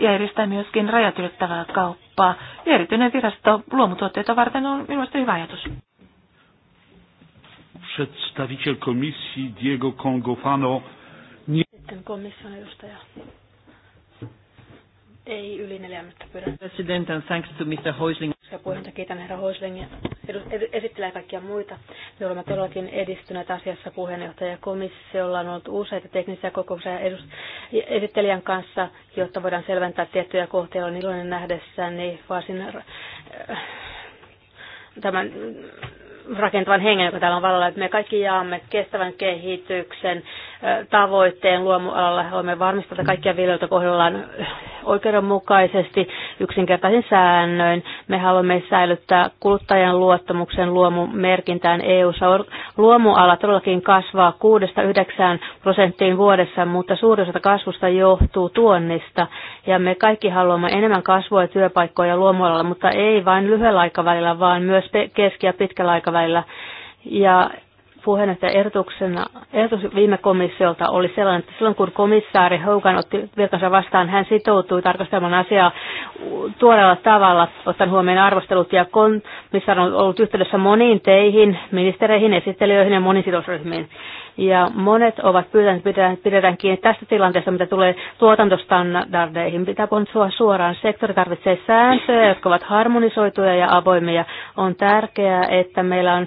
ja edistää myöskin rajat ylittävää kauppaa. Ja erityinen virasto luomutuotteita varten on minusta hyvä ajatus. Przedstawiciel komisji Diego Congofano. Sitten komission edustaja. Ei yli neljännettä pyydän. President and thanks to Mr. Hoisling. Ja puheenjohtaja kiitän herra Hoislingia. Esittelee kaikkia muita. Me olemme todellakin edistyneet asiassa puheenjohtaja komissiolla on ollut useita teknisiä kokouksia esittelijän kanssa, jotta voidaan selventää tiettyjä kohteita. Olen iloinen nähdessäni niin varsin äh, tämän rakentavan hengen, joka täällä on vallalla, että me kaikki jaamme kestävän kehityksen, tavoitteen luomualalla. Haluamme varmistaa, että kaikkia viljelijöitä kohdellaan oikeudenmukaisesti yksinkertaisin säännöin. Me haluamme säilyttää kuluttajan luottamuksen luomumerkintään EU-ssa. Luomuala todellakin kasvaa 6-9 prosenttiin vuodessa, mutta suurin osa kasvusta johtuu tuonnista. Ja me kaikki haluamme enemmän kasvua ja työpaikkoja luomualalla, mutta ei vain lyhyellä aikavälillä, vaan myös keski- ja pitkällä aikavälillä. Ja puheenjohtaja ehdotuksena, ehdotus viime komissiolta oli sellainen, että silloin kun komissaari Hogan otti virkansa vastaan, hän sitoutui tarkastelemaan asiaa tuoreella tavalla, ottaen huomioon arvostelut ja komissaari on ollut yhteydessä moniin teihin, ministereihin, esittelijöihin ja monisidosryhmiin ja monet ovat pyytäneet, että pidetään, pidetään kiinni tästä tilanteesta, mitä tulee tuotantostandardeihin. Pitää puhua suoraan. Sektori tarvitsee sääntöjä, jotka ovat harmonisoituja ja avoimia. On tärkeää, että meillä on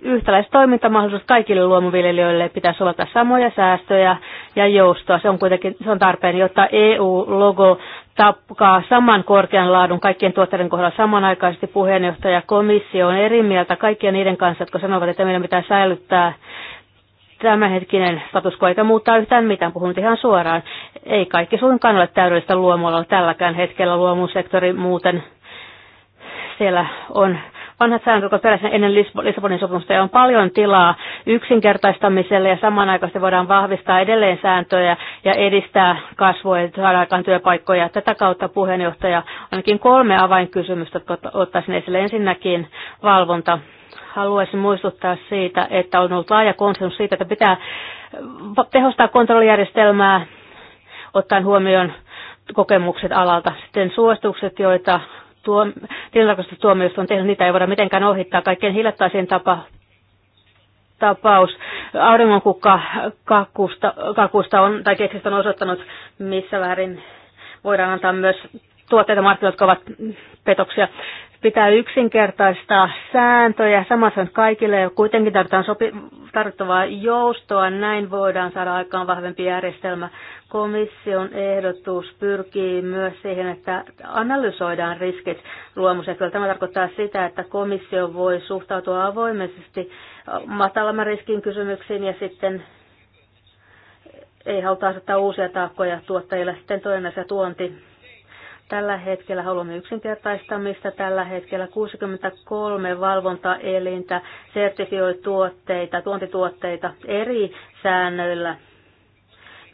yhtäläiset toimintamahdollisuudet kaikille luomuviljelijöille. Pitää soveltaa samoja säästöjä ja joustoa. Se on kuitenkin se on tarpeen, jotta EU-logo tapkaa saman korkean laadun kaikkien tuotteiden kohdalla samanaikaisesti puheenjohtaja komissio on eri mieltä kaikkien niiden kanssa, jotka sanovat, että meidän pitää säilyttää tämänhetkinen status quo eikä muuttaa yhtään mitään, puhun ihan suoraan. Ei kaikki suinkaan ole täydellistä luomulla tälläkään hetkellä luomusektori muuten. Siellä on vanhat säännöt, jotka peräisin ennen Lissabonin sopimusta, ja on paljon tilaa yksinkertaistamiselle, ja samanaikaisesti voidaan vahvistaa edelleen sääntöjä ja edistää kasvua ja saada aikaan työpaikkoja. Tätä kautta puheenjohtaja ainakin kolme avainkysymystä, jotka ottaisin esille. Ensinnäkin valvonta haluaisin muistuttaa siitä, että on ollut laaja konsensus siitä, että pitää tehostaa kontrollijärjestelmää ottaen huomioon kokemukset alalta. Sitten suositukset, joita tuo, tuomioista on tehnyt, niitä ei voida mitenkään ohittaa. Kaikkein hiljattaisin tapa tapaus auringonkukka kakusta, kakusta on, tai keksistä on osoittanut, missä väärin voidaan antaa myös tuotteita markkinoilla, jotka ovat petoksia. Pitää yksinkertaistaa sääntöjä, samassa kaikille kuitenkin tarvitaan sopi- tarvittavaa joustoa, näin voidaan saada aikaan vahvempi järjestelmä. Komission ehdotus pyrkii myös siihen, että analysoidaan riskit luomusektorilla. Tämä tarkoittaa sitä, että komissio voi suhtautua avoimesti matalamman riskin kysymyksiin ja sitten ei haluta asettaa uusia taakkoja tuottajille sitten toinen asia tuonti Tällä hetkellä haluamme yksinkertaistamista. Tällä hetkellä 63 valvontaelintä sertifioi tuotteita, tuontituotteita eri säännöillä.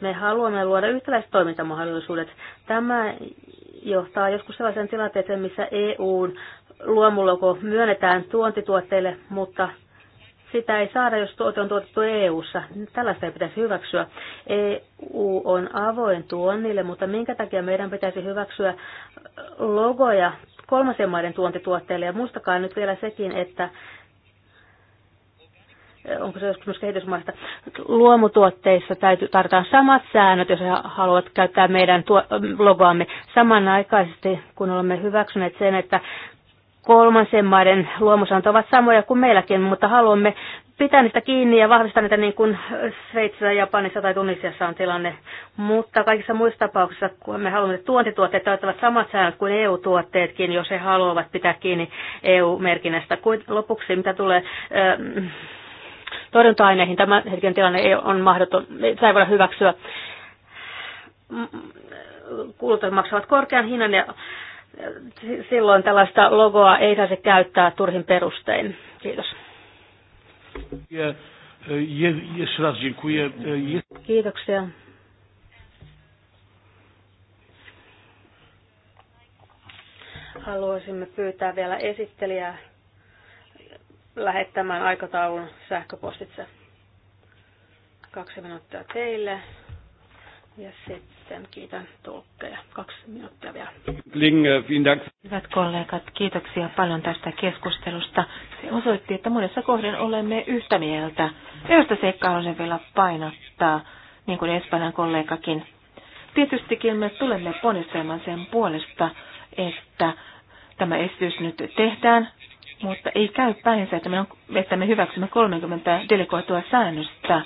Me haluamme luoda yhtäläiset toimintamahdollisuudet. Tämä johtaa joskus sellaiseen tilanteeseen, missä EUn luomuloko myönnetään tuontituotteille, mutta sitä ei saada, jos tuote on tuotettu EU-ssa. Tällaista ei pitäisi hyväksyä. EU on avoin tuonnille, mutta minkä takia meidän pitäisi hyväksyä logoja kolmansien maiden tuontituotteille? Ja muistakaa nyt vielä sekin, että eh, onko se joskus myös kehitysmaista, luomutuotteissa täytyy tarvitaan samat säännöt, jos haluat käyttää meidän eh, logoamme samanaikaisesti, kun olemme hyväksyneet sen, että kolmansien maiden luomusanto ovat samoja kuin meilläkin, mutta haluamme pitää niistä kiinni ja vahvistaa niitä niin kuin Sveitsissä, Japanissa tai Tunisiassa on tilanne. Mutta kaikissa muissa tapauksissa, kun me haluamme, että tuontituotteet täyttävät samat säännöt kuin EU-tuotteetkin, jos he haluavat pitää kiinni EU-merkinnästä. Lopuksi, mitä tulee torjunta-aineihin, tämä hetken tilanne ei on mahdoton, sitä ei voida hyväksyä. Kuluttajat maksavat korkean hinnan ja silloin tällaista logoa ei saisi käyttää turhin perustein. Kiitos. E, e, Kiitoksia. Haluaisimme pyytää vielä esittelijää lähettämään aikataulun sähköpostitse. Kaksi minuuttia teille. Ja sitten kiitän tulkkeja. Kaksi minuuttia vielä. Eh, Hyvät kollegat, kiitoksia paljon tästä keskustelusta. Se osoitti, että monessa kohden olemme yhtä mieltä. Yhtä seikkaa haluaisin vielä painottaa, niin kuin Espanjan kollegakin. Tietystikin me tulemme ponnistelemaan sen puolesta, että tämä esitys nyt tehdään, mutta ei käy päinsä, että me, on, että me hyväksymme 30 delegoitua säännöstä –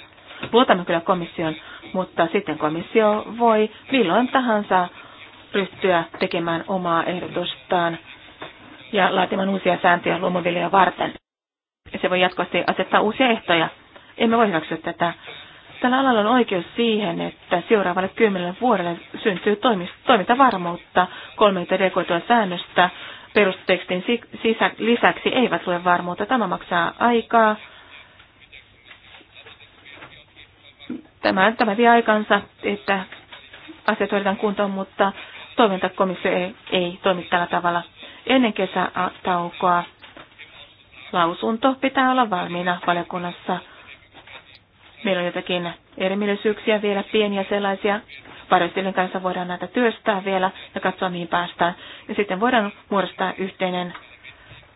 Luotamme kyllä komission, mutta sitten komissio voi milloin tahansa ryhtyä tekemään omaa ehdotustaan ja laatimaan uusia sääntöjä luomuviljaa varten. Ja se voi jatkuvasti asettaa uusia ehtoja. Emme voi hyväksyä tätä. Tällä alalla on oikeus siihen, että seuraavalle kymmenelle vuodelle syntyy toimintavarmuutta kolmeita rekoitua säännöstä. Perustekstin lisäksi eivät lue varmuutta. Tämä maksaa aikaa Tämä, tämä vie aikansa, että asiat hoidetaan kuntoon, mutta toimintakomissio ei, ei toimi tällä tavalla. Ennen kesätaukoa lausunto pitää olla valmiina valiokunnassa. Meillä on jotakin erimielisyyksiä vielä, pieniä sellaisia. Varjostilin kanssa voidaan näitä työstää vielä ja katsoa, mihin päästään. Ja sitten voidaan muodostaa yhteinen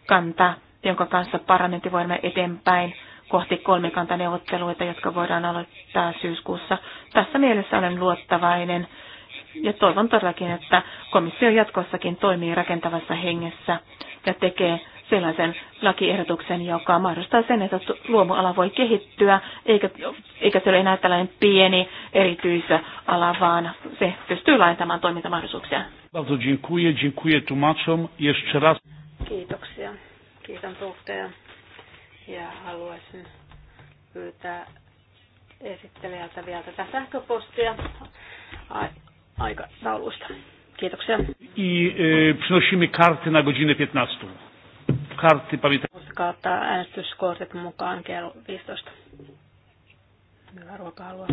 kanta, jonka kanssa parlamentti voi mennä eteenpäin kohti kolmikantaneuvotteluita, jotka voidaan aloittaa syyskuussa. Tässä mielessä olen luottavainen ja toivon todellakin, että komissio jatkossakin toimii rakentavassa hengessä ja tekee sellaisen lakiehdotuksen, joka mahdollistaa sen, että luomuala voi kehittyä, eikä, eikä se ole enää tällainen pieni erityisala, vaan se pystyy laajentamaan toimintamahdollisuuksia. dziękuję, dziękuję tłumaczom. Jeszcze raz. Kiitoksia. Kiitän tulkkeja ja haluaisin pyytää esittelijältä vielä tätä sähköpostia aikatauluista. Kiitoksia. I e, przynosimy karty na godzinę 15. Karty pamiętaj. Muistakaa ottaa äänestyskortit mukaan kello 15. Hyvää haluaa.